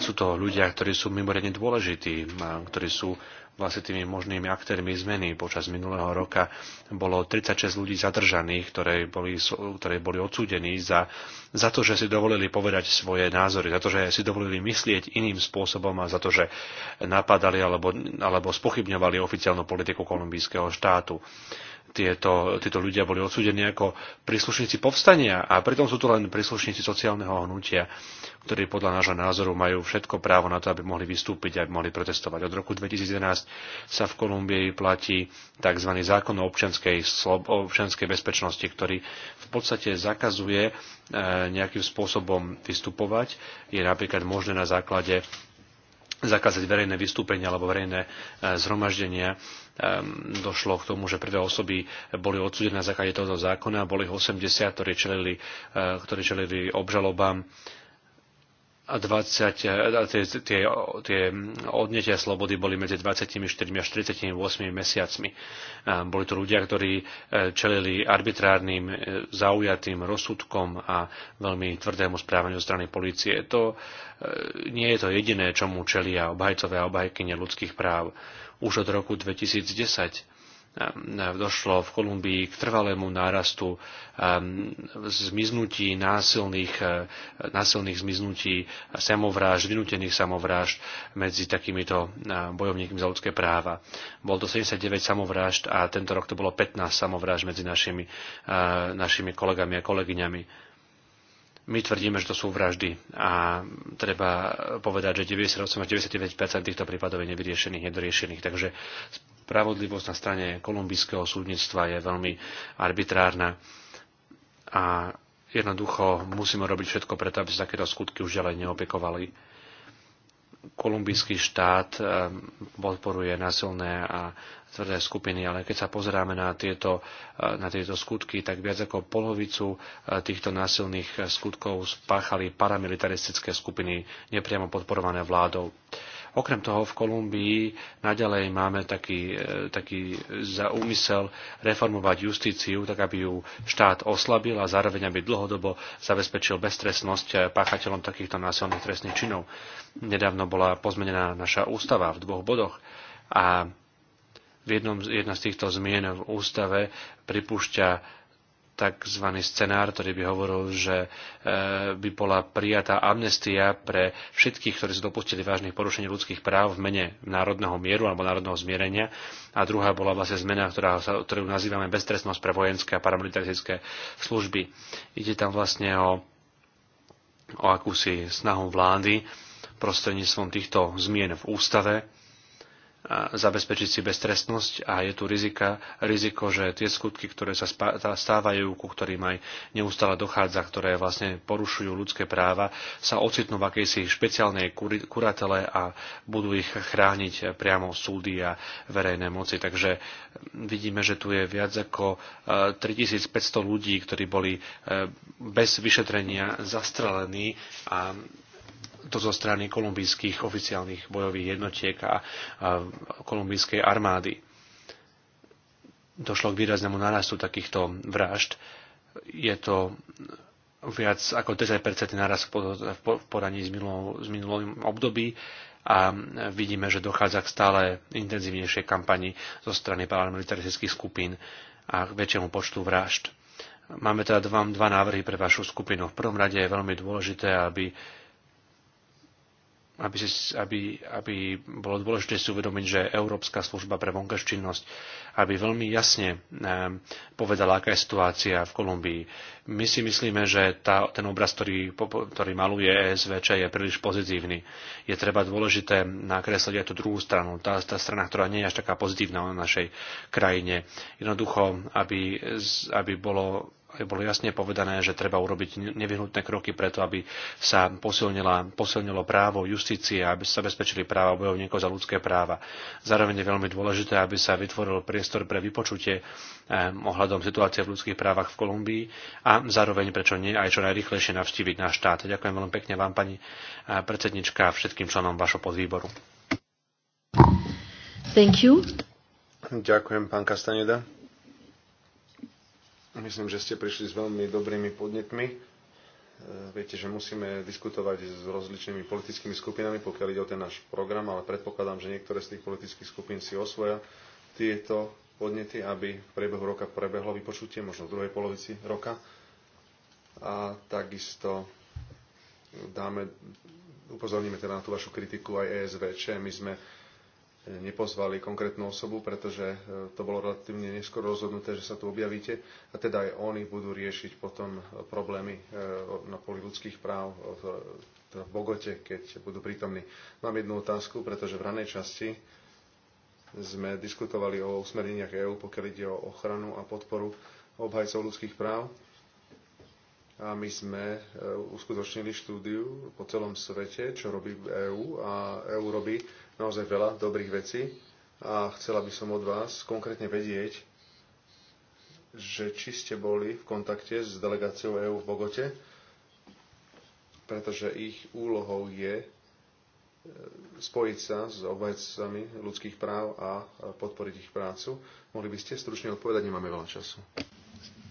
Sú to ľudia, ktorí sú mimoriadne dôležití, ktorí sú vlastne tými možnými aktérmi zmeny. Počas minulého roka bolo 36 ľudí zadržaných, ktoré boli, ktoré boli odsúdení za, za to, že si dovolili povedať svoje názory, za to, že si dovolili myslieť iným spôsobom a za to, že napadali alebo, alebo spochybňovali oficiálnu politiku kolumbijského štátu tieto, títo ľudia boli odsúdení ako príslušníci povstania a pritom sú to len príslušníci sociálneho hnutia, ktorí podľa nášho názoru majú všetko právo na to, aby mohli vystúpiť, a mohli protestovať. Od roku 2011 sa v Kolumbii platí tzv. zákon o občianskej, občianskej bezpečnosti, ktorý v podstate zakazuje e, nejakým spôsobom vystupovať. Je napríklad možné na základe zakázať verejné vystúpenia alebo verejné e, zhromaždenia. E, došlo k tomu, že prvé osoby boli odsudené na základe tohto zákona, boli ich 80, ktorí čelili, e, ktorí čelili obžalobám 20, tie, tie, tie odnetia slobody boli medzi 24 až 38 mesiacmi. Boli to ľudia, ktorí e, čelili arbitrárnym e, zaujatým rozsudkom a veľmi tvrdému správaniu strany policie. To e, nie je to jediné, čomu čelia obhajcové a obhajkyne ľudských práv. Už od roku 2010 Ehm, došlo v Kolumbii k trvalému nárastu ehm, zmiznutí násilných, e, násilných zmiznutí samovrážd, vynútených samovrážd medzi takýmito e, bojovníkmi za ľudské práva. Bol to 79 samovrážd a tento rok to bolo 15 samovrážd medzi našimi, e, našimi kolegami a kolegyňami. My tvrdíme, že to sú vraždy a treba povedať, že 98 až 99 týchto prípadov je nevyriešených, nedoriešených. Takže spravodlivosť na strane kolumbijského súdnictva je veľmi arbitrárna a jednoducho musíme robiť všetko preto, aby sa takéto skutky už ďalej neopekovali kolumbijský štát eh, podporuje násilné a tvrdé skupiny, ale keď sa pozeráme na tieto, eh, na tieto skutky, tak viac ako polovicu eh, týchto násilných skutkov spáchali paramilitaristické skupiny nepriamo podporované vládou. Okrem toho v Kolumbii naďalej máme taký, e, taký za úmysel reformovať justíciu, tak aby ju štát oslabil a zároveň aby dlhodobo zabezpečil beztresnosť e, páchateľom takýchto násilných trestných činov. Nedávno bola pozmenená naša ústava v dvoch bodoch a v jednom, jedna z týchto zmien v ústave pripúšťa tzv. scenár, ktorý by hovoril, že e, by bola prijatá amnestia pre všetkých, ktorí sa dopustili vážnych porušení ľudských práv v mene národného mieru alebo národného zmierenia. A druhá bola vlastne zmena, ktorá, ktorú nazývame beztrestnosť pre vojenské a paramilitaristické služby. Ide tam vlastne o, o akúsi snahu vlády prostredníctvom týchto zmien v ústave zabezpečiť si beztrestnosť a je tu rizika, riziko, že tie skutky, ktoré sa stávajú, ku ktorým aj neustále dochádza, ktoré vlastne porušujú ľudské práva, sa ocitnú v akejsi špeciálnej kuratele a budú ich chrániť priamo súdy a verejné moci. Takže vidíme, že tu je viac ako 3500 e, ľudí, ktorí boli e, bez vyšetrenia zastrelení a to zo strany kolumbijských oficiálnych bojových jednotiek a kolumbijskej armády. Došlo k výraznému narastu takýchto vražd. Je to viac ako 10% narast v poraní s, minulou, s minulým období a vidíme, že dochádza k stále intenzívnejšej kampani zo strany paramilitaristických skupín a k väčšiemu počtu vražd. Máme teda dva, dva návrhy pre vašu skupinu. V prvom rade je veľmi dôležité, aby aby, si, aby, aby bolo dôležité si uvedomiť, že Európska služba pre vonkačinnosť činnosť aby veľmi jasne ehm, povedala, aká je situácia v Kolumbii. My si myslíme, že tá, ten obraz, ktorý, ktorý maluje ESVČ, je príliš pozitívny. Je treba dôležité nakresliť aj tú druhú stranu, tá, tá strana, ktorá nie je až taká pozitívna o našej krajine. Jednoducho, aby, aby bolo bolo jasne povedané, že treba urobiť nevyhnutné kroky preto, aby sa posilnilo právo justície, aby sa zabezpečili práva bojovníkov za ľudské práva. Zároveň je veľmi dôležité, aby sa vytvoril priestor pre vypočutie eh, ohľadom situácie v ľudských právach v Kolumbii a zároveň prečo nie aj čo najrychlejšie navštíviť náš štát. Ďakujem veľmi pekne vám, pani eh, predsednička, a všetkým členom vašho podvýboru. Thank you. Ďakujem, pán Kastaneda. Myslím, že ste prišli s veľmi dobrými podnetmi. E, viete, že musíme diskutovať s rozličnými politickými skupinami, pokiaľ ide o ten náš program, ale predpokladám, že niektoré z tých politických skupín si osvoja tieto podnety, aby v priebehu roka prebehlo vypočutie, možno v druhej polovici roka. A takisto dáme, upozorníme teda na tú vašu kritiku aj ESVČ. My sme nepozvali konkrétnu osobu, pretože e, to bolo relatívne neskoro rozhodnuté, že sa tu objavíte a teda aj oni budú riešiť potom e, problémy e, na poli ľudských práv v Bogote, keď budú prítomní. Mám jednu otázku, pretože v ranej časti sme diskutovali o usmerneniach EÚ, pokiaľ ide o ochranu a podporu obhajcov ľudských práv. A my sme uskutočnili štúdiu po celom svete, čo robí EÚ a EÚ robí naozaj veľa dobrých vecí a chcela by som od vás konkrétne vedieť, že či ste boli v kontakte s delegáciou EÚ v Bogote, pretože ich úlohou je e, spojiť sa s obhajcami ľudských práv a e, podporiť ich prácu. Mohli by ste stručne odpovedať, nemáme veľa času.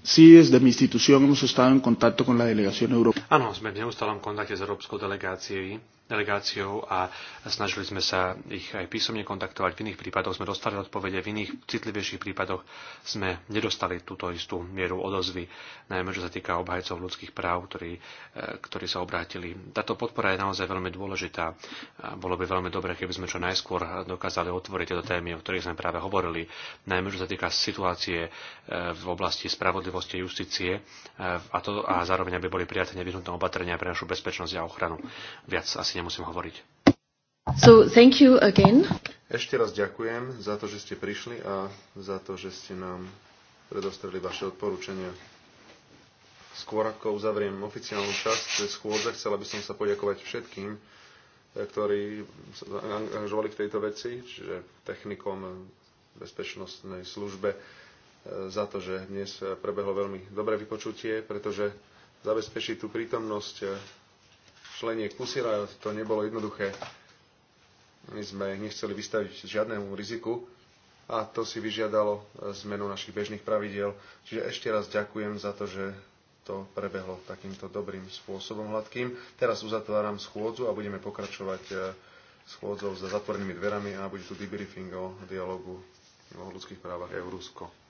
Sí, desde mi institución hemos estado en contacto con la delegación europea. Áno, sme v neustálom kontakte s európskou delegáciou delegáciou a snažili sme sa ich aj písomne kontaktovať. V iných prípadoch sme dostali odpovede, v iných citlivejších prípadoch sme nedostali túto istú mieru odozvy, najmä čo sa týka obhajcov ľudských práv, ktorí, e, ktorí sa obrátili. Táto podpora je naozaj veľmi dôležitá. Bolo by veľmi dobré, keby sme čo najskôr dokázali otvoriť tieto témy, o ktorých sme práve hovorili, najmä čo sa týka situácie e, v oblasti spravodlivosti a justície e, a, to, a zároveň aby boli prijaté nevyhnutné opatrenia pre našu bezpečnosť a ochranu. Viac asi nemusím hovoriť. So, thank you again. Ešte raz ďakujem za to, že ste prišli a za to, že ste nám predostreli vaše odporúčania. Skôr ako uzavriem oficiálnu časť schôdze, chcela by som sa poďakovať všetkým, ktorí sa angažovali v tejto veci, čiže technikom bezpečnostnej službe, za to, že dnes prebehlo veľmi dobré vypočutie, pretože zabezpečí tú prítomnosť členie Pusira, to nebolo jednoduché. My sme nechceli vystaviť žiadnemu riziku a to si vyžiadalo eh, zmenu našich bežných pravidiel. Čiže ešte raz ďakujem za to, že to prebehlo takýmto dobrým spôsobom hladkým. Teraz uzatváram schôdzu a budeme pokračovať eh, schôdzou za zatvorenými dverami a bude tu debriefing o dialogu o ľudských právach EU-Rusko.